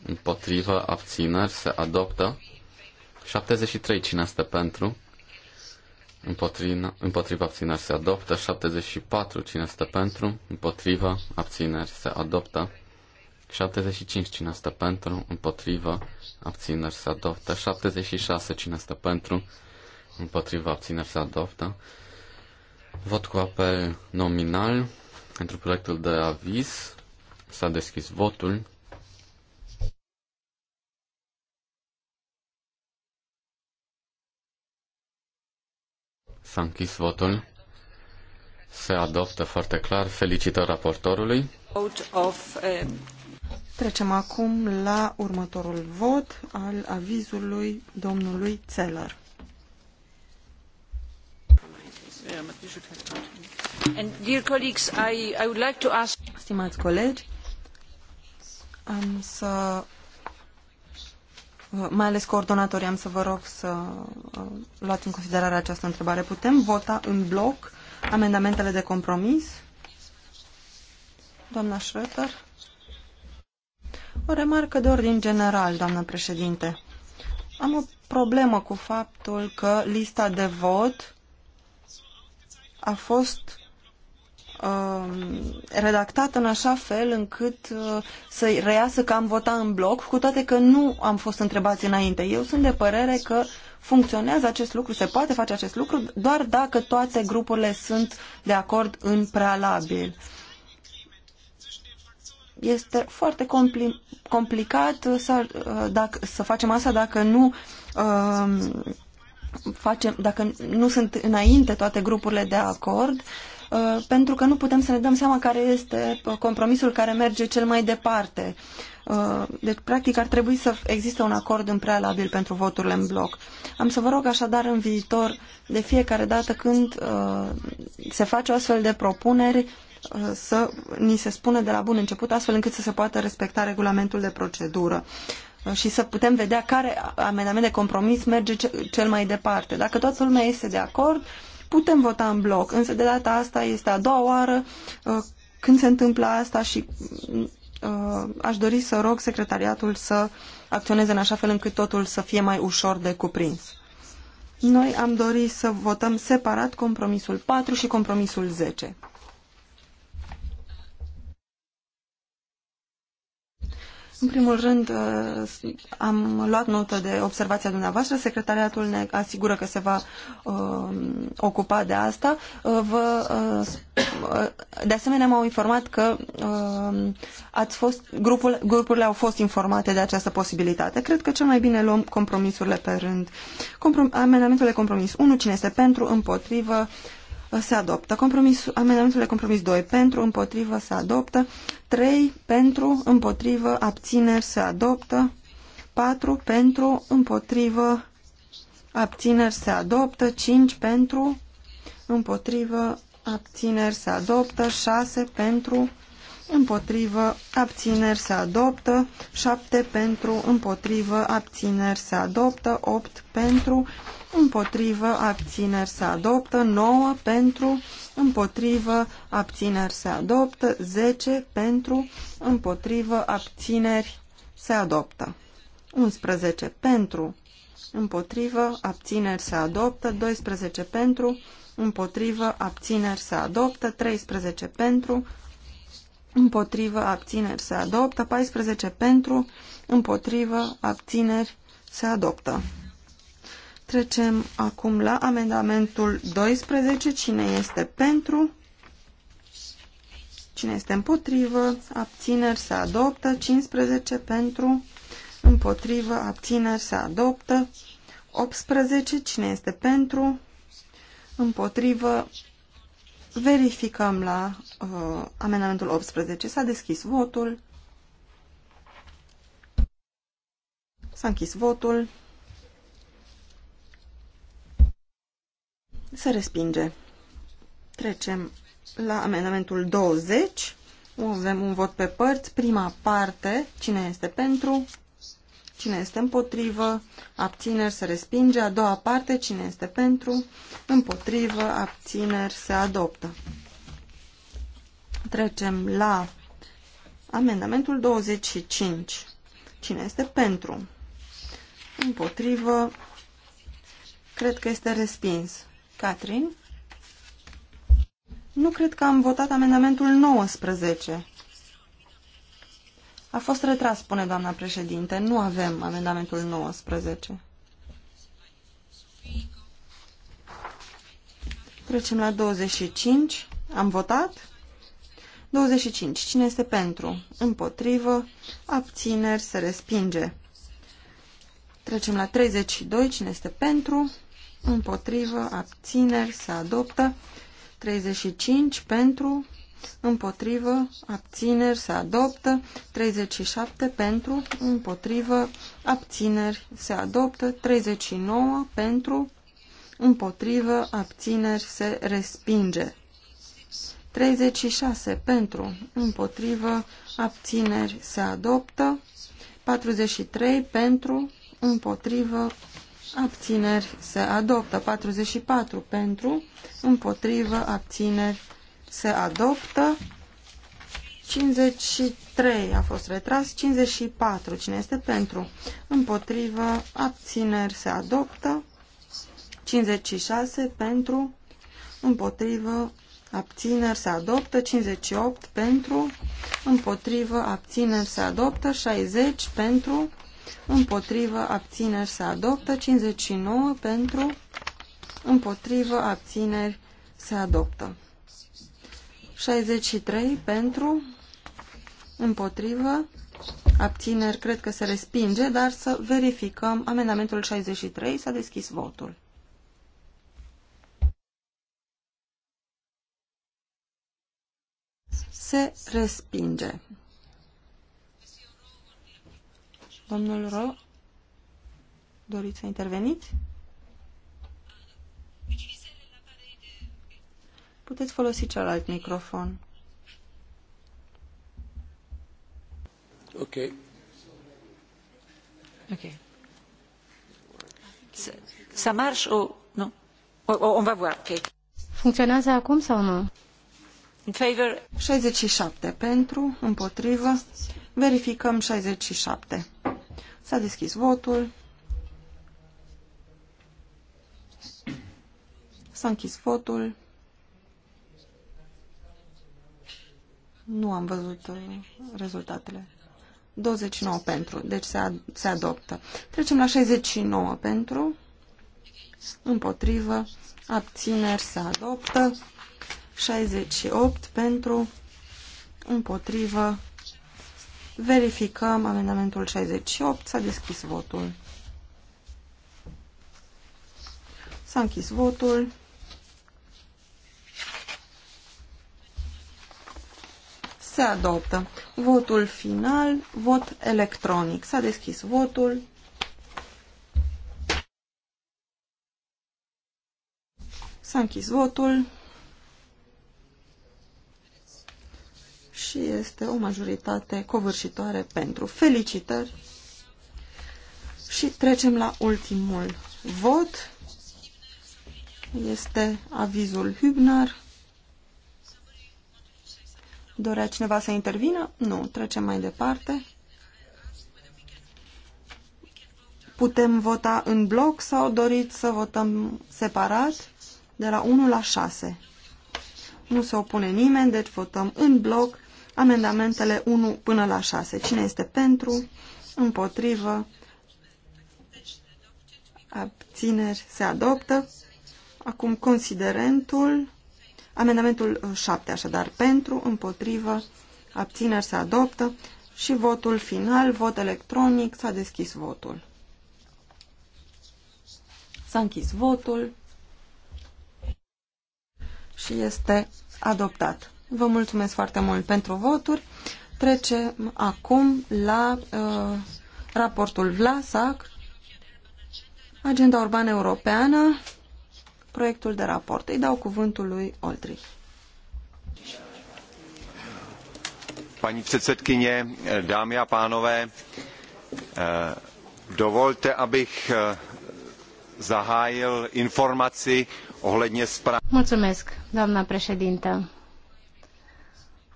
Împotrivă, abțineri, se adoptă. 73. Cine este pentru? Împotriva, împotriva abțineri se adoptă. 74. Cine este pentru? Împotriva abțineri se adoptă. 75. Cine este pentru? Împotriva abțineri se adoptă. 76. Cine este pentru? Împotriva abțineri se adoptă. Vot cu apel nominal. Pentru proiectul de aviz s-a deschis votul. S-a închis votul. Se adoptă foarte clar. Felicitări raportorului. Um, Trecem acum la următorul vot al avizului domnului Țeller. Yeah, I, I Stimați colegi, am să mai ales coordonatorii, am să vă rog să uh, luați în considerare această întrebare. Putem vota în bloc amendamentele de compromis? Doamna Schroeter? O remarcă de ordin general, doamnă președinte. Am o problemă cu faptul că lista de vot a fost Um, redactat în așa fel încât uh, să reiasă că am votat în bloc, cu toate că nu am fost întrebați înainte. Eu sunt de părere că funcționează acest lucru, se poate face acest lucru, doar dacă toate grupurile sunt de acord în prealabil. Este foarte compli complicat să, uh, dacă, să facem asta dacă nu um, facem, dacă nu sunt înainte toate grupurile de acord uh, Uh, pentru că nu putem să ne dăm seama care este compromisul care merge cel mai departe. Uh, deci, practic, ar trebui să existe un acord în prealabil pentru voturile în bloc. Am să vă rog așadar în viitor, de fiecare dată când uh, se face o astfel de propuneri, să ni se spună de la bun început, astfel încât să se poată respecta regulamentul de procedură și să putem vedea care amendament de compromis merge cel mai departe. Dacă toată lumea este de acord, putem vota în bloc, însă de data asta este a doua oară uh, când se întâmplă asta și uh, aș dori să rog secretariatul să acționeze în așa fel încât totul să fie mai ușor de cuprins. Noi am dorit să votăm separat compromisul 4 și compromisul 10. În primul rând, uh, am luat notă de observația dumneavoastră. Secretariatul ne asigură că se va uh, ocupa de asta. Uh, vă, uh, de asemenea, m-au informat că uh, ați fost, grupul, grupurile au fost informate de această posibilitate. Cred că cel mai bine luăm compromisurile pe rând. Comprom de compromis 1, cine este pentru, împotrivă, se adoptă. Compromis, amendamentul de compromis 2 pentru, împotrivă, se adoptă. 3 pentru, împotrivă, abțineri, se adoptă. 4 pentru, împotrivă, abțineri, se adoptă. 5 pentru, împotrivă, abțineri, se adoptă. 6 pentru, împotrivă, abțineri, se adoptă. 7 pentru, împotrivă, abțineri, se adoptă. 8 pentru, împotrivă, abțineri se adoptă, 9 pentru, împotrivă, abțineri se adoptă, 10 pentru, împotrivă, abțineri se adoptă, 11 pentru, împotrivă, abțineri se adoptă, 12 pentru, împotrivă, abțineri se adoptă, 13 pentru, împotrivă, abțineri se adoptă, 14 pentru, împotrivă, abțineri se adoptă. Trecem acum la amendamentul 12. Cine este pentru? Cine este împotrivă? Abțineri se adoptă. 15 pentru. Împotrivă. Abțineri se adoptă. 18. Cine este pentru? Împotrivă. Verificăm la uh, amendamentul 18. S-a deschis votul. S-a închis votul. Se respinge. Trecem la amendamentul 20. Avem un vot pe părți. Prima parte, cine este pentru, cine este împotrivă, abțineri se respinge. A doua parte, cine este pentru, împotrivă, abțineri se adoptă. Trecem la amendamentul 25. Cine este pentru? Împotrivă, cred că este respins. Catherine? Nu cred că am votat amendamentul 19. A fost retras, spune doamna președinte. Nu avem amendamentul 19. Trecem la 25. Am votat? 25. Cine este pentru? Împotrivă. Abțineri. Se respinge. Trecem la 32. Cine este pentru? împotrivă, abțineri, se adoptă. 35 pentru, împotrivă, abțineri, se adoptă. 37 pentru, împotrivă, abțineri, se adoptă. 39 pentru, împotrivă, abțineri, se respinge. 36 pentru, împotrivă, abțineri, se adoptă. 43 pentru, împotrivă, abțineri se adoptă. 44 pentru, împotrivă, abțineri se adoptă. 53 a fost retras, 54 cine este pentru, împotrivă, abțineri se adoptă, 56 pentru, împotrivă, abțineri se adoptă, 58 pentru, împotrivă, abțineri se adoptă, 60 pentru, împotrivă, abțineri se adoptă, 59 pentru, împotrivă, abțineri se adoptă. 63 pentru, împotrivă, abțineri cred că se respinge, dar să verificăm amendamentul 63, s-a deschis votul. Se respinge. Domnul Ro, doriți să interveniți? Puteți folosi celălalt microfon. Ok. Ok. Ça marche O, non On va voir. Okay. Funcționează acum sau nu? In favor. 67 pentru, împotrivă. Verificăm 67. S-a deschis votul. S-a închis votul. Nu am văzut rezultatele. 29 pentru, deci se, ad se adoptă. Trecem la 69 pentru, împotrivă, abțineri se adoptă, 68 pentru, împotrivă, Verificăm amendamentul 68. S-a deschis votul. S-a închis votul. Se adoptă. Votul final, vot electronic. S-a deschis votul. S-a închis votul. și este o majoritate covârșitoare pentru felicitări. Și trecem la ultimul vot. Este avizul Hübner. Dorea cineva să intervină? Nu. Trecem mai departe. Putem vota în bloc sau doriți să votăm separat de la 1 la 6? Nu se opune nimeni, deci votăm în bloc Amendamentele 1 până la 6. Cine este pentru? Împotrivă? Abțineri? Se adoptă. Acum considerentul. Amendamentul 7, așadar, pentru, împotrivă, abțineri se adoptă și votul final, vot electronic, s-a deschis votul. S-a închis votul și este adoptat. Vă mulțumesc foarte mult pentru voturi. Trecem acum la uh, raportul VLASAC, Agenda Urbană Europeană, proiectul de raport. Îi dau cuvântul lui Oltrich. Paní předsedkyně, dámy a pánové, eh, dovolte, abych eh, zahájil informaci ohledně zprávy. Mulțumesc, doamna președintă.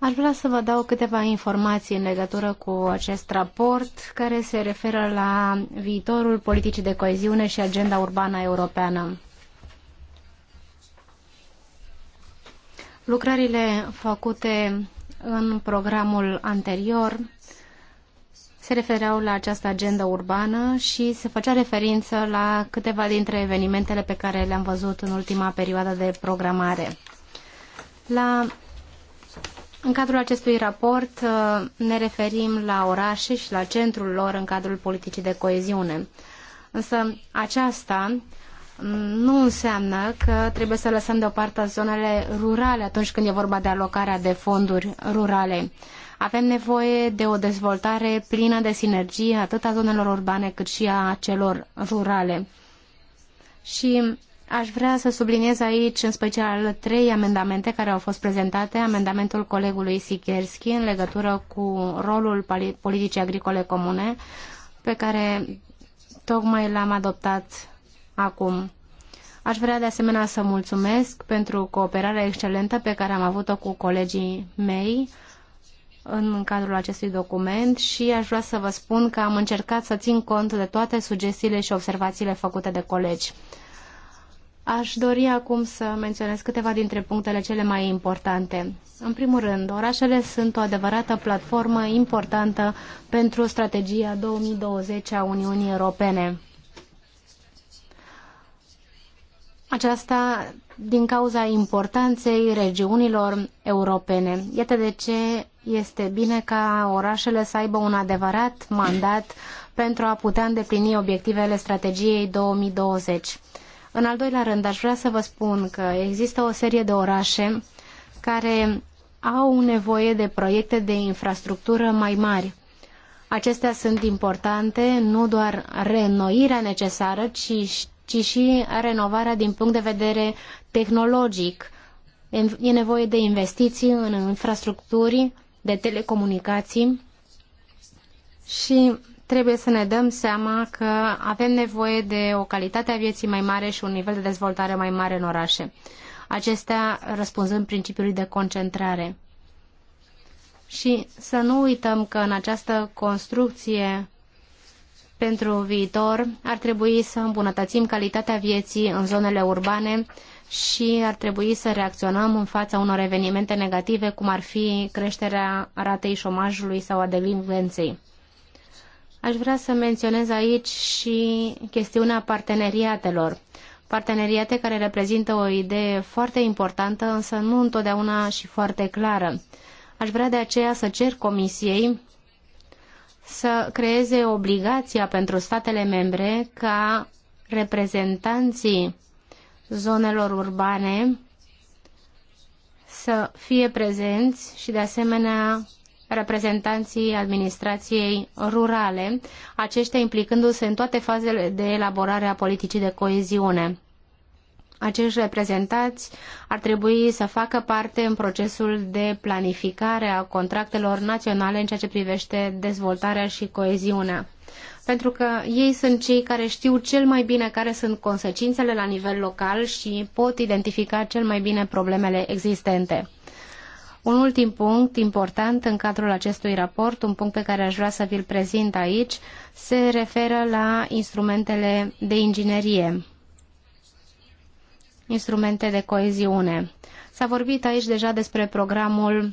Aș vrea să vă dau câteva informații în legătură cu acest raport care se referă la viitorul politicii de coeziune și agenda urbană europeană. Lucrările făcute în programul anterior se refereau la această agendă urbană și se făcea referință la câteva dintre evenimentele pe care le-am văzut în ultima perioadă de programare. La în cadrul acestui raport uh, ne referim la orașe și la centrul lor în cadrul politicii de coeziune. Însă aceasta mm, nu înseamnă că trebuie să lăsăm deoparte zonele rurale atunci când e vorba de alocarea de fonduri rurale. Avem nevoie de o dezvoltare plină de sinergie atât a zonelor urbane cât și a celor rurale. Și Aș vrea să subliniez aici în special trei amendamente care au fost prezentate. Amendamentul colegului Sikerski în legătură cu rolul politicii agricole comune pe care tocmai l-am adoptat acum. Aș vrea de asemenea să mulțumesc pentru cooperarea excelentă pe care am avut-o cu colegii mei în cadrul acestui document și aș vrea să vă spun că am încercat să țin cont de toate sugestiile și observațiile făcute de colegi. Aș dori acum să menționez câteva dintre punctele cele mai importante. În primul rând, orașele sunt o adevărată platformă importantă pentru strategia 2020 a Uniunii Europene. Aceasta din cauza importanței regiunilor europene. Iată de ce este bine ca orașele să aibă un adevărat mandat pentru a putea îndeplini obiectivele strategiei 2020. În al doilea rând, aș vrea să vă spun că există o serie de orașe care au nevoie de proiecte de infrastructură mai mari. Acestea sunt importante, nu doar reînnoirea necesară, ci, ci și renovarea din punct de vedere tehnologic. E nevoie de investiții în infrastructuri de telecomunicații și trebuie să ne dăm seama că avem nevoie de o calitate a vieții mai mare și un nivel de dezvoltare mai mare în orașe. Acestea răspunzând principiului de concentrare. Și să nu uităm că în această construcție pentru viitor ar trebui să îmbunătățim calitatea vieții în zonele urbane și ar trebui să reacționăm în fața unor evenimente negative, cum ar fi creșterea ratei șomajului sau a delinvenței. Aș vrea să menționez aici și chestiunea parteneriatelor. Parteneriate care reprezintă o idee foarte importantă, însă nu întotdeauna și foarte clară. Aș vrea de aceea să cer Comisiei să creeze obligația pentru statele membre ca reprezentanții zonelor urbane să fie prezenți și de asemenea reprezentanții administrației rurale, aceștia implicându-se în toate fazele de elaborare a politicii de coeziune. Acești reprezentanți ar trebui să facă parte în procesul de planificare a contractelor naționale în ceea ce privește dezvoltarea și coeziunea. Pentru că ei sunt cei care știu cel mai bine care sunt consecințele la nivel local și pot identifica cel mai bine problemele existente. Un ultim punct important în cadrul acestui raport, un punct pe care aș vrea să vi-l prezint aici, se referă la instrumentele de inginerie, instrumente de coeziune. S-a vorbit aici deja despre programul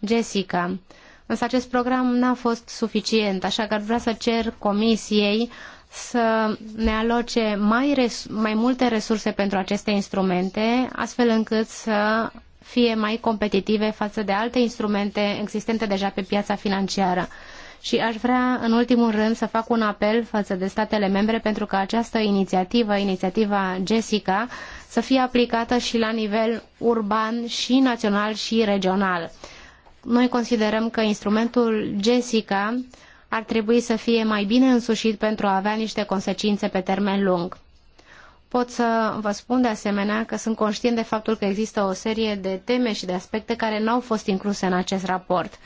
Jessica, însă acest program n-a fost suficient, așa că ar vrea să cer comisiei să ne aloce mai, res- mai multe resurse pentru aceste instrumente, astfel încât să fie mai competitive față de alte instrumente existente deja pe piața financiară. Și aș vrea, în ultimul rând, să fac un apel față de statele membre pentru că această inițiativă, inițiativa Jessica, să fie aplicată și la nivel urban și național și regional. Noi considerăm că instrumentul Jessica ar trebui să fie mai bine însușit pentru a avea niște consecințe pe termen lung. Pot să vă spun de asemenea că sunt conștient de faptul că există o serie de teme și de aspecte care nu au fost incluse în acest raport.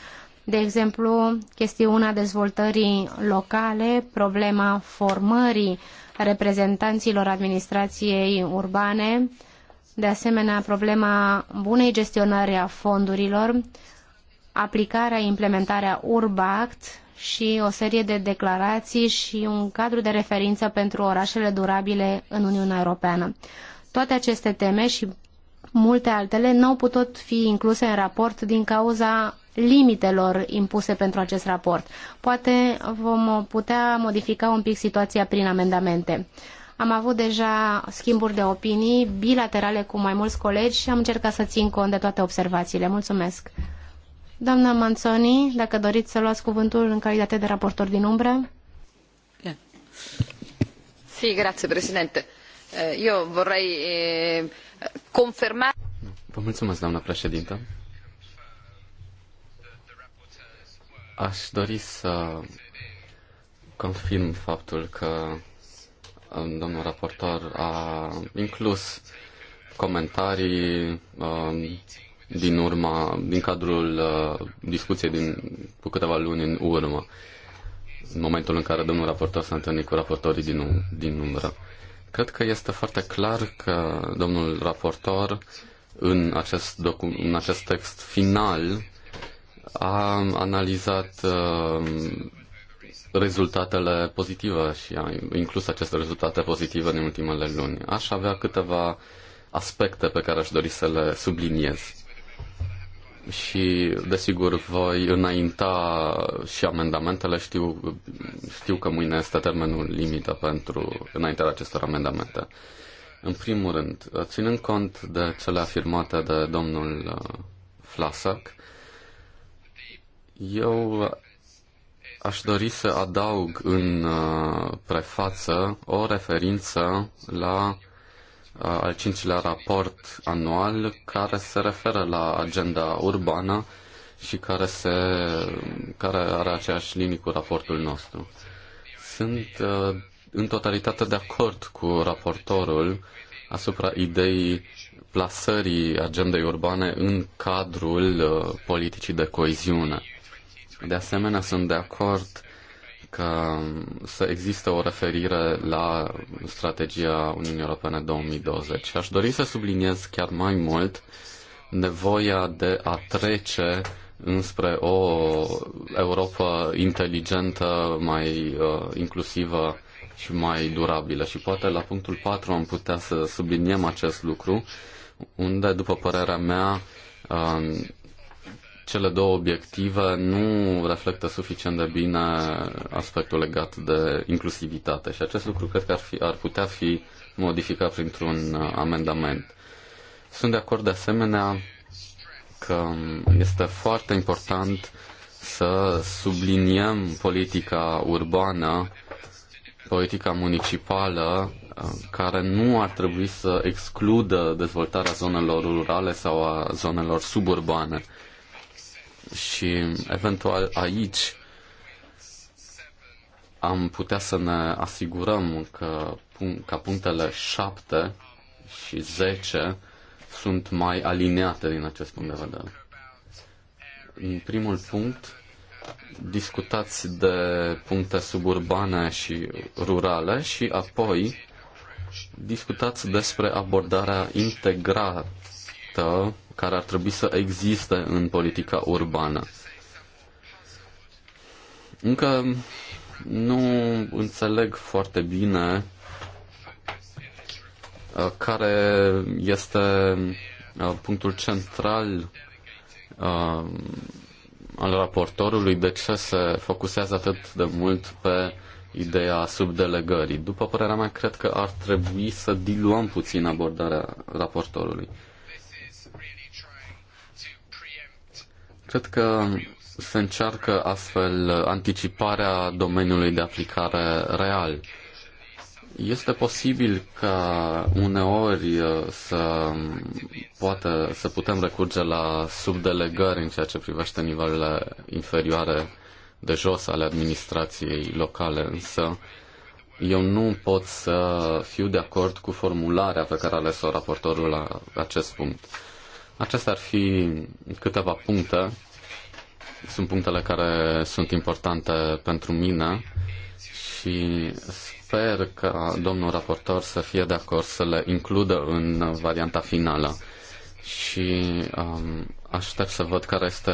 De exemplu, chestiunea dezvoltării locale, problema formării reprezentanților administrației urbane, de asemenea problema bunei gestionări a fondurilor, aplicarea, implementarea URBACT și o serie de declarații și un cadru de referință pentru orașele durabile în Uniunea Europeană. Toate aceste teme și multe altele n-au putut fi incluse în raport din cauza limitelor impuse pentru acest raport. Poate vom putea modifica un pic situația prin amendamente. Am avut deja schimburi de opinii bilaterale cu mai mulți colegi și am încercat să țin cont de toate observațiile. Mulțumesc! Doamna Manzoni, dacă doriți să luați cuvântul în calitate de raportor din umbră. Sì, grazie Presidente. Eh, io vorrei eh, confermare... Vă mulțumesc, doamna președintă. Aș dori să confirm faptul că um, domnul raportor a inclus comentarii, um, din urma, din cadrul uh, discuției din, cu câteva luni în urmă, în momentul în care domnul raportor s-a întâlnit cu raportorii din, din umbră. Cred că este foarte clar că domnul raportor în acest, docu- în acest text final a analizat uh, rezultatele pozitive și a inclus aceste rezultate pozitive în ultimele luni. Aș avea câteva aspecte pe care aș dori să le subliniez și, desigur, voi înainta și amendamentele. Știu, știu că mâine este termenul limită pentru înaintarea acestor amendamente. În primul rând, ținând cont de cele afirmate de domnul Flasac, uh, eu aș dori să adaug în uh, prefață o referință la Uh, al cincilea raport anual care se referă la agenda urbană și care, se, care are aceeași linii cu raportul nostru. Sunt uh, în totalitate de acord cu raportorul asupra ideii plasării agendei urbane în cadrul uh, politicii de coeziune. De asemenea, sunt de acord ca să existe o referire la strategia Uniunii Europene 2020. Aș dori să subliniez chiar mai mult nevoia de a trece înspre o Europa inteligentă, mai uh, inclusivă și mai durabilă. Și poate la punctul 4 am putea să subliniem acest lucru, unde, după părerea mea, uh, cele două obiective nu reflectă suficient de bine aspectul legat de inclusivitate și acest lucru cred că ar, fi, ar putea fi modificat printr-un uh, amendament. Sunt de acord de asemenea că este foarte important să subliniem politica urbană, politica municipală, uh, care nu ar trebui să excludă dezvoltarea zonelor rurale sau a zonelor suburbane și eventual aici am putea să ne asigurăm că, ca punctele 7 și 10 sunt mai aliniate din acest punct de vedere. În primul punct, discutați de puncte suburbane și rurale și apoi discutați despre abordarea integrată care ar trebui să existe în politica urbană. Încă nu înțeleg foarte bine uh, care este uh, punctul central uh, al raportorului, de ce se focusează atât de mult pe ideea subdelegării. După părerea mea, cred că ar trebui să diluăm puțin abordarea raportorului. Cred că se încearcă astfel anticiparea domeniului de aplicare real. Este posibil ca uneori uh, să, poate să putem recurge la subdelegări în ceea ce privește nivelele inferioare de jos ale administrației locale, însă eu nu pot să fiu de acord cu formularea pe care a ales-o raportorul la acest punct. Acestea ar fi câteva puncte. Sunt punctele care sunt importante pentru mine și sper că domnul raportor să fie de acord să le includă în varianta finală. Și um, aștept să văd care este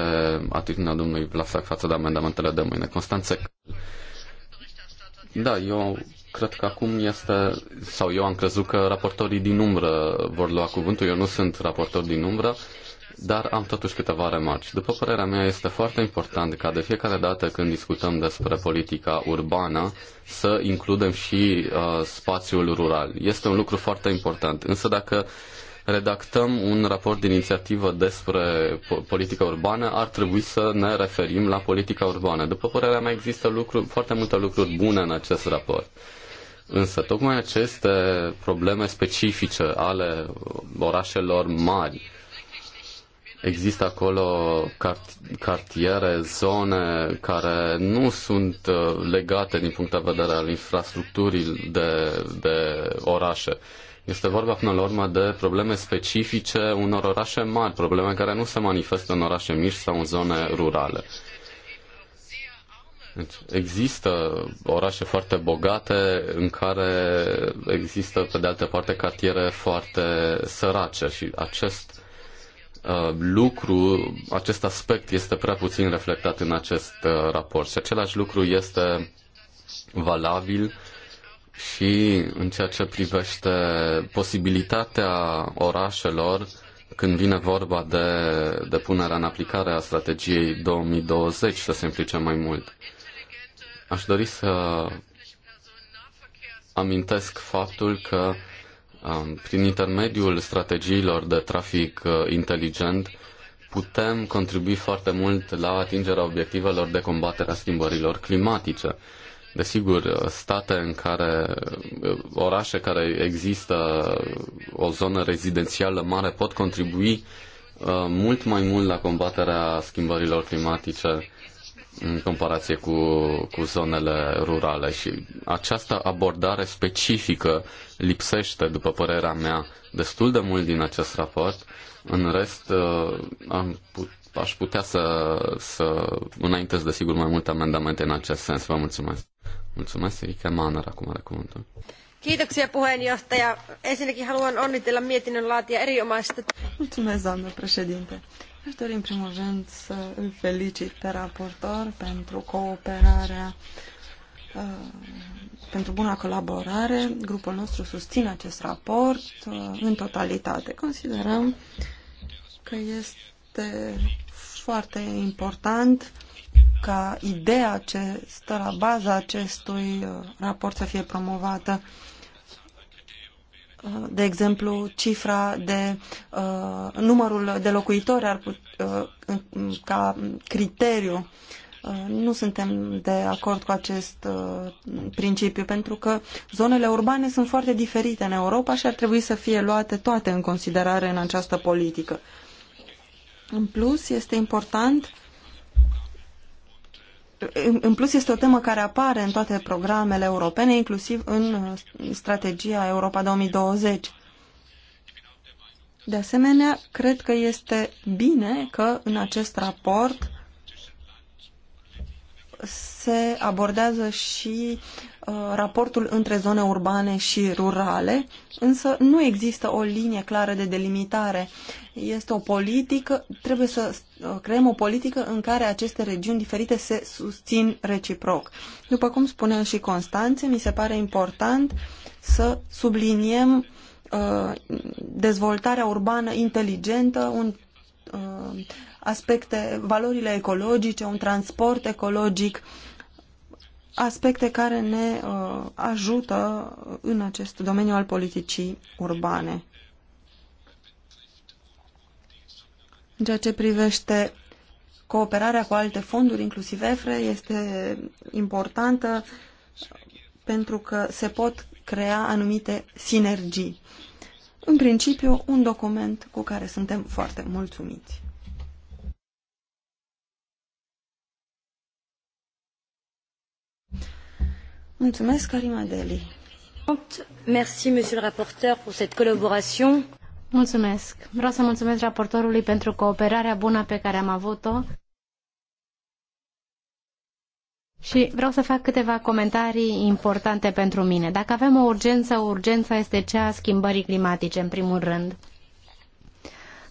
atitudinea domnului Vlasac față de amendamentele de mâine. Constanțe. Da, eu Cred că acum este, sau eu am crezut că raportorii din umbră vor lua cuvântul, eu nu sunt raportor din umbră, dar am totuși câteva remarci. După părerea mea, este foarte important ca de fiecare dată când discutăm despre politica urbană să includem și uh, spațiul rural. Este un lucru foarte important. Însă dacă redactăm un raport de inițiativă despre politica urbană, ar trebui să ne referim la politica urbană. După părerea mea, există lucruri, foarte multe lucruri bune în acest raport. Însă, tocmai aceste probleme specifice ale orașelor mari, există acolo cart- cartiere, zone care nu sunt uh, legate din punct de vedere al infrastructurii de, de orașe. Este vorba până la urmă de probleme specifice unor orașe mari, probleme care nu se manifestă în orașe mici sau în zone rurale. Există orașe foarte bogate în care există, pe de altă parte, cartiere foarte sărace și acest uh, lucru, acest aspect este prea puțin reflectat în acest uh, raport. Și același lucru este valabil și în ceea ce privește posibilitatea orașelor când vine vorba de, de punerea în aplicare a strategiei 2020 să se implice mai mult. Aș dori să amintesc faptul că um, prin intermediul strategiilor de trafic uh, inteligent putem contribui foarte mult la atingerea obiectivelor de combatere a schimbărilor climatice. Desigur, state în care, uh, orașe care există o zonă rezidențială mare pot contribui uh, mult mai mult la combaterea schimbărilor climatice în comparație cu, cu zonele rurale și această abordare specifică lipsește, după părerea mea, destul de mult din acest raport. În rest, uh, am put, aș putea să, să înaintez, desigur, mai multe amendamente în acest sens. Vă mulțumesc. Mulțumesc, Erika Manner, acum are cuvântul. Kiitoksia puheenjohtaja. Ensinnäkin haluan onnitella mietinnön laatia erinomaisesta. Mulțumesc, doamnă președinte. Aș dori în primul rând să îl felicit pe raportor pentru cooperarea, uh, pentru buna colaborare. Grupul nostru susține acest raport uh, în totalitate. Considerăm că este foarte important ca ideea ce stă la baza acestui uh, raport să fie promovată de exemplu, cifra de uh, numărul de locuitori ar put, uh, ca criteriu. Uh, nu suntem de acord cu acest uh, principiu, pentru că zonele urbane sunt foarte diferite în Europa și ar trebui să fie luate toate în considerare în această politică. În plus, este important în plus este o temă care apare în toate programele europene, inclusiv în uh, strategia Europa 2020. De asemenea, cred că este bine că în acest raport se abordează și Uh, raportul între zone urbane și rurale, însă nu există o linie clară de delimitare. Este o politică, trebuie să uh, creăm o politică în care aceste regiuni diferite se susțin reciproc. După cum spunea și Constanțe, mi se pare important să subliniem uh, dezvoltarea urbană inteligentă, un uh, aspecte, valorile ecologice, un transport ecologic uh, aspecte care ne uh, ajută în acest domeniu al politicii urbane. În ceea ce privește cooperarea cu alte fonduri, inclusiv EFRE, este importantă pentru că se pot crea anumite sinergii. În principiu, un document cu care suntem foarte mulțumiți. Mulțumesc, Karima Deli. Merci, monsieur le rapporteur, pour cette collaboration. Mulțumesc. Vreau să mulțumesc raportorului pentru cooperarea bună pe care am avut-o. Și vreau să fac câteva comentarii importante pentru mine. Dacă avem o urgență, urgența este cea a schimbării climatice, în primul rând.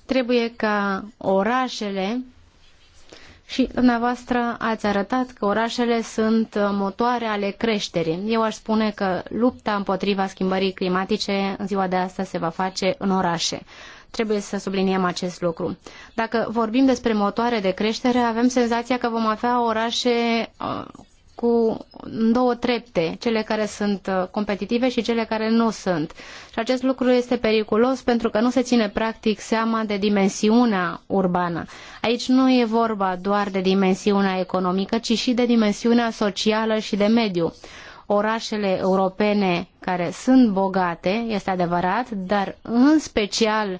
Trebuie ca orașele și dumneavoastră ați arătat că orașele sunt motoare ale creșterii. Eu aș spune că lupta împotriva schimbării climatice în ziua de astăzi se va face în orașe. Trebuie să subliniem acest lucru. Dacă vorbim despre motoare de creștere, avem senzația că vom avea orașe uh, cu două trepte, cele care sunt uh, competitive și cele care nu sunt. Și acest lucru este periculos pentru că nu se ține practic seama de dimensiunea urbană. Aici nu e vorba doar de dimensiunea economică, ci și de dimensiunea socială și de mediu. Orașele europene care sunt bogate, este adevărat, dar în special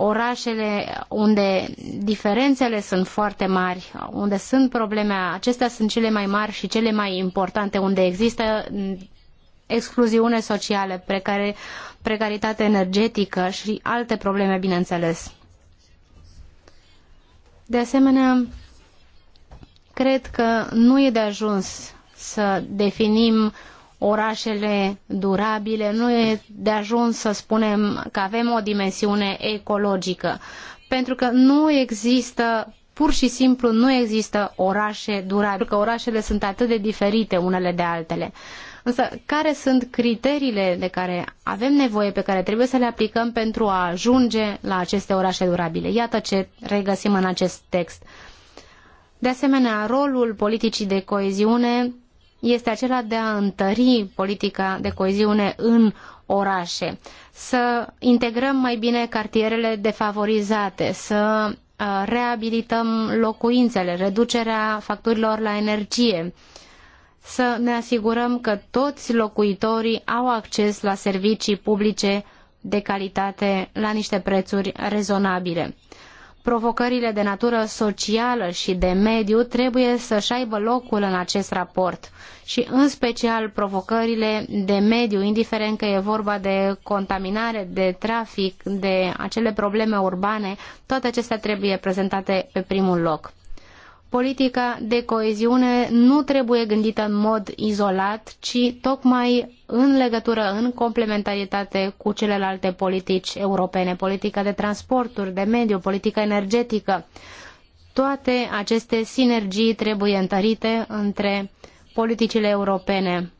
orașele unde diferențele sunt foarte mari, unde sunt probleme, acestea sunt cele mai mari și cele mai importante, unde există excluziune socială, precare, precaritate energetică și alte probleme, bineînțeles. De asemenea, cred că nu e de ajuns să definim orașele durabile, nu e de ajuns să spunem că avem o dimensiune ecologică, pentru că nu există pur și simplu nu există orașe durabile, că orașele sunt atât de diferite unele de altele. Însă, care sunt criteriile de care avem nevoie, pe care trebuie să le aplicăm pentru a ajunge la aceste orașe durabile? Iată ce regăsim în acest text. De asemenea, rolul politicii de coeziune este acela de a întări politica de coeziune în orașe, să integrăm mai bine cartierele defavorizate, să uh, reabilităm locuințele, reducerea facturilor la energie, să ne asigurăm că toți locuitorii au acces la servicii publice de calitate la niște prețuri rezonabile provocările de natură socială și de mediu trebuie să-și aibă locul în acest raport și în special provocările de mediu, indiferent că e vorba de contaminare, de trafic, de acele probleme urbane, toate acestea trebuie prezentate pe primul loc politica de coeziune nu trebuie gândită în mod izolat, ci tocmai în legătură, în complementaritate cu celelalte politici europene, politica de transporturi, de mediu, politica energetică. Toate aceste sinergii trebuie întărite între politicile europene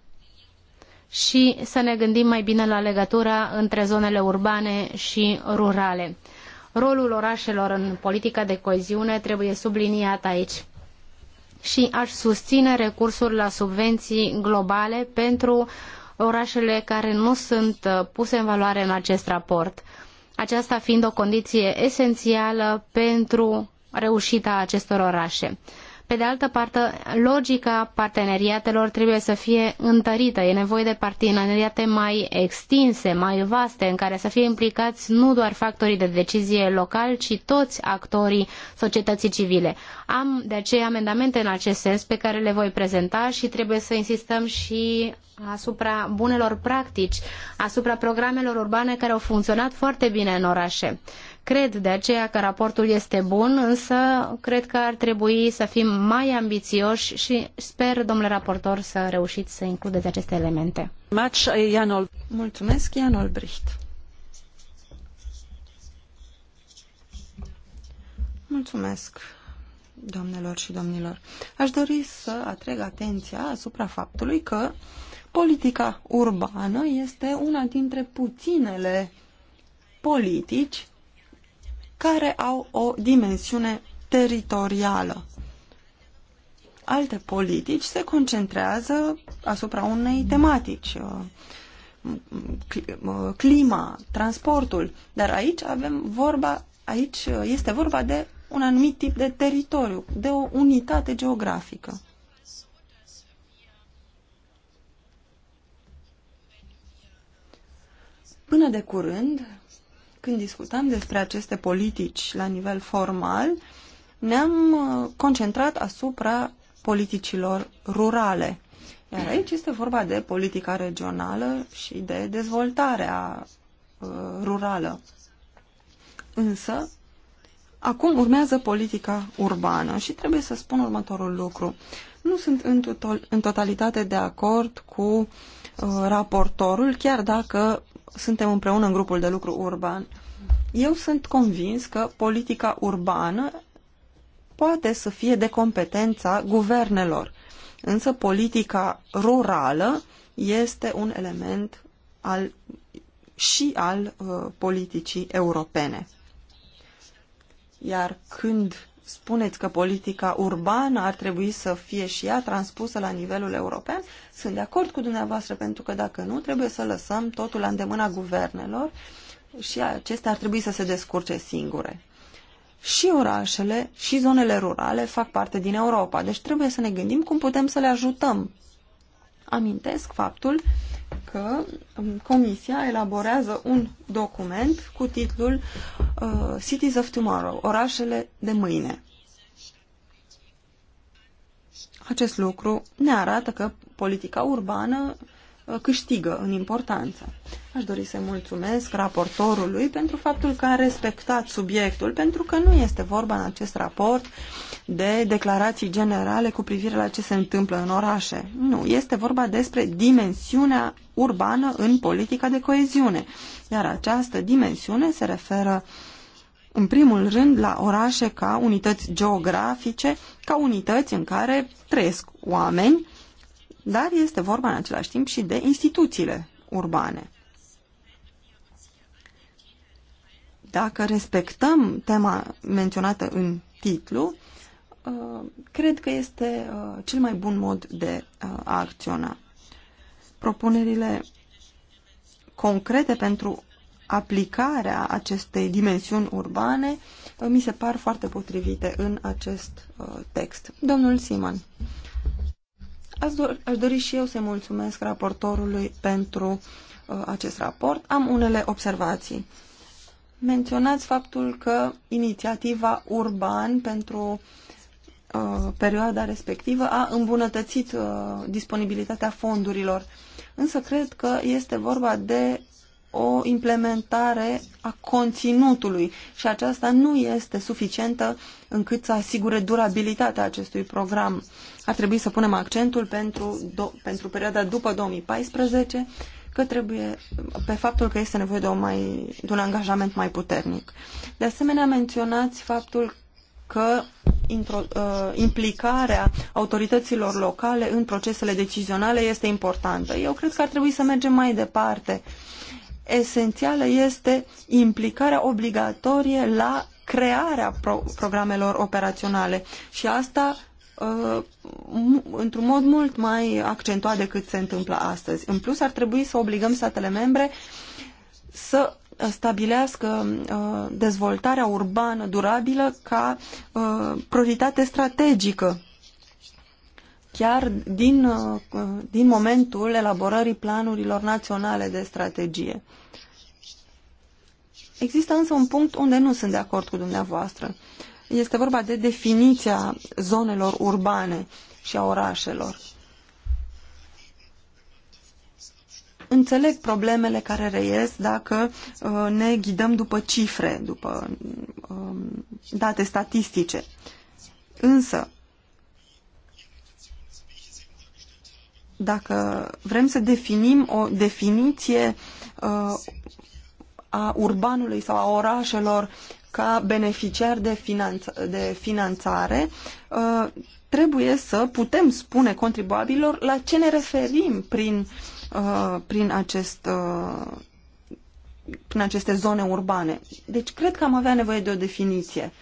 și să ne gândim mai bine la legătura între zonele urbane și rurale. Rolul orașelor în politica de coeziune trebuie subliniat aici și aș susține recursul la subvenții globale pentru orașele care nu sunt uh, puse în valoare în acest raport. Aceasta fiind o condiție esențială pentru reușita acestor orașe. Pe de altă parte, logica parteneriatelor trebuie să fie întărită. E nevoie de parteneriate mai extinse, mai vaste, în care să fie implicați nu doar factorii de decizie locali, ci toți actorii societății civile. Am de aceea amendamente în acest sens pe care le voi prezenta și trebuie să insistăm și asupra bunelor practici, asupra programelor urbane care au funcționat foarte bine în orașe. Cred de aceea că raportul este bun, însă cred că ar trebui să fim mai ambițioși și sper, domnule raportor, să reușiți să includeți aceste elemente. Eh, Mulțumesc, Jan Olbricht. Mulțumesc, doamnelor și domnilor. Aș dori să atrag atenția asupra faptului că politica urbană este una dintre puținele politici care au o dimensiune teritorială. Alte politici se concentrează asupra unei tematici, uh, uh, clima, transportul, dar aici avem vorba, aici uh, este vorba de un anumit tip de teritoriu, de o unitate geografică. Până de curând, când discutam despre aceste politici la nivel formal, ne-am uh, concentrat asupra politicilor rurale. Iar aici este vorba de politica regională și de dezvoltarea uh, rurală. Însă, acum urmează politica urbană și trebuie să spun următorul lucru. Nu sunt în, totalitate de acord cu uh, raportorul, chiar dacă suntem împreună în grupul de lucru urban. Eu sunt convins că politica urbană poate să fie de competența guvernelor, însă politica rurală este un element al, și al uh, politicii europene. Iar când spuneți că politica urbană ar trebui să fie și ea transpusă la nivelul european, sunt de acord cu dumneavoastră, pentru că dacă nu, trebuie să lăsăm totul la îndemâna guvernelor și acestea ar trebui să se descurce singure. Și orașele și zonele rurale fac parte din Europa, deci trebuie să ne gândim cum putem să le ajutăm. Amintesc faptul că um, Comisia elaborează un document cu titlul uh, Cities of Tomorrow, orașele de mâine. Acest lucru ne arată că politica urbană câștigă în importanță. Aș dori să mulțumesc raportorului pentru faptul că a respectat subiectul, pentru că nu este vorba în acest raport de declarații generale cu privire la ce se întâmplă în orașe. Nu, este vorba despre dimensiunea urbană în politica de coeziune. Iar această dimensiune se referă în primul rând la orașe ca unități geografice, ca unități în care trăiesc oameni dar este vorba în același timp și de instituțiile urbane. Dacă respectăm tema menționată în titlu, uh, cred că este uh, cel mai bun mod de uh, a acționa. Propunerile concrete pentru aplicarea acestei dimensiuni urbane mi se par foarte potrivite în acest text. Domnul Siman, Aș, do aș dori și eu să mulțumesc raportorului pentru uh, acest raport. Am unele observații. Menționați faptul că inițiativa Urban pentru uh, perioada respectivă a îmbunătățit uh, disponibilitatea fondurilor. Însă cred că este vorba de o implementare a conținutului și aceasta nu este suficientă încât să asigure durabilitatea acestui program. Ar trebui să punem accentul pentru, do, pentru perioada după 2014 că trebuie, pe faptul că este nevoie de, o mai, de un angajament mai puternic. De asemenea, menționați faptul că intro, uh, implicarea autorităților locale în procesele decizionale este importantă. Eu cred că ar trebui să mergem mai departe esențială este implicarea obligatorie la crearea pro programelor operaționale și asta uh, într-un mod mult mai accentuat decât se întâmplă astăzi. În plus, ar trebui să obligăm statele membre să stabilească uh, dezvoltarea urbană durabilă ca uh, prioritate strategică chiar din, uh, din momentul elaborării planurilor naționale de strategie. Există însă un punct unde nu sunt de acord cu dumneavoastră. Este vorba de definiția zonelor urbane și a orașelor. Înțeleg problemele care reies dacă uh, ne ghidăm după cifre, după um, date statistice. Însă, dacă vrem să definim o definiție uh, a urbanului sau a orașelor ca beneficiar de, finanț- de finanțare, uh, trebuie să putem spune contribuabililor la ce ne referim prin, uh, prin, acest, uh, prin aceste zone urbane. Deci cred că am avea nevoie de o definiție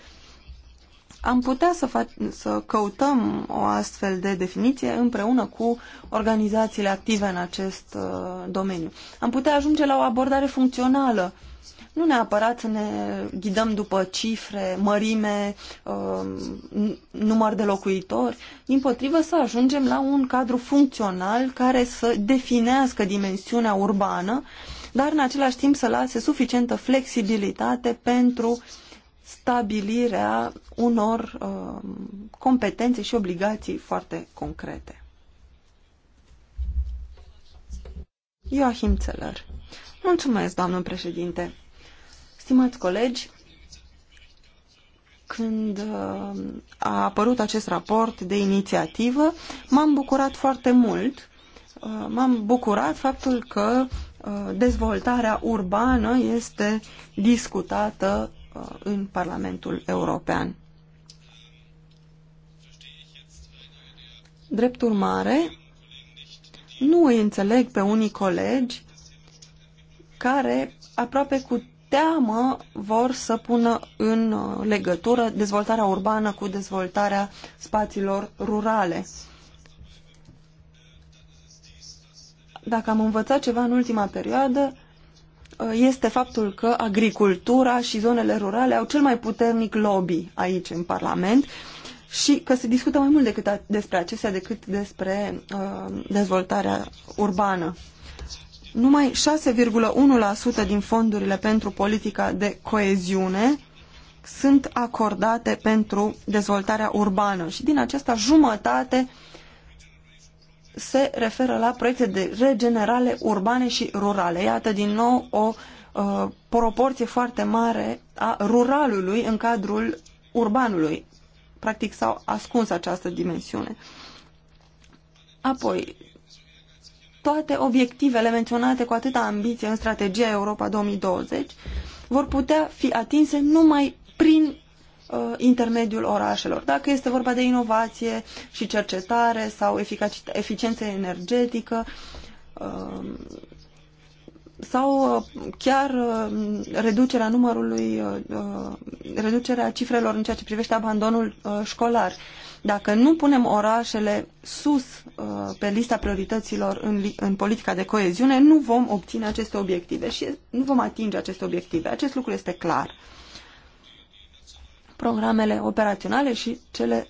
am putea să, fac, să căutăm o astfel de definiție împreună cu organizațiile active în acest uh, domeniu. Am putea ajunge la o abordare funcțională. Nu neapărat să ne ghidăm după cifre, mărime, uh, număr de locuitori, din potrivă să ajungem la un cadru funcțional care să definească dimensiunea urbană, dar în același timp să lase suficientă flexibilitate pentru uh, stabilirea unor uh, competențe și obligații foarte concrete. Joachim Zeller. Mulțumesc, doamnă președinte. Stimați colegi, când um, a apărut acest raport de inițiativă, m-am bucurat foarte mult. Uh, m-am bucurat faptul că uh, dezvoltarea urbană este discutată în Parlamentul European. Drept urmare, nu îi înțeleg pe unii colegi care aproape cu teamă vor să pună în uh, legătură dezvoltarea urbană cu dezvoltarea spațiilor rurale. Dacă am învățat ceva în ultima perioadă, Uh, este faptul că agricultura și zonele rurale au cel mai puternic lobby aici în Parlament și că se discută mai mult decât despre acestea decât despre uh, dezvoltarea urbană. Numai 6,1% din fondurile pentru politica de coeziune sunt acordate pentru dezvoltarea urbană și din aceasta jumătate uh, se referă la proiecte de regenerare urbane și rurale. Iată din nou o uh, proporție foarte mare a ruralului în cadrul urbanului. Practic s-au ascuns această dimensiune. Apoi, toate obiectivele menționate cu atâta ambiție în strategia Europa 2020 vor putea fi atinse numai prin Uh, intermediul orașelor. Dacă este vorba de inovație și cercetare sau eficiență energetică uh, sau uh, chiar reducerea numărului, reducerea cifrelor în ceea ce privește abandonul școlar. Dacă nu punem orașele sus pe lista priorităților în, în politica de coeziune, nu vom obține aceste obiective și nu vom atinge aceste obiective. Acest lucru este clar. Programele operaționale și cele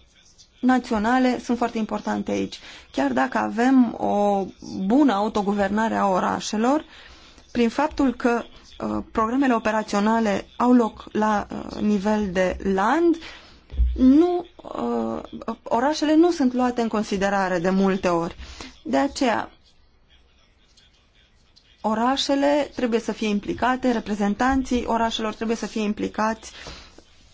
naționale sunt foarte importante aici. Chiar dacă avem o bună autoguvernare a orașelor, prin faptul că uh, programele operaționale au loc la uh, nivel de land, nu, uh, orașele nu sunt luate în considerare de multe ori. De aceea, orașele trebuie să fie implicate, reprezentanții orașelor trebuie să fie implicați uh,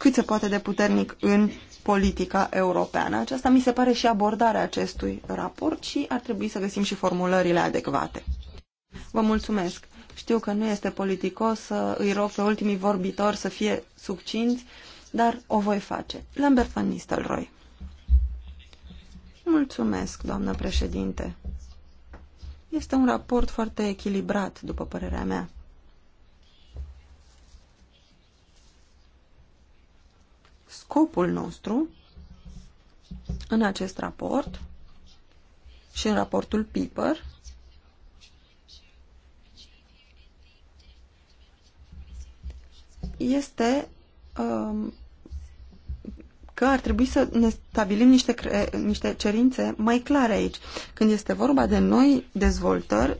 cât se poate de puternic în politica europeană. Aceasta mi se pare și abordarea acestui raport și ar trebui să găsim și formulările adecvate. Vă mulțumesc. Știu că nu este politicos să îi rog pe ultimii vorbitori să fie succinți, dar o voi face. Lambert van Nistelrooy. Mulțumesc, doamnă președinte. Este un raport foarte echilibrat, după părerea mea. Scopul nostru în acest raport și în raportul PIPER este um, că ar trebui să ne stabilim niște, niște cerințe mai clare aici. Când este vorba de noi dezvoltări,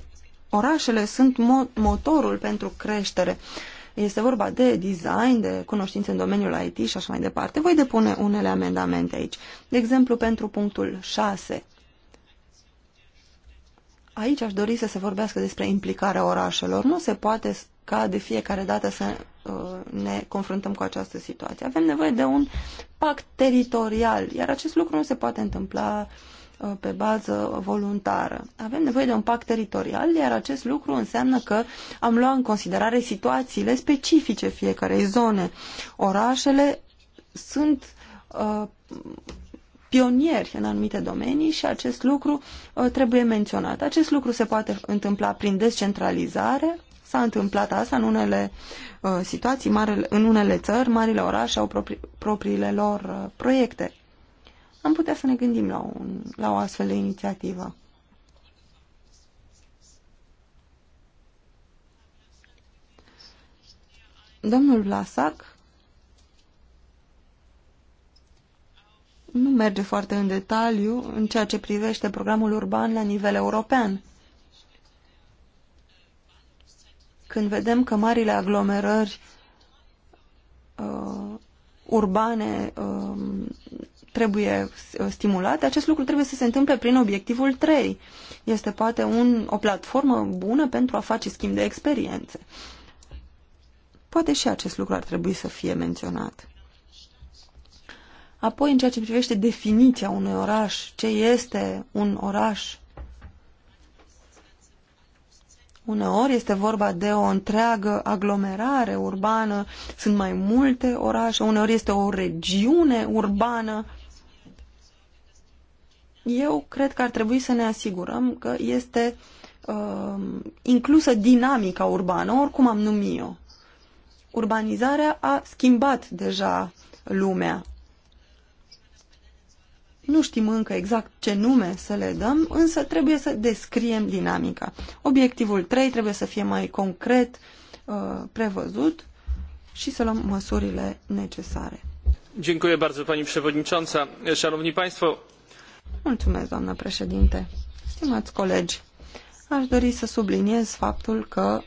orașele sunt mo motorul pentru creștere este vorba de design, de cunoștințe în domeniul IT și așa mai departe, voi depune unele amendamente aici. De exemplu, pentru punctul 6. Aici aș dori să se vorbească despre implicarea orașelor. Nu se poate ca de fiecare dată să uh, ne confruntăm cu această situație. Avem nevoie de un pact teritorial, iar acest lucru nu se poate întâmpla uh, Uh, pe bază voluntară. Avem nevoie de un pact teritorial, iar acest lucru înseamnă că am luat în considerare situațiile specifice fiecarei zone. Orașele sunt uh, pionieri în anumite domenii și acest lucru uh, trebuie menționat. Acest lucru se poate întâmpla prin descentralizare, S-a întâmplat asta în unele uh, situații, marele, în unele țări, marile orașe au propri, propriile lor uh, proiecte am putea să ne gândim la, un, la o astfel de inițiativă. Domnul Vlasac nu merge foarte în detaliu în ceea ce privește programul urban la nivel european. Când vedem că marile aglomerări uh, urbane uh, trebuie stimulate, acest lucru trebuie să se întâmple prin obiectivul 3. Este poate un, o platformă bună pentru a face schimb de experiențe. Poate și acest lucru ar trebui să fie menționat. Apoi, în ceea ce privește definiția unui oraș, ce este un oraș, uneori este vorba de o întreagă aglomerare urbană, sunt mai multe orașe, uneori este o regiune urbană. Eu cred că ar trebui să ne asigurăm că este uh, inclusă dinamica urbană, oricum am numit-o. Urbanizarea a schimbat deja lumea. Nu știm încă exact ce nume să le dăm, însă trebuie să descriem dinamica. Obiectivul 3 trebuie să fie mai concret uh, prevăzut și să luăm măsurile necesare. Dziękuję bardzo Pani Przewodnicząca. Szanowni Państwo, Mulțumesc, doamnă președinte. Stimați colegi, aș dori să subliniez faptul că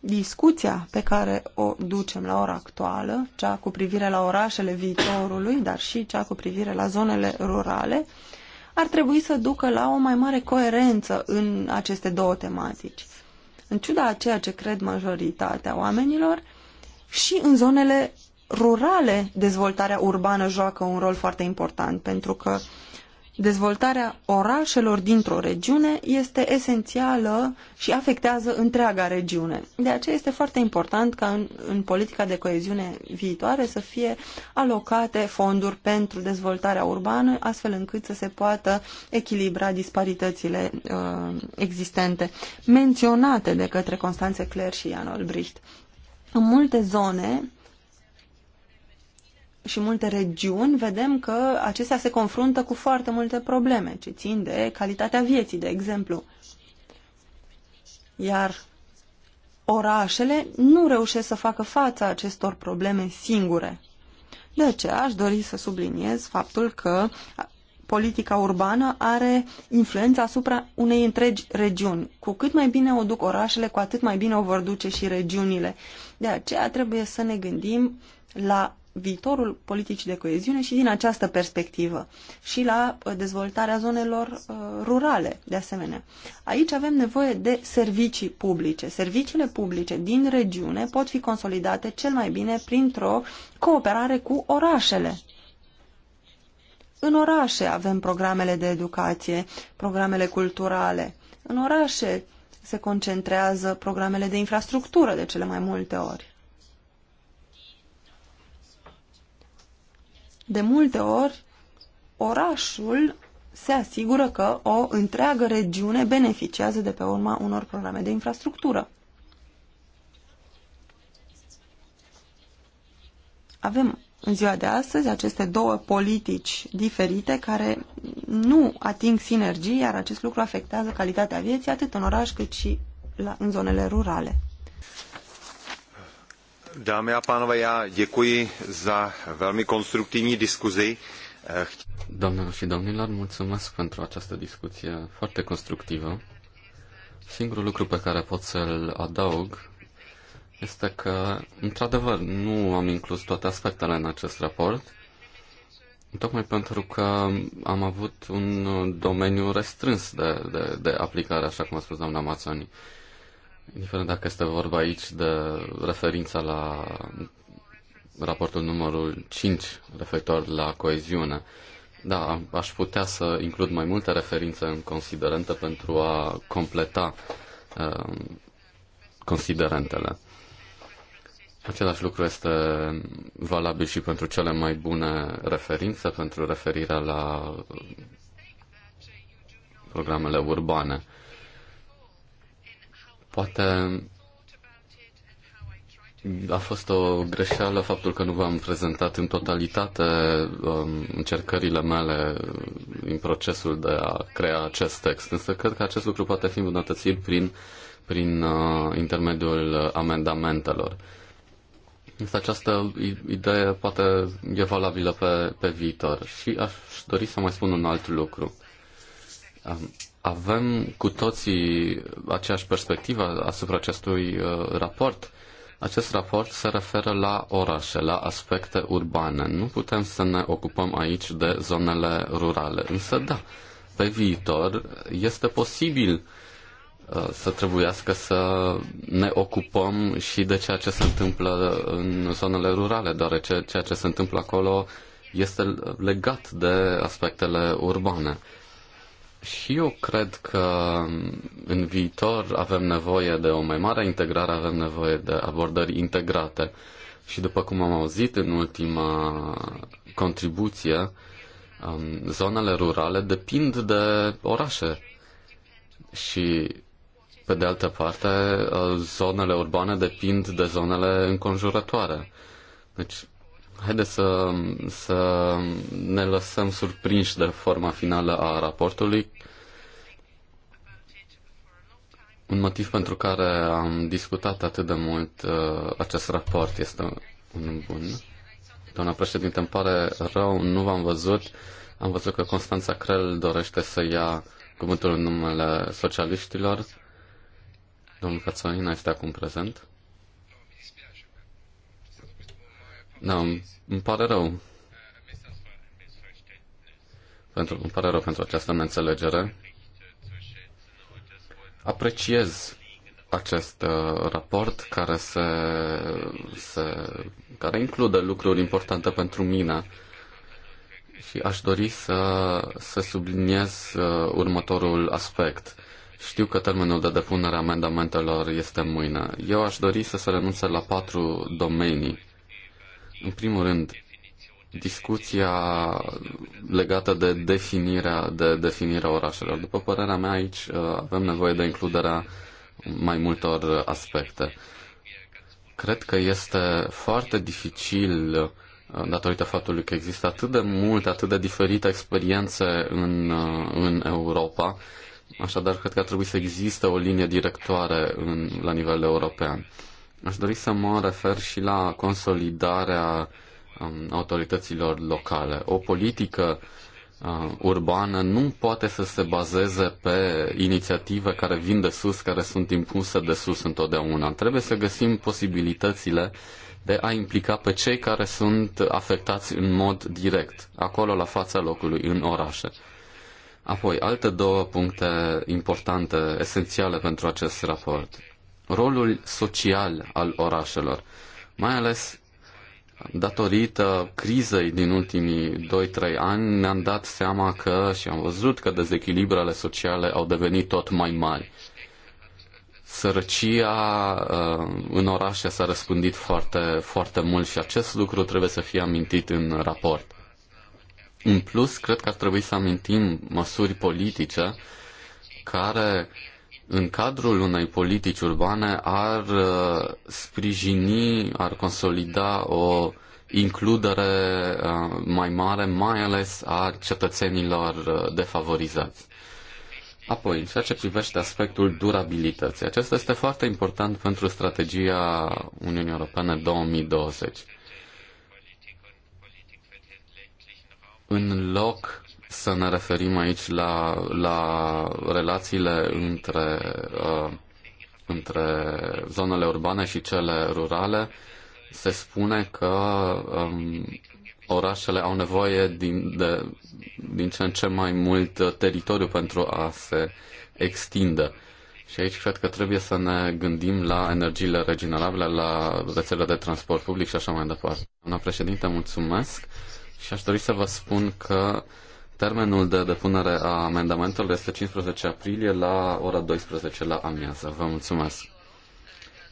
discuția pe care o ducem la ora actuală, cea cu privire la orașele viitorului, dar și cea cu privire la zonele rurale, ar trebui să ducă la o mai mare coerență în aceste două tematici. În ciuda a ceea ce cred majoritatea oamenilor, și în zonele rurale dezvoltarea urbană joacă un rol foarte important, pentru că uh, Dezvoltarea orașelor dintr-o regiune este esențială și afectează întreaga regiune. De aceea este foarte important ca în, în politica de coeziune viitoare să fie alocate fonduri pentru dezvoltarea urbană, astfel încât să se poată echilibra disparitățile uh, existente, menționate de către Constanțe Cler și Ian Olbricht. În multe zone, și multe regiuni, vedem că acestea se confruntă cu foarte multe probleme ce țin de calitatea vieții, de exemplu. Iar orașele nu reușesc să facă fața acestor probleme singure. De aceea aș dori să subliniez faptul că politica urbană are influența asupra unei întregi regiuni. Cu cât mai bine o duc orașele, cu atât mai bine o vor duce și regiunile. De aceea trebuie să ne gândim la viitorul politicii de coeziune și din această perspectivă și la uh, dezvoltarea zonelor uh, rurale, de asemenea. Aici avem nevoie de servicii publice. Serviciile publice din regiune pot fi consolidate cel mai bine printr-o cooperare cu orașele. În orașe avem programele de educație, programele culturale. În orașe se concentrează programele de infrastructură de cele mai multe ori De multe ori, orașul se asigură că o întreagă regiune beneficiază de pe urma unor programe de infrastructură. Avem în ziua de astăzi aceste două politici diferite care nu ating sinergii, iar acest lucru afectează calitatea vieții atât în oraș cât și la, în zonele rurale. Dámy a pánové, já děkuji za velmi konstruktivní diskuzi. Doamnelor și domnilor, mulțumesc pentru această discuție foarte constructivă. Singurul lucru pe care pot să-l adaug este că, într-adevăr, nu am inclus toate aspectele în acest raport, tocmai pentru că am avut un domeniu restrâns de, de, de aplicare, așa cum a spus doamna Mazzoni indiferent dacă este vorba aici de referința la raportul numărul 5 referitor la coeziune. Da, aș putea să includ mai multe referințe în considerente pentru a completa uh, considerentele. Același lucru este valabil și pentru cele mai bune referințe, pentru referirea la programele urbane. Poate a fost o greșeală faptul că nu v-am prezentat în totalitate um, încercările mele în procesul de a crea acest text, însă cred că acest lucru poate fi îmbunătățit prin, prin uh, intermediul amendamentelor. Însă această idee poate e valabilă pe, pe viitor și aș dori să mai spun un alt lucru. Um, avem cu toții aceeași perspectivă asupra acestui uh, raport. Acest raport se referă la orașe, la aspecte urbane. Nu putem să ne ocupăm aici de zonele rurale. Însă, da, pe viitor este posibil uh, să trebuiască să ne ocupăm și de ceea ce se întâmplă în zonele rurale, deoarece ceea ce se întâmplă acolo este legat de aspectele urbane. Și eu cred că în viitor avem nevoie de o mai mare integrare, avem nevoie de abordări integrate. Și după cum am auzit în ultima contribuție, um, zonele rurale depind de orașe și, pe de altă parte, uh, zonele urbane depind de zonele înconjurătoare. Deci, Haideți să, să ne lăsăm surprinși de forma finală a raportului. Un motiv pentru care am discutat atât de mult uh, acest raport este un bun. Doamna președinte, îmi pare rău, nu v-am văzut. Am văzut că Constanța Crel dorește să ia cuvântul în numele socialiștilor. Domnul Cățălina este acum prezent. Da, îmi pare rău. Pentru, îmi pare rău pentru această neînțelegere. Apreciez acest uh, raport care, se, se, care include lucruri importante pentru mine și aș dori să, să subliniez uh, următorul aspect. Știu că termenul de depunere a amendamentelor este mâine. Eu aș dori să se renunțe la patru domenii în primul rând, discuția legată de definirea, de definirea orașelor. După părerea mea, aici uh, avem nevoie de includerea mai multor aspecte. Cred că este foarte dificil, uh, datorită faptului că există atât de multe, atât de diferite experiențe în, uh, în Europa, așadar cred că ar trebui să existe o linie directoare în, la nivel european. Aș dori să mă refer și la consolidarea um, autorităților locale. O politică uh, urbană nu poate să se bazeze pe inițiative care vin de sus, care sunt impuse de sus întotdeauna. Trebuie să găsim posibilitățile de a implica pe cei care sunt afectați în mod direct, acolo la fața locului, în orașe. Apoi, alte două puncte importante, esențiale pentru acest raport rolul social al orașelor, mai ales datorită crizei din ultimii 2-3 ani ne-am dat seama că și am văzut că dezechilibrele sociale au devenit tot mai mari. Sărăcia uh, în orașe s-a răspândit foarte, foarte mult și acest lucru trebuie să fie amintit în raport. În plus, cred că ar trebui să amintim măsuri politice care uh, în cadrul unei politici urbane ar uh, sprijini, ar consolida o includere uh, mai mare, mai ales a cetățenilor uh, defavorizați. Apoi, în ceea ce privește aspectul durabilității, acesta este foarte important pentru strategia Uniunii Europene 2020. În loc să ne referim aici la, la relațiile între, uh, între zonele urbane și cele rurale, se spune că um, orașele au nevoie din, de, din ce în ce mai mult teritoriu pentru a se extinde. Și aici cred că trebuie să ne gândim la energiile regenerabile, la rețelele de transport public și așa mai departe. Doamna președinte, mulțumesc și aș dori să vă spun că Termenul de depunere a amendamentelor este 15 aprilie la ora 12 la amiază. Vă mulțumesc.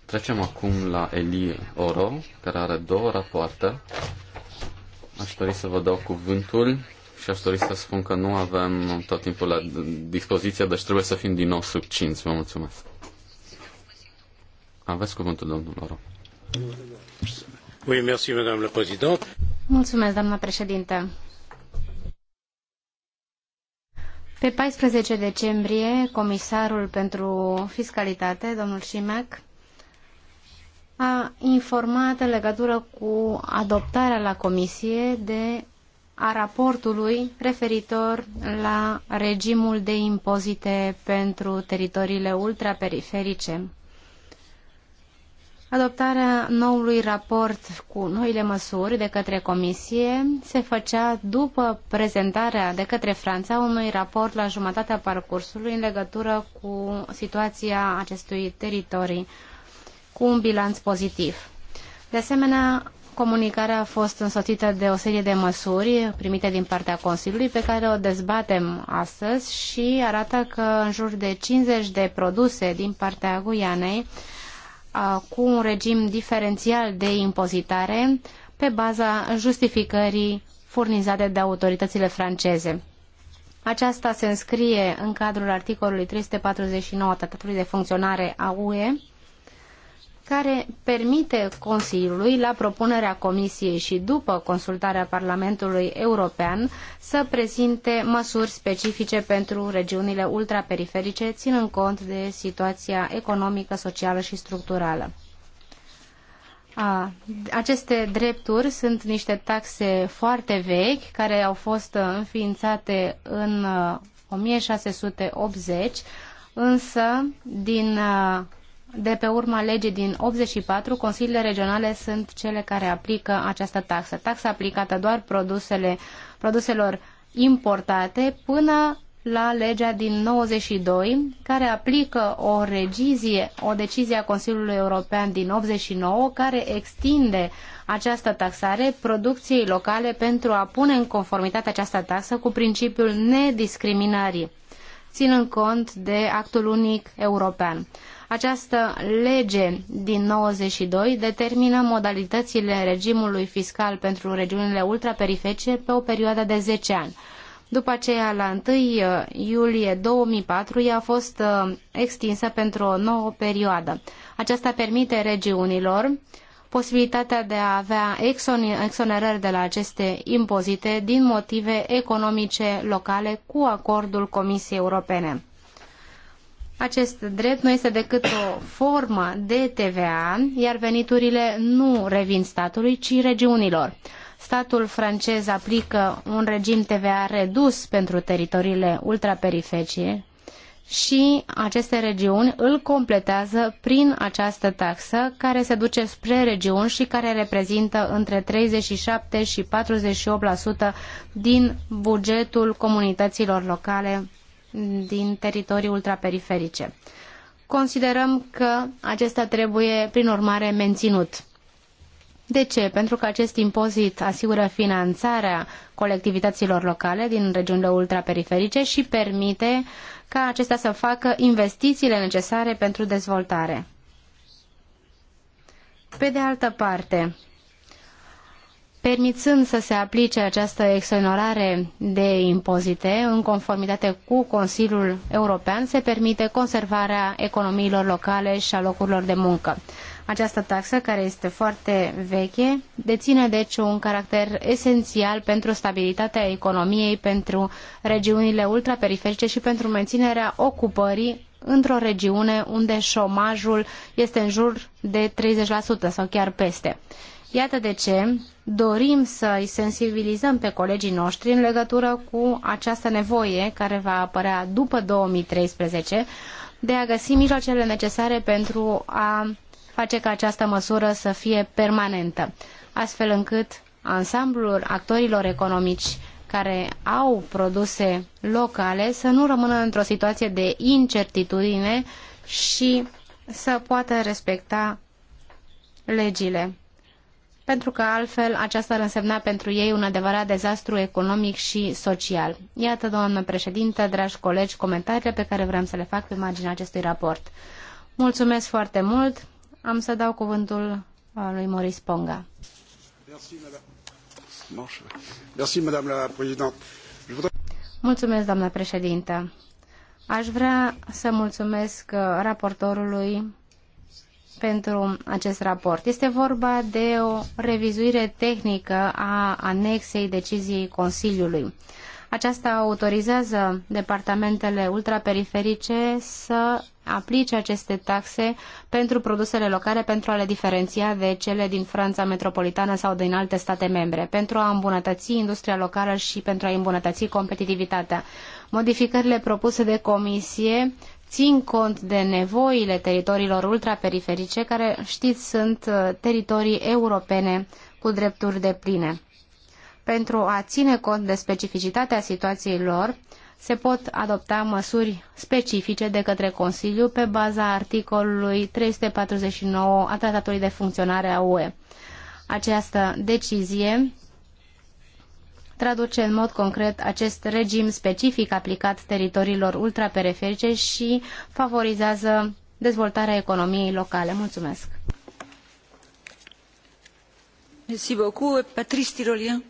Trecem acum la Eli Oro, care are două rapoarte. Aș dori să vă dau cuvântul și aș dori să spun că nu avem tot timpul la dispoziție, deci trebuie să fim din nou succinți. Vă mulțumesc. Aveți cuvântul, domnul Oro. Oui, merci, madame la Mulțumesc, doamna președinte. Pe 14 decembrie, comisarul pentru fiscalitate, domnul Șimac, a informat în legătură cu adoptarea la comisie de a raportului referitor la regimul de impozite pentru teritoriile ultraperiferice. Adoptarea noului raport cu noile măsuri de către Comisie se făcea după prezentarea de către Franța unui raport la jumătatea parcursului în legătură cu situația acestui teritorii cu un bilanț pozitiv. De asemenea, comunicarea a fost însoțită de o serie de măsuri primite din partea Consiliului pe care o dezbatem astăzi și arată că în jur de 50 de produse din partea Guianei cu un regim diferențial de impozitare pe baza justificării furnizate de autoritățile franceze. Aceasta se înscrie în cadrul articolului 349 Tratatului de Funcționare a UE care permite Consiliului, la propunerea Comisiei și după consultarea Parlamentului European, să prezinte măsuri specifice pentru regiunile ultraperiferice, ținând cont de situația economică, socială și structurală. A, aceste drepturi sunt niște taxe foarte vechi care au fost uh, înființate în 1680, uh, însă din uh, de pe urma legii din 84, consiliile regionale sunt cele care aplică această taxă. Taxa aplicată doar produsele, produselor importate până la legea din 92, care aplică o, regizie, o decizie a Consiliului European din 89, care extinde această taxare producției locale pentru a pune în conformitate această taxă cu principiul nediscriminării, ținând cont de actul unic european. Această lege din 92 determină modalitățile regimului fiscal pentru regiunile ultraperiferice pe o perioadă de 10 ani. După aceea, la 1 uh, iulie 2004, ea a fost uh, extinsă pentru o nouă perioadă. Aceasta permite regiunilor posibilitatea de a avea exonerări de la aceste impozite din motive economice locale cu acordul Comisiei Europene. Acest drept nu este decât o formă de TVA, iar veniturile nu revin statului, ci regiunilor. Statul francez aplică un regim TVA redus pentru teritoriile ultraperiferice și aceste regiuni îl completează prin această taxă care se duce spre regiuni și care reprezintă între 37 și 48% din bugetul comunităților locale din teritorii ultraperiferice. Considerăm că acesta trebuie, prin urmare, menținut. De ce? Pentru că acest impozit asigură finanțarea colectivităților locale din regiunile ultraperiferice și permite ca acestea să facă investițiile necesare pentru dezvoltare. Pe de altă parte, permițând să se aplice această exonerare de impozite în conformitate cu Consiliul European, se permite conservarea economiilor locale și a locurilor de muncă. Această taxă, care este foarte veche, deține deci un caracter esențial pentru stabilitatea economiei, pentru regiunile ultraperiferice și pentru menținerea ocupării într-o regiune unde șomajul este în jur de 30% sau chiar peste. Iată de ce dorim să îi sensibilizăm pe colegii noștri în legătură cu această nevoie care va apărea după 2013 de a găsi mijloacele necesare pentru a face ca această măsură să fie permanentă, astfel încât ansamblul actorilor economici care au produse locale să nu rămână într-o situație de incertitudine și să poată respecta legile pentru că altfel aceasta ar însemna pentru ei un adevărat dezastru economic și social. Iată, doamnă președintă, dragi colegi, comentariile pe care vrem să le fac pe marginea acestui raport. Mulțumesc foarte mult. Am să dau cuvântul uh, lui Maurice Ponga. Mulțumesc, doamnă președintă. Aș vrea să mulțumesc uh, raportorului pentru acest raport. Este vorba de o revizuire tehnică a anexei deciziei Consiliului. Aceasta autorizează departamentele ultraperiferice să aplice aceste taxe pentru produsele locale pentru a le diferenția de cele din Franța metropolitană sau din alte state membre, pentru a îmbunătăți industria locală și pentru a îmbunătăți competitivitatea. Modificările propuse de comisie țin cont de nevoile teritoriilor ultraperiferice, care știți sunt uh, teritorii europene cu drepturi de pline. Pentru a ține cont de specificitatea situației lor, se pot adopta măsuri specifice de către Consiliu pe baza articolului 349 a Tratatului de Funcționare a UE. Această decizie traduce în mod concret acest regim specific aplicat teritoriilor ultraperiferice și favorizează dezvoltarea economiei locale. Mulțumesc! Merci Patrice Tirolien.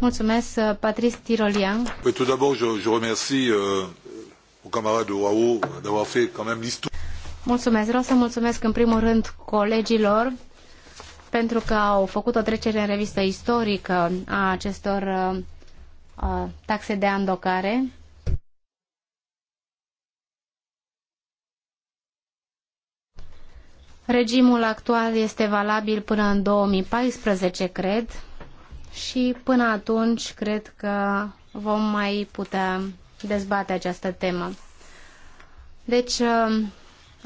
Mulțumesc, euh, Mulțumesc, vreau să mulțumesc în primul rând colegilor pentru că au făcut o trecere în revistă istorică a acestor uh, uh taxe de andocare. Regimul actual este valabil până în 2014, cred, și până atunci cred că vom mai putea dezbate această temă. Deci, uh,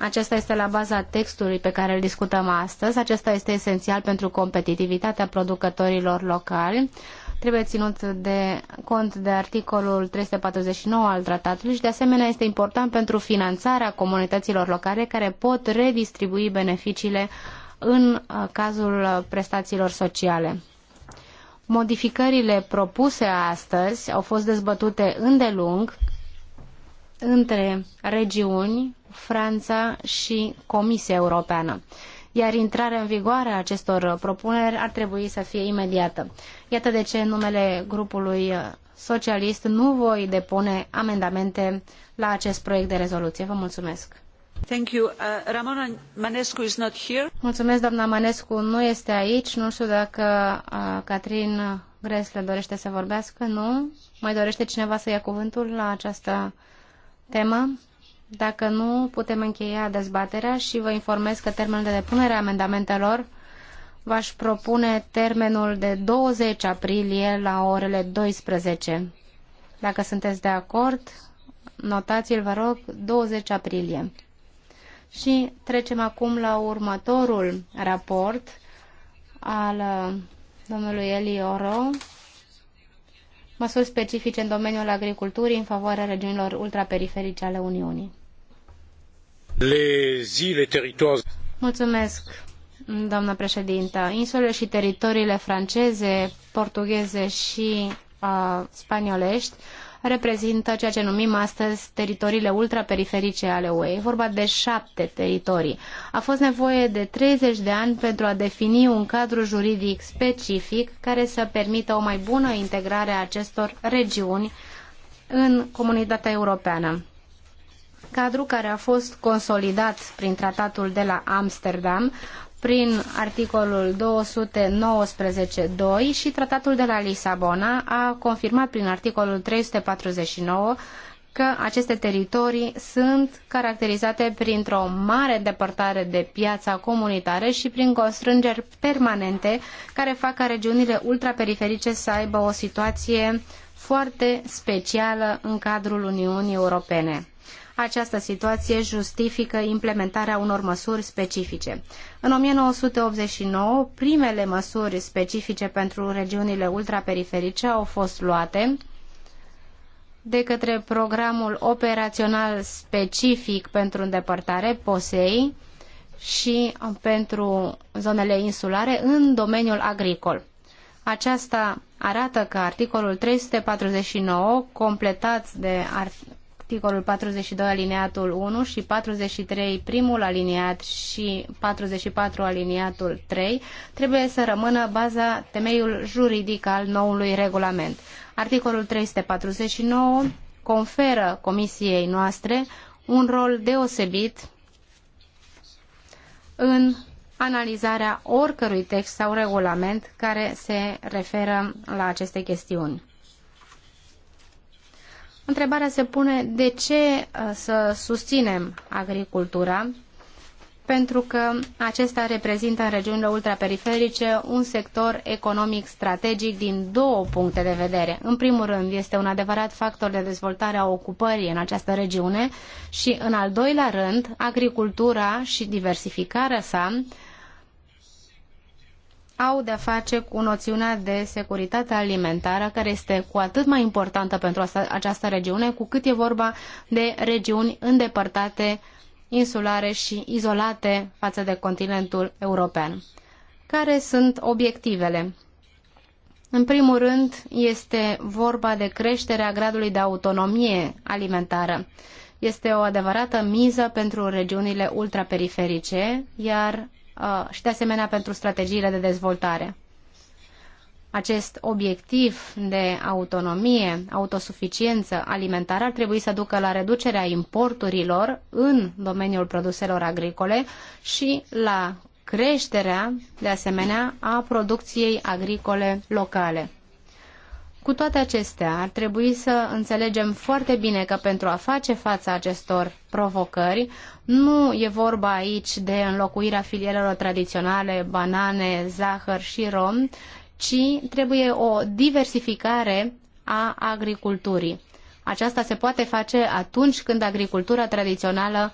acesta este la baza textului pe care îl discutăm astăzi. Acesta este esențial pentru competitivitatea producătorilor locali. Trebuie ținut de cont de articolul 349 al tratatului și de asemenea este important pentru finanțarea comunităților locale care pot redistribui beneficiile în uh, cazul uh, prestațiilor sociale. Modificările propuse astăzi au fost dezbătute îndelung între regiuni, Franța și Comisia Europeană iar intrarea în vigoare a acestor propuneri ar trebui să fie imediată. Iată de ce în numele grupului socialist nu voi depune amendamente la acest proiect de rezoluție. Vă mulțumesc. Thank you. Uh, Ramona Manescu is not here. Mulțumesc, doamna Manescu nu este aici. Nu știu dacă uh, Catrin Gresle dorește să vorbească. Nu? Mai dorește cineva să ia cuvântul la această temă? Dacă nu, putem încheia dezbaterea și vă informez că termenul de depunere a amendamentelor v-aș propune termenul de 20 aprilie la orele 12. Dacă sunteți de acord, notați-l, vă rog, 20 aprilie. Și trecem acum la următorul raport al uh, domnului Eli Oro, măsuri specifice în domeniul agriculturii în favoarea regiunilor ultraperiferice ale Uniunii. Mulțumesc, doamnă președintă. Insulele și teritoriile franceze, portugheze și uh, spaniolești reprezintă ceea ce numim astăzi teritoriile ultraperiferice ale UE. E vorba de șapte teritorii. A fost nevoie de 30 de ani pentru a defini un cadru juridic specific care să permită o mai bună integrare a acestor regiuni în comunitatea europeană. Cadru care a fost consolidat prin tratatul de la Amsterdam, prin articolul 219.2 și tratatul de la Lisabona a confirmat prin articolul 349 că aceste teritorii sunt caracterizate printr-o mare depărtare de piața comunitară și prin constrângeri permanente care fac ca regiunile ultraperiferice să aibă o situație foarte specială în cadrul Uniunii Europene. Această situație justifică implementarea unor măsuri specifice. În 1989, primele măsuri specifice pentru regiunile ultraperiferice au fost luate de către programul operațional specific pentru îndepărtare, POSEI, și pentru zonele insulare în domeniul agricol. Aceasta arată că articolul 349, completat de articolul 42 aliniatul 1 și 43 primul aliniat și 44 aliniatul 3 trebuie să rămână baza temeiul juridic al noului regulament. Articolul 349 conferă comisiei noastre un rol deosebit în analizarea oricărui text sau regulament care se referă la aceste chestiuni. Întrebarea se pune de ce uh, să susținem agricultura, pentru că acesta reprezintă în regiunile ultraperiferice un sector economic strategic din două puncte de vedere. În primul rând, este un adevărat factor de dezvoltare a ocupării în această regiune și, în al doilea rând, agricultura și diversificarea sa au de-a face cu noțiunea de securitate alimentară, care este cu atât mai importantă pentru această regiune, cu cât e vorba de regiuni îndepărtate, insulare și izolate față de continentul european. Care sunt obiectivele? În primul rând, este vorba de creșterea gradului de autonomie alimentară. Este o adevărată miză pentru regiunile ultraperiferice, iar Uh, și de asemenea pentru strategiile de dezvoltare. Acest obiectiv de autonomie, autosuficiență alimentară ar trebui să ducă la reducerea importurilor în domeniul produselor agricole și la creșterea, de asemenea, a producției agricole locale. Cu toate acestea, ar trebui să înțelegem foarte bine că pentru a face față acestor provocări, nu e vorba aici de înlocuirea filierelor tradiționale, banane, zahăr și rom, ci trebuie o diversificare a agriculturii. Aceasta se poate face atunci când agricultura tradițională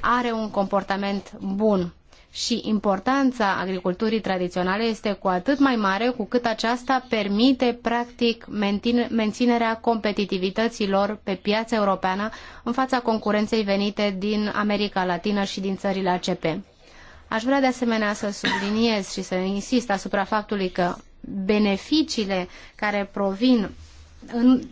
are un comportament bun și importanța agriculturii tradiționale este cu atât mai mare cu cât aceasta permite practic menținerea competitivității lor pe piața europeană în fața concurenței venite din America Latină și din țările ACP. Aș vrea de asemenea să subliniez și să insist asupra faptului că beneficiile care provin în,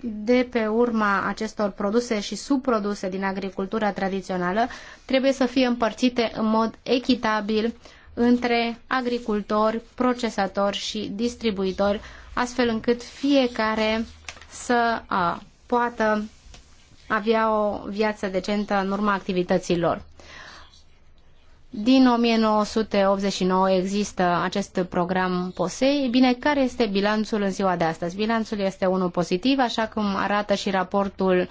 de pe urma acestor produse și subproduse din agricultura tradițională trebuie să fie împărțite în mod echitabil între agricultori, procesatori și distribuitori, astfel încât fiecare să a, poată avea o viață decentă în urma activităților. Din 1989 există acest program POSEI. Bine, care este bilanțul în ziua de astăzi? Bilanțul este unul pozitiv, așa cum arată și raportul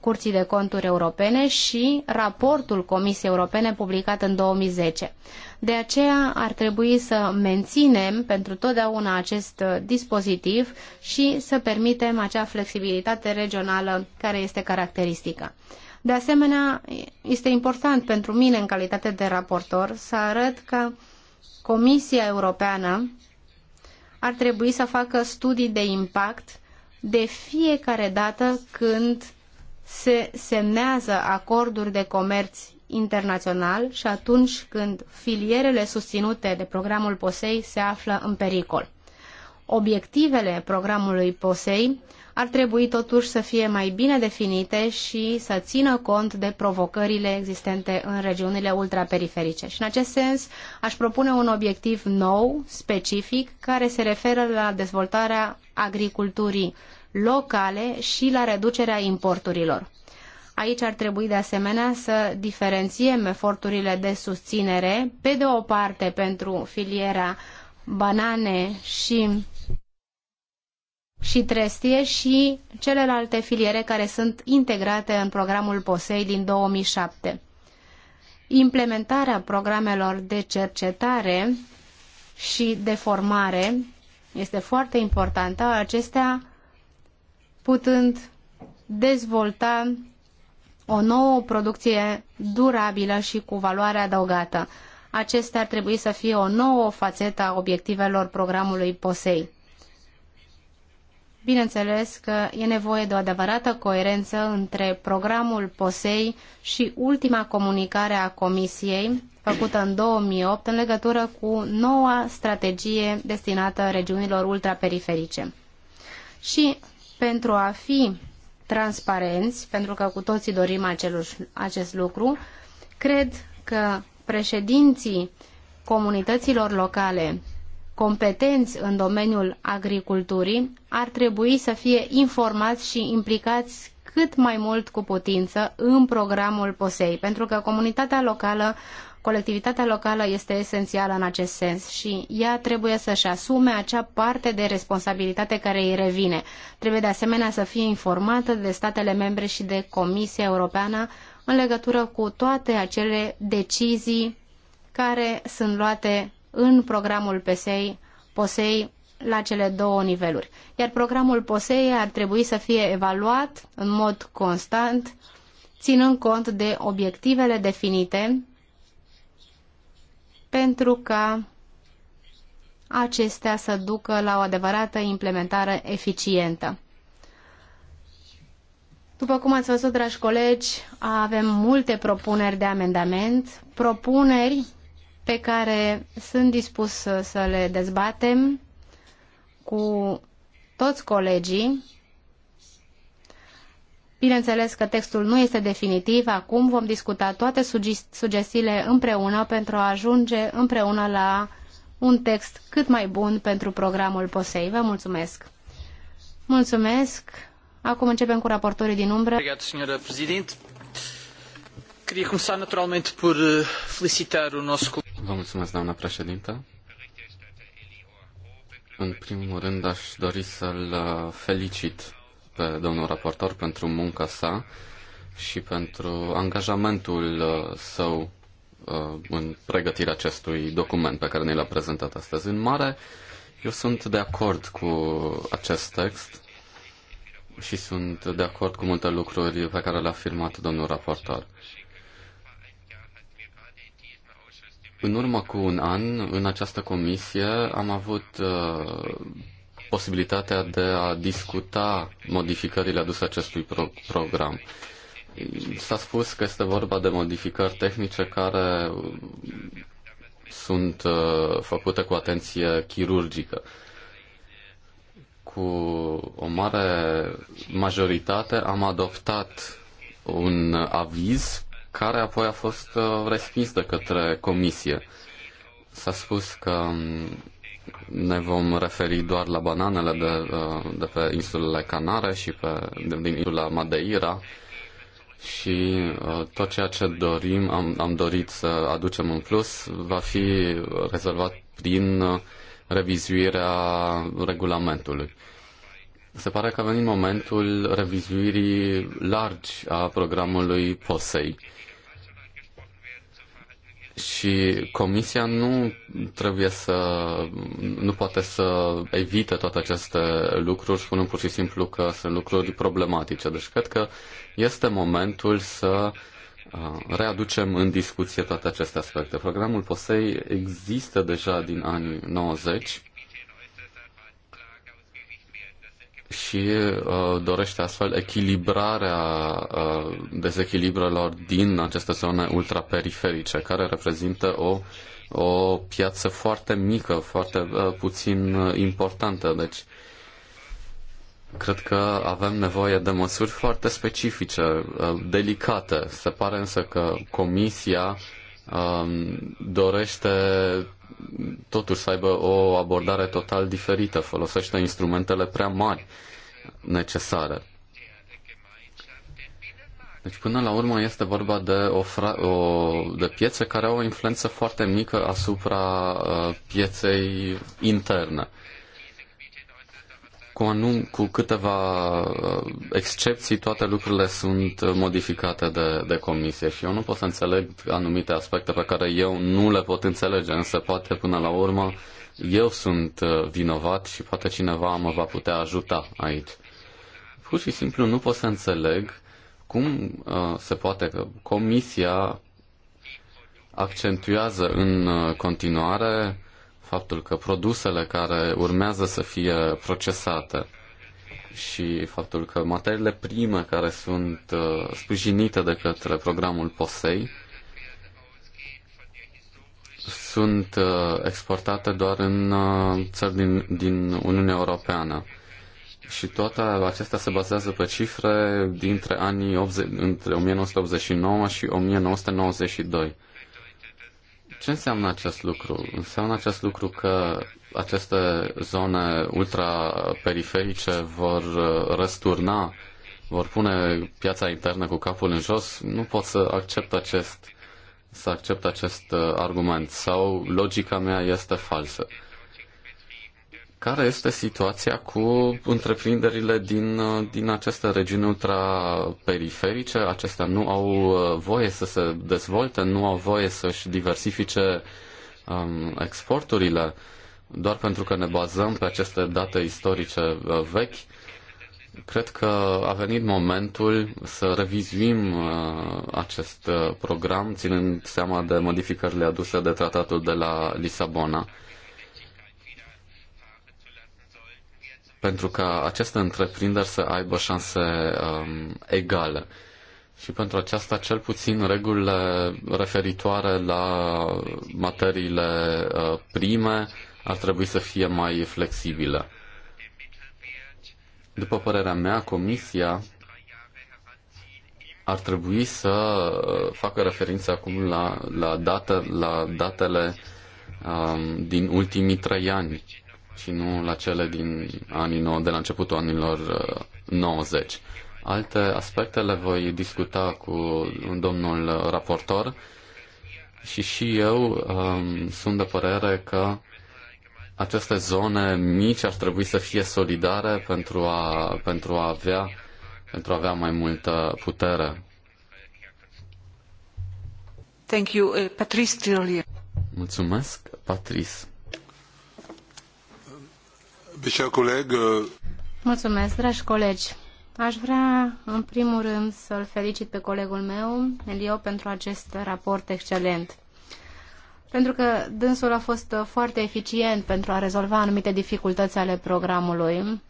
Curții de Conturi Europene și raportul Comisiei Europene publicat în 2010. De aceea ar trebui să menținem pentru totdeauna acest dispozitiv și să permitem acea flexibilitate regională care este caracteristică. De asemenea, este important pentru mine, în calitate de raportor, să arăt că Comisia Europeană ar trebui să facă studii de impact de fiecare dată când se semnează acorduri de comerț internațional și atunci când filierele susținute de programul POSEI se află în pericol. Obiectivele programului POSEI ar trebui totuși să fie mai bine definite și să țină cont de provocările existente în regiunile ultraperiferice. Și în acest sens aș propune un obiectiv nou, specific, care se referă la dezvoltarea agriculturii locale și la reducerea importurilor. Aici ar trebui de asemenea să diferențiem eforturile de susținere, pe de o parte pentru filiera banane și și trestie și celelalte filiere care sunt integrate în programul POSEI din 2007. Implementarea programelor de cercetare și de formare este foarte importantă, acestea putând dezvolta o nouă producție durabilă și cu valoare adăugată. Acestea ar trebui să fie o nouă fațetă a obiectivelor programului POSEI. Bineînțeles că e nevoie de o adevărată coerență între programul POSEI și ultima comunicare a Comisiei, făcută în 2008, în legătură cu noua strategie destinată regiunilor ultraperiferice. Și pentru a fi transparenți, pentru că cu toții dorim aceluși, acest lucru, cred că președinții comunităților locale competenți în domeniul agriculturii ar trebui să fie informați și implicați cât mai mult cu putință în programul POSEI, pentru că comunitatea locală, colectivitatea locală este esențială în acest sens și ea trebuie să-și asume acea parte de responsabilitate care îi revine. Trebuie de asemenea să fie informată de statele membre și de Comisia Europeană în legătură cu toate acele decizii care sunt luate în programul PSEI, POSEI la cele două niveluri. Iar programul POSEI ar trebui să fie evaluat în mod constant, ținând cont de obiectivele definite pentru ca acestea să ducă la o adevărată implementare eficientă. După cum ați văzut, dragi colegi, avem multe propuneri de amendament, propuneri pe care sunt dispus să le dezbatem cu toți colegii. Bineînțeles că textul nu este definitiv, acum vom discuta toate sugestiile împreună pentru a ajunge împreună la un text cât mai bun pentru programul POSEI. Vă mulțumesc! Mulțumesc! Acum începem cu raportorii din umbră. Obrigado, Queria começar naturalmente por eh, felicitar o nosso colega. mulțumesc, doamna președintă. În primul rând, aș dori să-l eh, felicit pe domnul raportor pentru munca sa și pentru angajamentul eh, său în pregătirea acestui document pe care ne l-a prezentat astăzi. În mare, eu sunt de acord cu acest text și sunt de acord cu multe lucruri pe care le-a afirmat domnul raportor. În urmă cu un an, în această comisie, am avut uh, posibilitatea de a discuta modificările aduse acestui pro- program. S-a spus că este vorba de modificări tehnice care uh, sunt uh, făcute cu atenție chirurgică. Cu o mare majoritate am adoptat un aviz care apoi a fost uh, respins de către comisie. S-a spus că um, ne vom referi doar la bananele de, uh, de pe insulele Canare și pe, din insula Madeira și uh, tot ceea ce dorim, am, am dorit să aducem în plus, va fi rezolvat prin revizuirea regulamentului. Se pare că a venit momentul revizuirii largi a programului POSEI. Și comisia nu trebuie să, nu poate să evite toate aceste lucruri, spunând pur și simplu că sunt lucruri problematice. Deci cred că este momentul să uh, readucem în discuție toate aceste aspecte. Programul POSEI există deja din anii 90 și uh, dorește astfel echilibrarea uh, dezechilibrelor din aceste zone ultraperiferice, care reprezintă o, o piață foarte mică, foarte uh, puțin importantă. Deci, cred că avem nevoie de măsuri foarte specifice, uh, delicate. Se pare însă că Comisia um, dorește totuși să aibă o abordare total diferită, folosește instrumentele prea mari necesare. Deci până la urmă este vorba de, o fra- o, de piețe care au o influență foarte mică asupra uh, pieței interne cu, anum, cu câteva uh, excepții, toate lucrurile sunt modificate de, de comisie și eu nu pot să înțeleg anumite aspecte pe care eu nu le pot înțelege, însă poate până la urmă eu sunt uh, vinovat și poate cineva mă va putea ajuta aici. Pur și simplu nu pot să înțeleg cum uh, se poate că comisia accentuează în uh, continuare faptul că produsele care urmează să fie procesate și faptul că materiile prime care sunt uh, sprijinite de către programul POSEI sunt uh, exportate doar în uh, țări din, din Uniunea Europeană. Și toate acestea se bazează pe cifre dintre anii 80, între 1989 și 1992. Ce înseamnă acest lucru? Înseamnă acest lucru că aceste zone ultraperiferice vor uh, răsturna, vor pune piața internă cu capul în jos? Nu pot să accept acest, să accept acest uh, argument sau logica mea este falsă care este situația cu întreprinderile din, uh, din aceste regiuni ultraperiferice? Acestea nu au uh, voie să se dezvolte, nu au voie să-și diversifice um, exporturile, doar pentru că ne bazăm pe aceste date istorice uh, vechi. Cred că a venit momentul să revizuim acest program, ținând seama de modificările aduse de tratatul de la Lisabona pentru ca aceste întreprinderi să aibă șanse um, egale. Și pentru aceasta, cel puțin regulile referitoare la materiile uh, prime ar trebui să fie mai flexibile. După părerea mea, Comisia ar trebui să uh, facă referință acum la, la, date, la datele um, din ultimii trei ani și nu la cele din anii nou, de la începutul anilor 90. Uh, Alte aspecte le voi discuta cu domnul raportor și și eu um, sunt de părere că aceste zone mici ar trebui să fie solidare pentru a, pentru a, avea, pentru a avea mai multă putere. Thank you, uh, Patrice Mulțumesc, Patrice. Euh, Mulțumesc, dragi colegi. Aș vrea, în primul rând, să îl felicit pe colegul meu, Elio, pentru acest raport excelent. Pentru că dânsul a fost uh, foarte eficient pentru a rezolva anumite dificultăi ale programului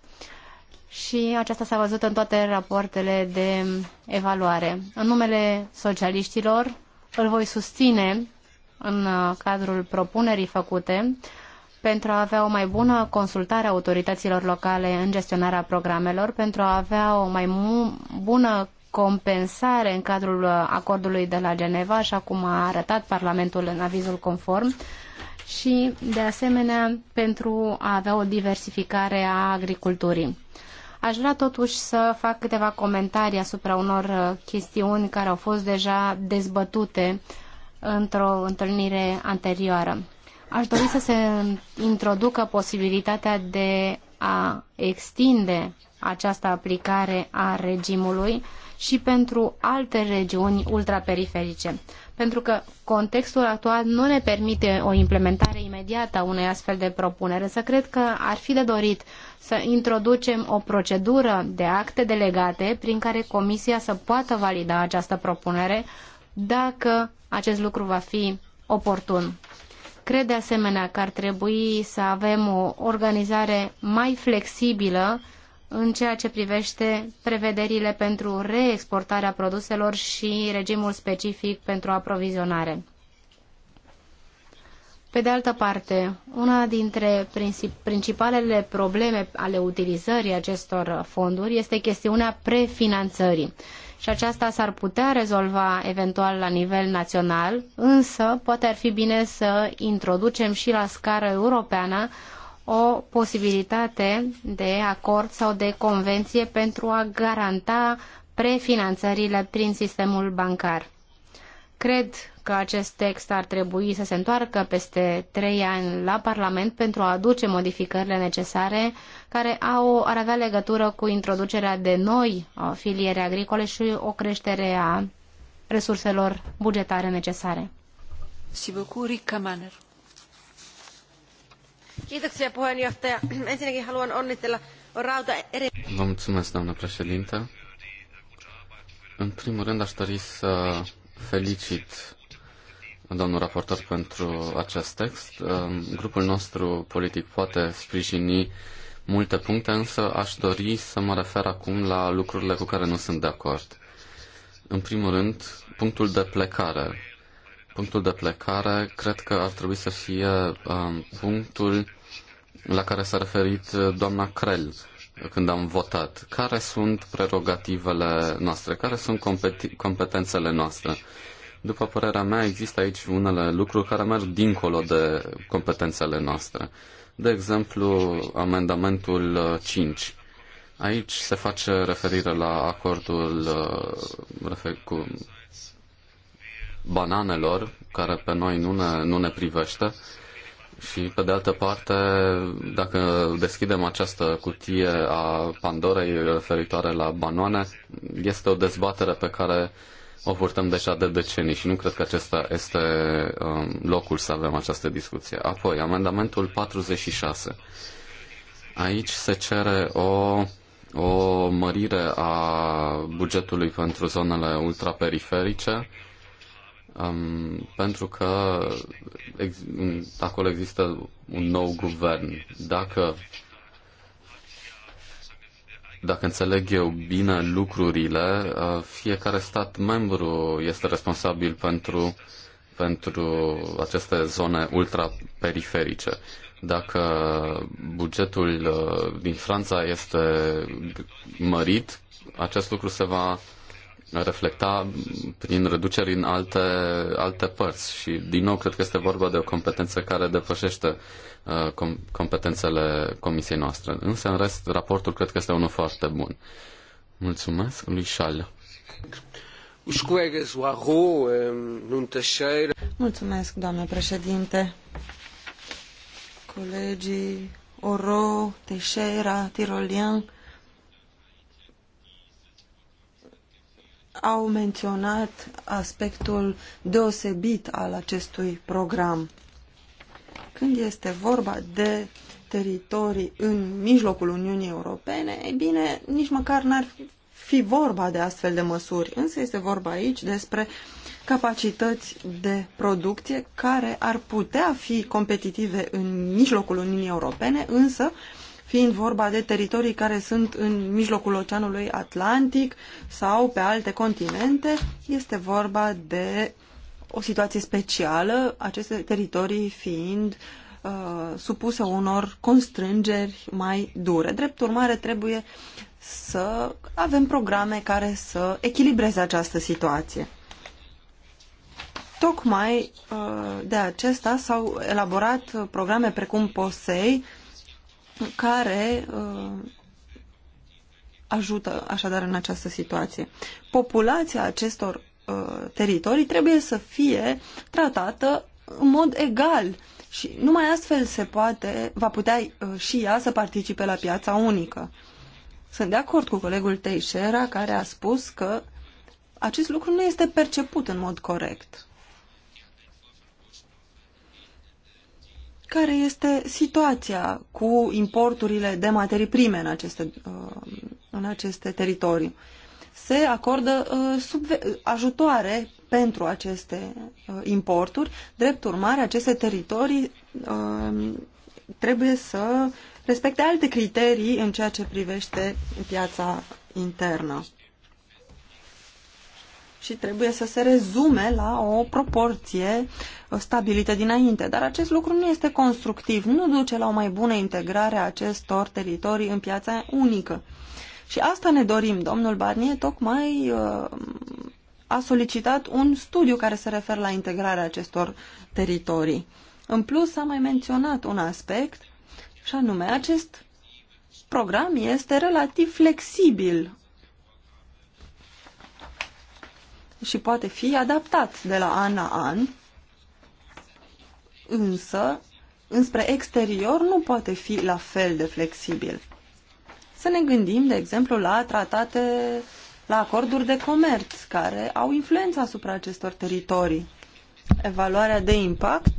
și aceasta s-a văzut în toate rapoartele de evaluare. În numele socialiștilor îl voi susține în uh, cadrul propunerii făcute pentru a avea o mai bună consultare a autorităților locale în gestionarea programelor, pentru a avea o mai bună compensare în cadrul acordului de la Geneva, așa cum a arătat Parlamentul în avizul conform, și, de asemenea, pentru a avea o diversificare a agriculturii. Aș vrea totuși să fac câteva comentarii asupra unor chestiuni care au fost deja dezbătute într-o întâlnire anterioară. Aș dori să se introducă posibilitatea de a extinde această aplicare a regimului și pentru alte regiuni ultraperiferice. Pentru că contextul actual nu ne permite o implementare imediată a unei astfel de propunere, să cred că ar fi de dorit să introducem o procedură de acte delegate prin care Comisia să poată valida această propunere dacă acest lucru va fi oportun. Cred de asemenea că ar trebui să avem o organizare mai flexibilă în ceea ce privește prevederile pentru reexportarea produselor și regimul specific pentru aprovizionare. Pe de altă parte, una dintre principalele probleme ale utilizării acestor fonduri este chestiunea prefinanțării. Și aceasta s-ar putea rezolva eventual la nivel național, însă poate ar fi bine să introducem și la scară europeană o posibilitate de acord sau de convenție pentru a garanta prefinanțările prin sistemul bancar. Cred că acest text ar trebui să se întoarcă peste trei ani la Parlament pentru a aduce modificările necesare care au, ar avea legătură cu introducerea de noi uh, filiere agricole și o creștere a resurselor bugetare necesare. Vă mulțumesc, doamnă președintă. În primul rând, aș dori să felicit domnul raportor pentru acest text. Ehm, grupul nostru politic poate sprijini multe puncte, însă aș dori să mă refer acum la lucrurile cu care nu sunt de acord. În primul rând, punctul de plecare. Punctul de plecare cred că ar trebui să fie ehm, punctul la care s-a referit eh, doamna Crel când am votat, care sunt prerogativele noastre, care sunt competențele noastre. După părerea mea, există aici unele lucruri care merg dincolo de competențele noastre. De exemplu, amendamentul 5. Uh, aici se face referire la acordul uh, cu bananelor, care pe noi nu ne, nu ne privește și, pe de altă parte, dacă deschidem această cutie a Pandorei referitoare la banoane, este o dezbatere pe care o purtăm deja de decenii și nu cred că acesta este um, locul să avem această discuție. Apoi, amendamentul 46. Aici se cere o, o mărire a bugetului pentru zonele ultraperiferice um, pentru că ex- acolo există un nou guvern. Dacă dacă înțeleg eu bine lucrurile, uh, fiecare stat membru este responsabil pentru, pentru aceste zone ultraperiferice. Dacă bugetul uh, din Franța este mărit, acest lucru se va reflecta prin reduceri în alte, alte părți. Și, din nou, cred că este vorba de o competență care depășește uh, competențele comisiei noastre. Însă, în rest, raportul cred că este unul foarte bun. Mulțumesc, lui Șal. Um, Mulțumesc, doamnă președinte. Colegii Oro, Teixeira, Tirolian, au menționat aspectul deosebit al acestui program. Când este vorba de teritorii în mijlocul Uniunii Europene, e bine, nici măcar n-ar fi vorba de astfel de măsuri, însă este vorba aici despre capacități de producție care ar putea fi competitive în mijlocul Uniunii Europene, însă uh, fiind vorba de teritorii care sunt în mijlocul Oceanului Atlantic sau pe alte continente, este vorba de o situație specială, aceste teritorii fiind uh, supuse unor constrângeri mai dure. Drept urmare, trebuie să avem programe care să echilibreze această situație. Tocmai uh, de acesta s-au elaborat programe precum POSEI, care uh, ajută așadar în această situație. Populația acestor uh, teritorii trebuie să fie tratată în mod egal și numai astfel se poate, va putea uh, și ea să participe la piața unică. Sunt de acord cu colegul Teixeira care a spus că acest lucru nu este perceput în mod corect. care este situația cu importurile de materii prime în aceste, uh, în aceste teritorii. Se acordă uh, ajutoare pentru aceste uh, importuri. Drept urmare, aceste teritorii trebuie să respecte alte criterii în ceea ce privește piața internă și trebuie să se rezume la o proporție uh, stabilită dinainte. Dar acest lucru nu este constructiv, nu duce la o mai bună integrare a acestor teritorii în piața unică. Și asta ne dorim. Domnul Barnier tocmai uh, a solicitat un studiu care se referă la integrarea acestor teritorii. În plus, s-a mai menționat un aspect, și anume acest program este relativ flexibil și poate fi adaptat de la an la an, însă înspre exterior nu poate fi la fel de flexibil. Să ne gândim, de exemplu, la tratate, la acorduri de comerț care au influență asupra acestor teritorii. Evaluarea de impact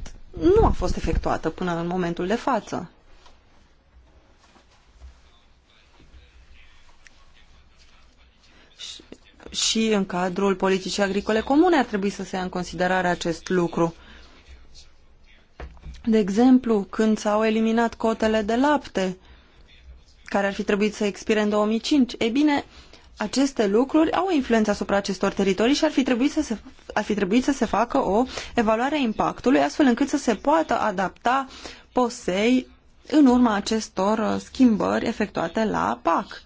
nu a fost efectuată până în momentul de față. și în cadrul politicii agricole comune ar trebui să se ia în considerare acest lucru. De exemplu, când s-au eliminat cotele de lapte, care ar fi trebuit să expire în 2005, e bine, aceste lucruri au influență asupra acestor teritorii și ar fi trebuit să se, ar fi trebuit să se facă o evaluare a impactului, astfel încât să se poată adapta POSEI în urma acestor uh, schimbări efectuate la PAC.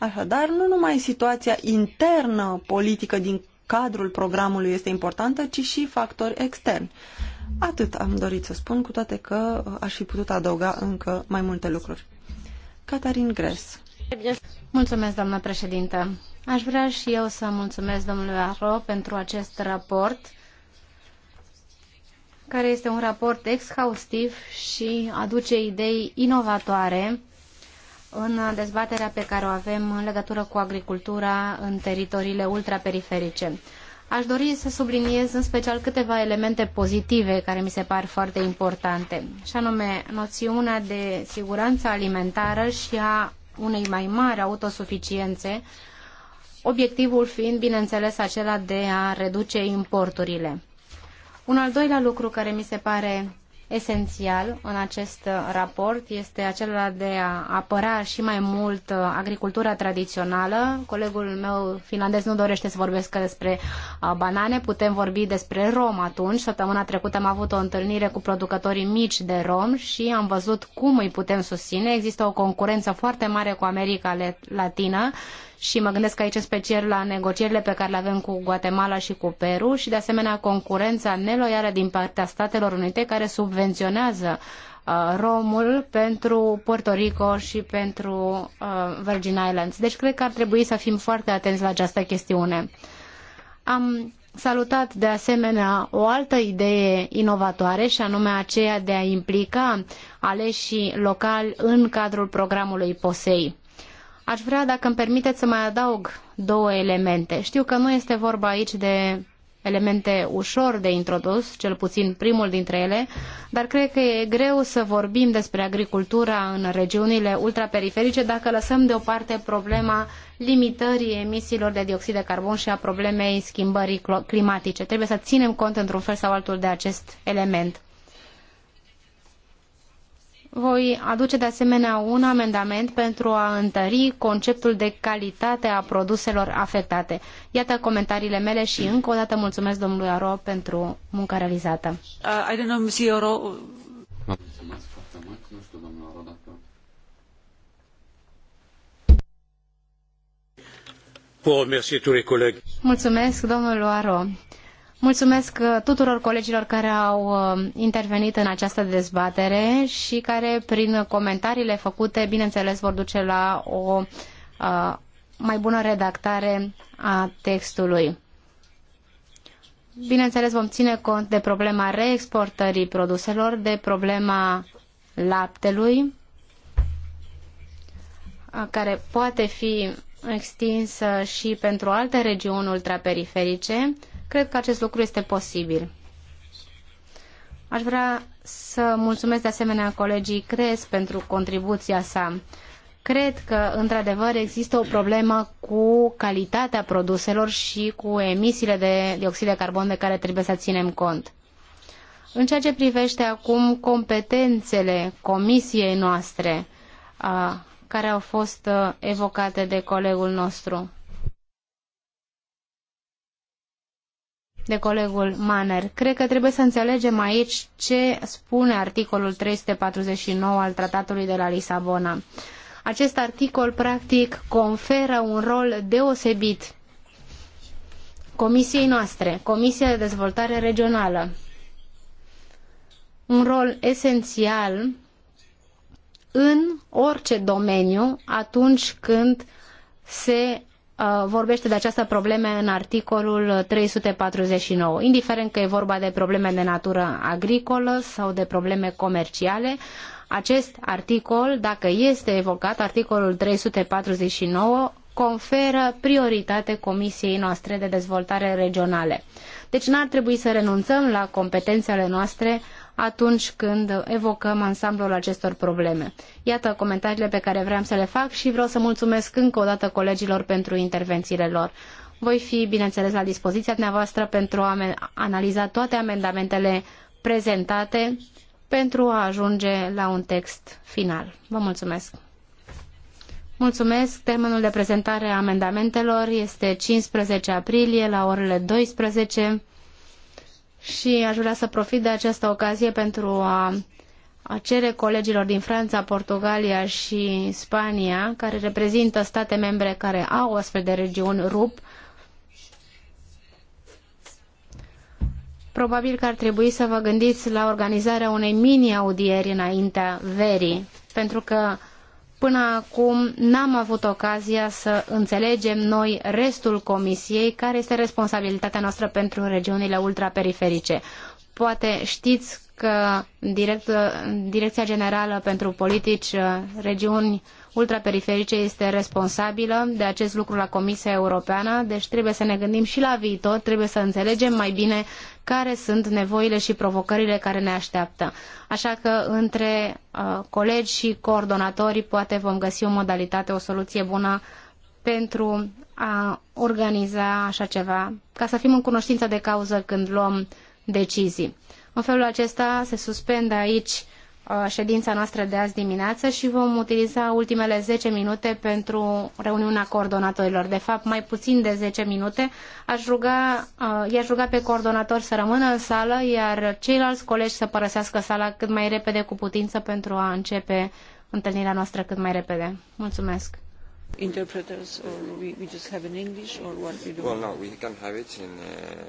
Așadar, nu numai situația internă politică din cadrul programului este importantă, ci și factori externi. Atât am dorit să spun, cu toate că uh, aș fi putut adăuga încă mai multe lucruri. Catarin Gres. Mulțumesc, doamnă președintă. Aș vrea și eu să mulțumesc domnului Arro pentru acest raport, care este un raport exhaustiv și aduce idei inovatoare în dezbaterea pe care o avem în legătură cu agricultura în teritoriile ultraperiferice. Aș dori să subliniez în special câteva elemente pozitive care mi se par foarte importante, și anume noțiunea de siguranță alimentară și a unei mai mari autosuficiențe, obiectivul fiind, bineînțeles, acela de a reduce importurile. Un al doilea lucru care mi se pare esențial în acest raport este acela de a apăra și mai mult uh, agricultura tradițională. Colegul meu finlandez nu dorește să vorbesc despre uh, banane, putem vorbi despre rom atunci. Săptămâna trecută am avut o întâlnire cu producătorii mici de rom și am văzut cum îi putem susține. Există o concurență foarte mare cu America Latină și mă gândesc aici în special la negocierile pe care le avem cu Guatemala și cu Peru și de asemenea concurența neloială din partea Statelor Unite care subvenționează uh, romul pentru Puerto Rico și pentru uh, Virgin Islands. Deci cred că ar trebui să fim foarte atenți la această chestiune. Am salutat de asemenea o altă idee inovatoare și anume aceea de a implica aleșii locali în cadrul programului POSEI. Aș vrea, dacă îmi permiteți, să mai adaug două elemente. Știu că nu este vorba aici de elemente ușor de introdus, cel puțin primul dintre ele, dar cred că e greu să vorbim despre agricultura în regiunile ultraperiferice dacă lăsăm deoparte problema limitării emisiilor de dioxid de carbon și a problemei schimbării climatice. Trebuie să ținem cont într-un fel sau altul de acest element. Voi aduce de asemenea un amendament pentru a întări conceptul de calitate a produselor afectate. Iată comentariile mele și încă o dată mulțumesc domnului Aro pentru munca realizată. Uh, I don't know, Mr. Aro. Mulțumesc, domnul Aro. Mulțumesc uh, tuturor colegilor care au uh, intervenit în această dezbatere și care, prin comentariile făcute, bineînțeles, vor duce la o uh, mai bună redactare a textului. Bineînțeles, vom ține cont de problema reexportării produselor, de problema laptelui, care poate fi extinsă și pentru alte regiuni ultraperiferice, Cred că acest lucru este posibil. Aș vrea să mulțumesc de asemenea colegii Cres pentru contribuția sa. Cred că, într-adevăr, există o problemă cu calitatea produselor și cu emisiile de dioxid de carbon de care trebuie să ținem cont. În ceea ce privește acum competențele comisiei noastre, a, care au fost evocate de colegul nostru, de colegul Manner. Cred că trebuie să înțelegem aici ce spune articolul 349 al Tratatului de la Lisabona. Acest articol, practic, conferă un rol deosebit comisiei noastre, Comisia de Dezvoltare Regională. Un rol esențial în orice domeniu atunci când se Uh, vorbește de această problemă în articolul 349. Indiferent că e vorba de probleme de natură agricolă sau de probleme comerciale, acest articol, dacă este evocat, articolul 349, conferă prioritate Comisiei noastre de dezvoltare regionale. Deci n-ar trebui să renunțăm la competențele noastre atunci când evocăm ansamblul acestor probleme. Iată comentariile pe care vreau să le fac și vreau să mulțumesc încă o dată colegilor pentru intervențiile lor. Voi fi, bineînțeles, la dispoziția dumneavoastră pentru a analiza toate amendamentele prezentate pentru a ajunge la un text final. Vă mulțumesc! Mulțumesc! Termenul de prezentare a amendamentelor este 15 aprilie la orele 12 și aș vrea să profit de această ocazie pentru a a cere colegilor din Franța, Portugalia și Spania, care reprezintă state membre care au astfel de regiuni RUP, probabil că ar trebui să vă gândiți la organizarea unei mini-audieri înaintea verii, pentru că Până acum n-am avut ocazia să înțelegem noi restul comisiei care este responsabilitatea noastră pentru regiunile ultraperiferice. Poate știți că direct, Direcția Generală pentru Politici, Regiuni ultraperiferice este responsabilă de acest lucru la Comisia Europeană, deci trebuie să ne gândim și la viitor, trebuie să înțelegem mai bine care sunt nevoile și provocările care ne așteaptă. Așa că între uh, colegi și coordonatori poate vom găsi o modalitate, o soluție bună pentru a organiza așa ceva, ca să fim în cunoștință de cauză când luăm decizii. În felul acesta se suspendă aici Uh, ședința noastră de azi dimineață și vom utiliza ultimele 10 minute pentru reuniunea coordonatorilor. De fapt, mai puțin de 10 minute. Aș ruga, uh, i-aș ruga pe coordonator să rămână în sală, iar ceilalți colegi să părăsească sala cât mai repede cu putință pentru a începe întâlnirea noastră cât mai repede. Mulțumesc! interpreters or we, we just have in English or what we do? Well, no, we can have it in... Uh...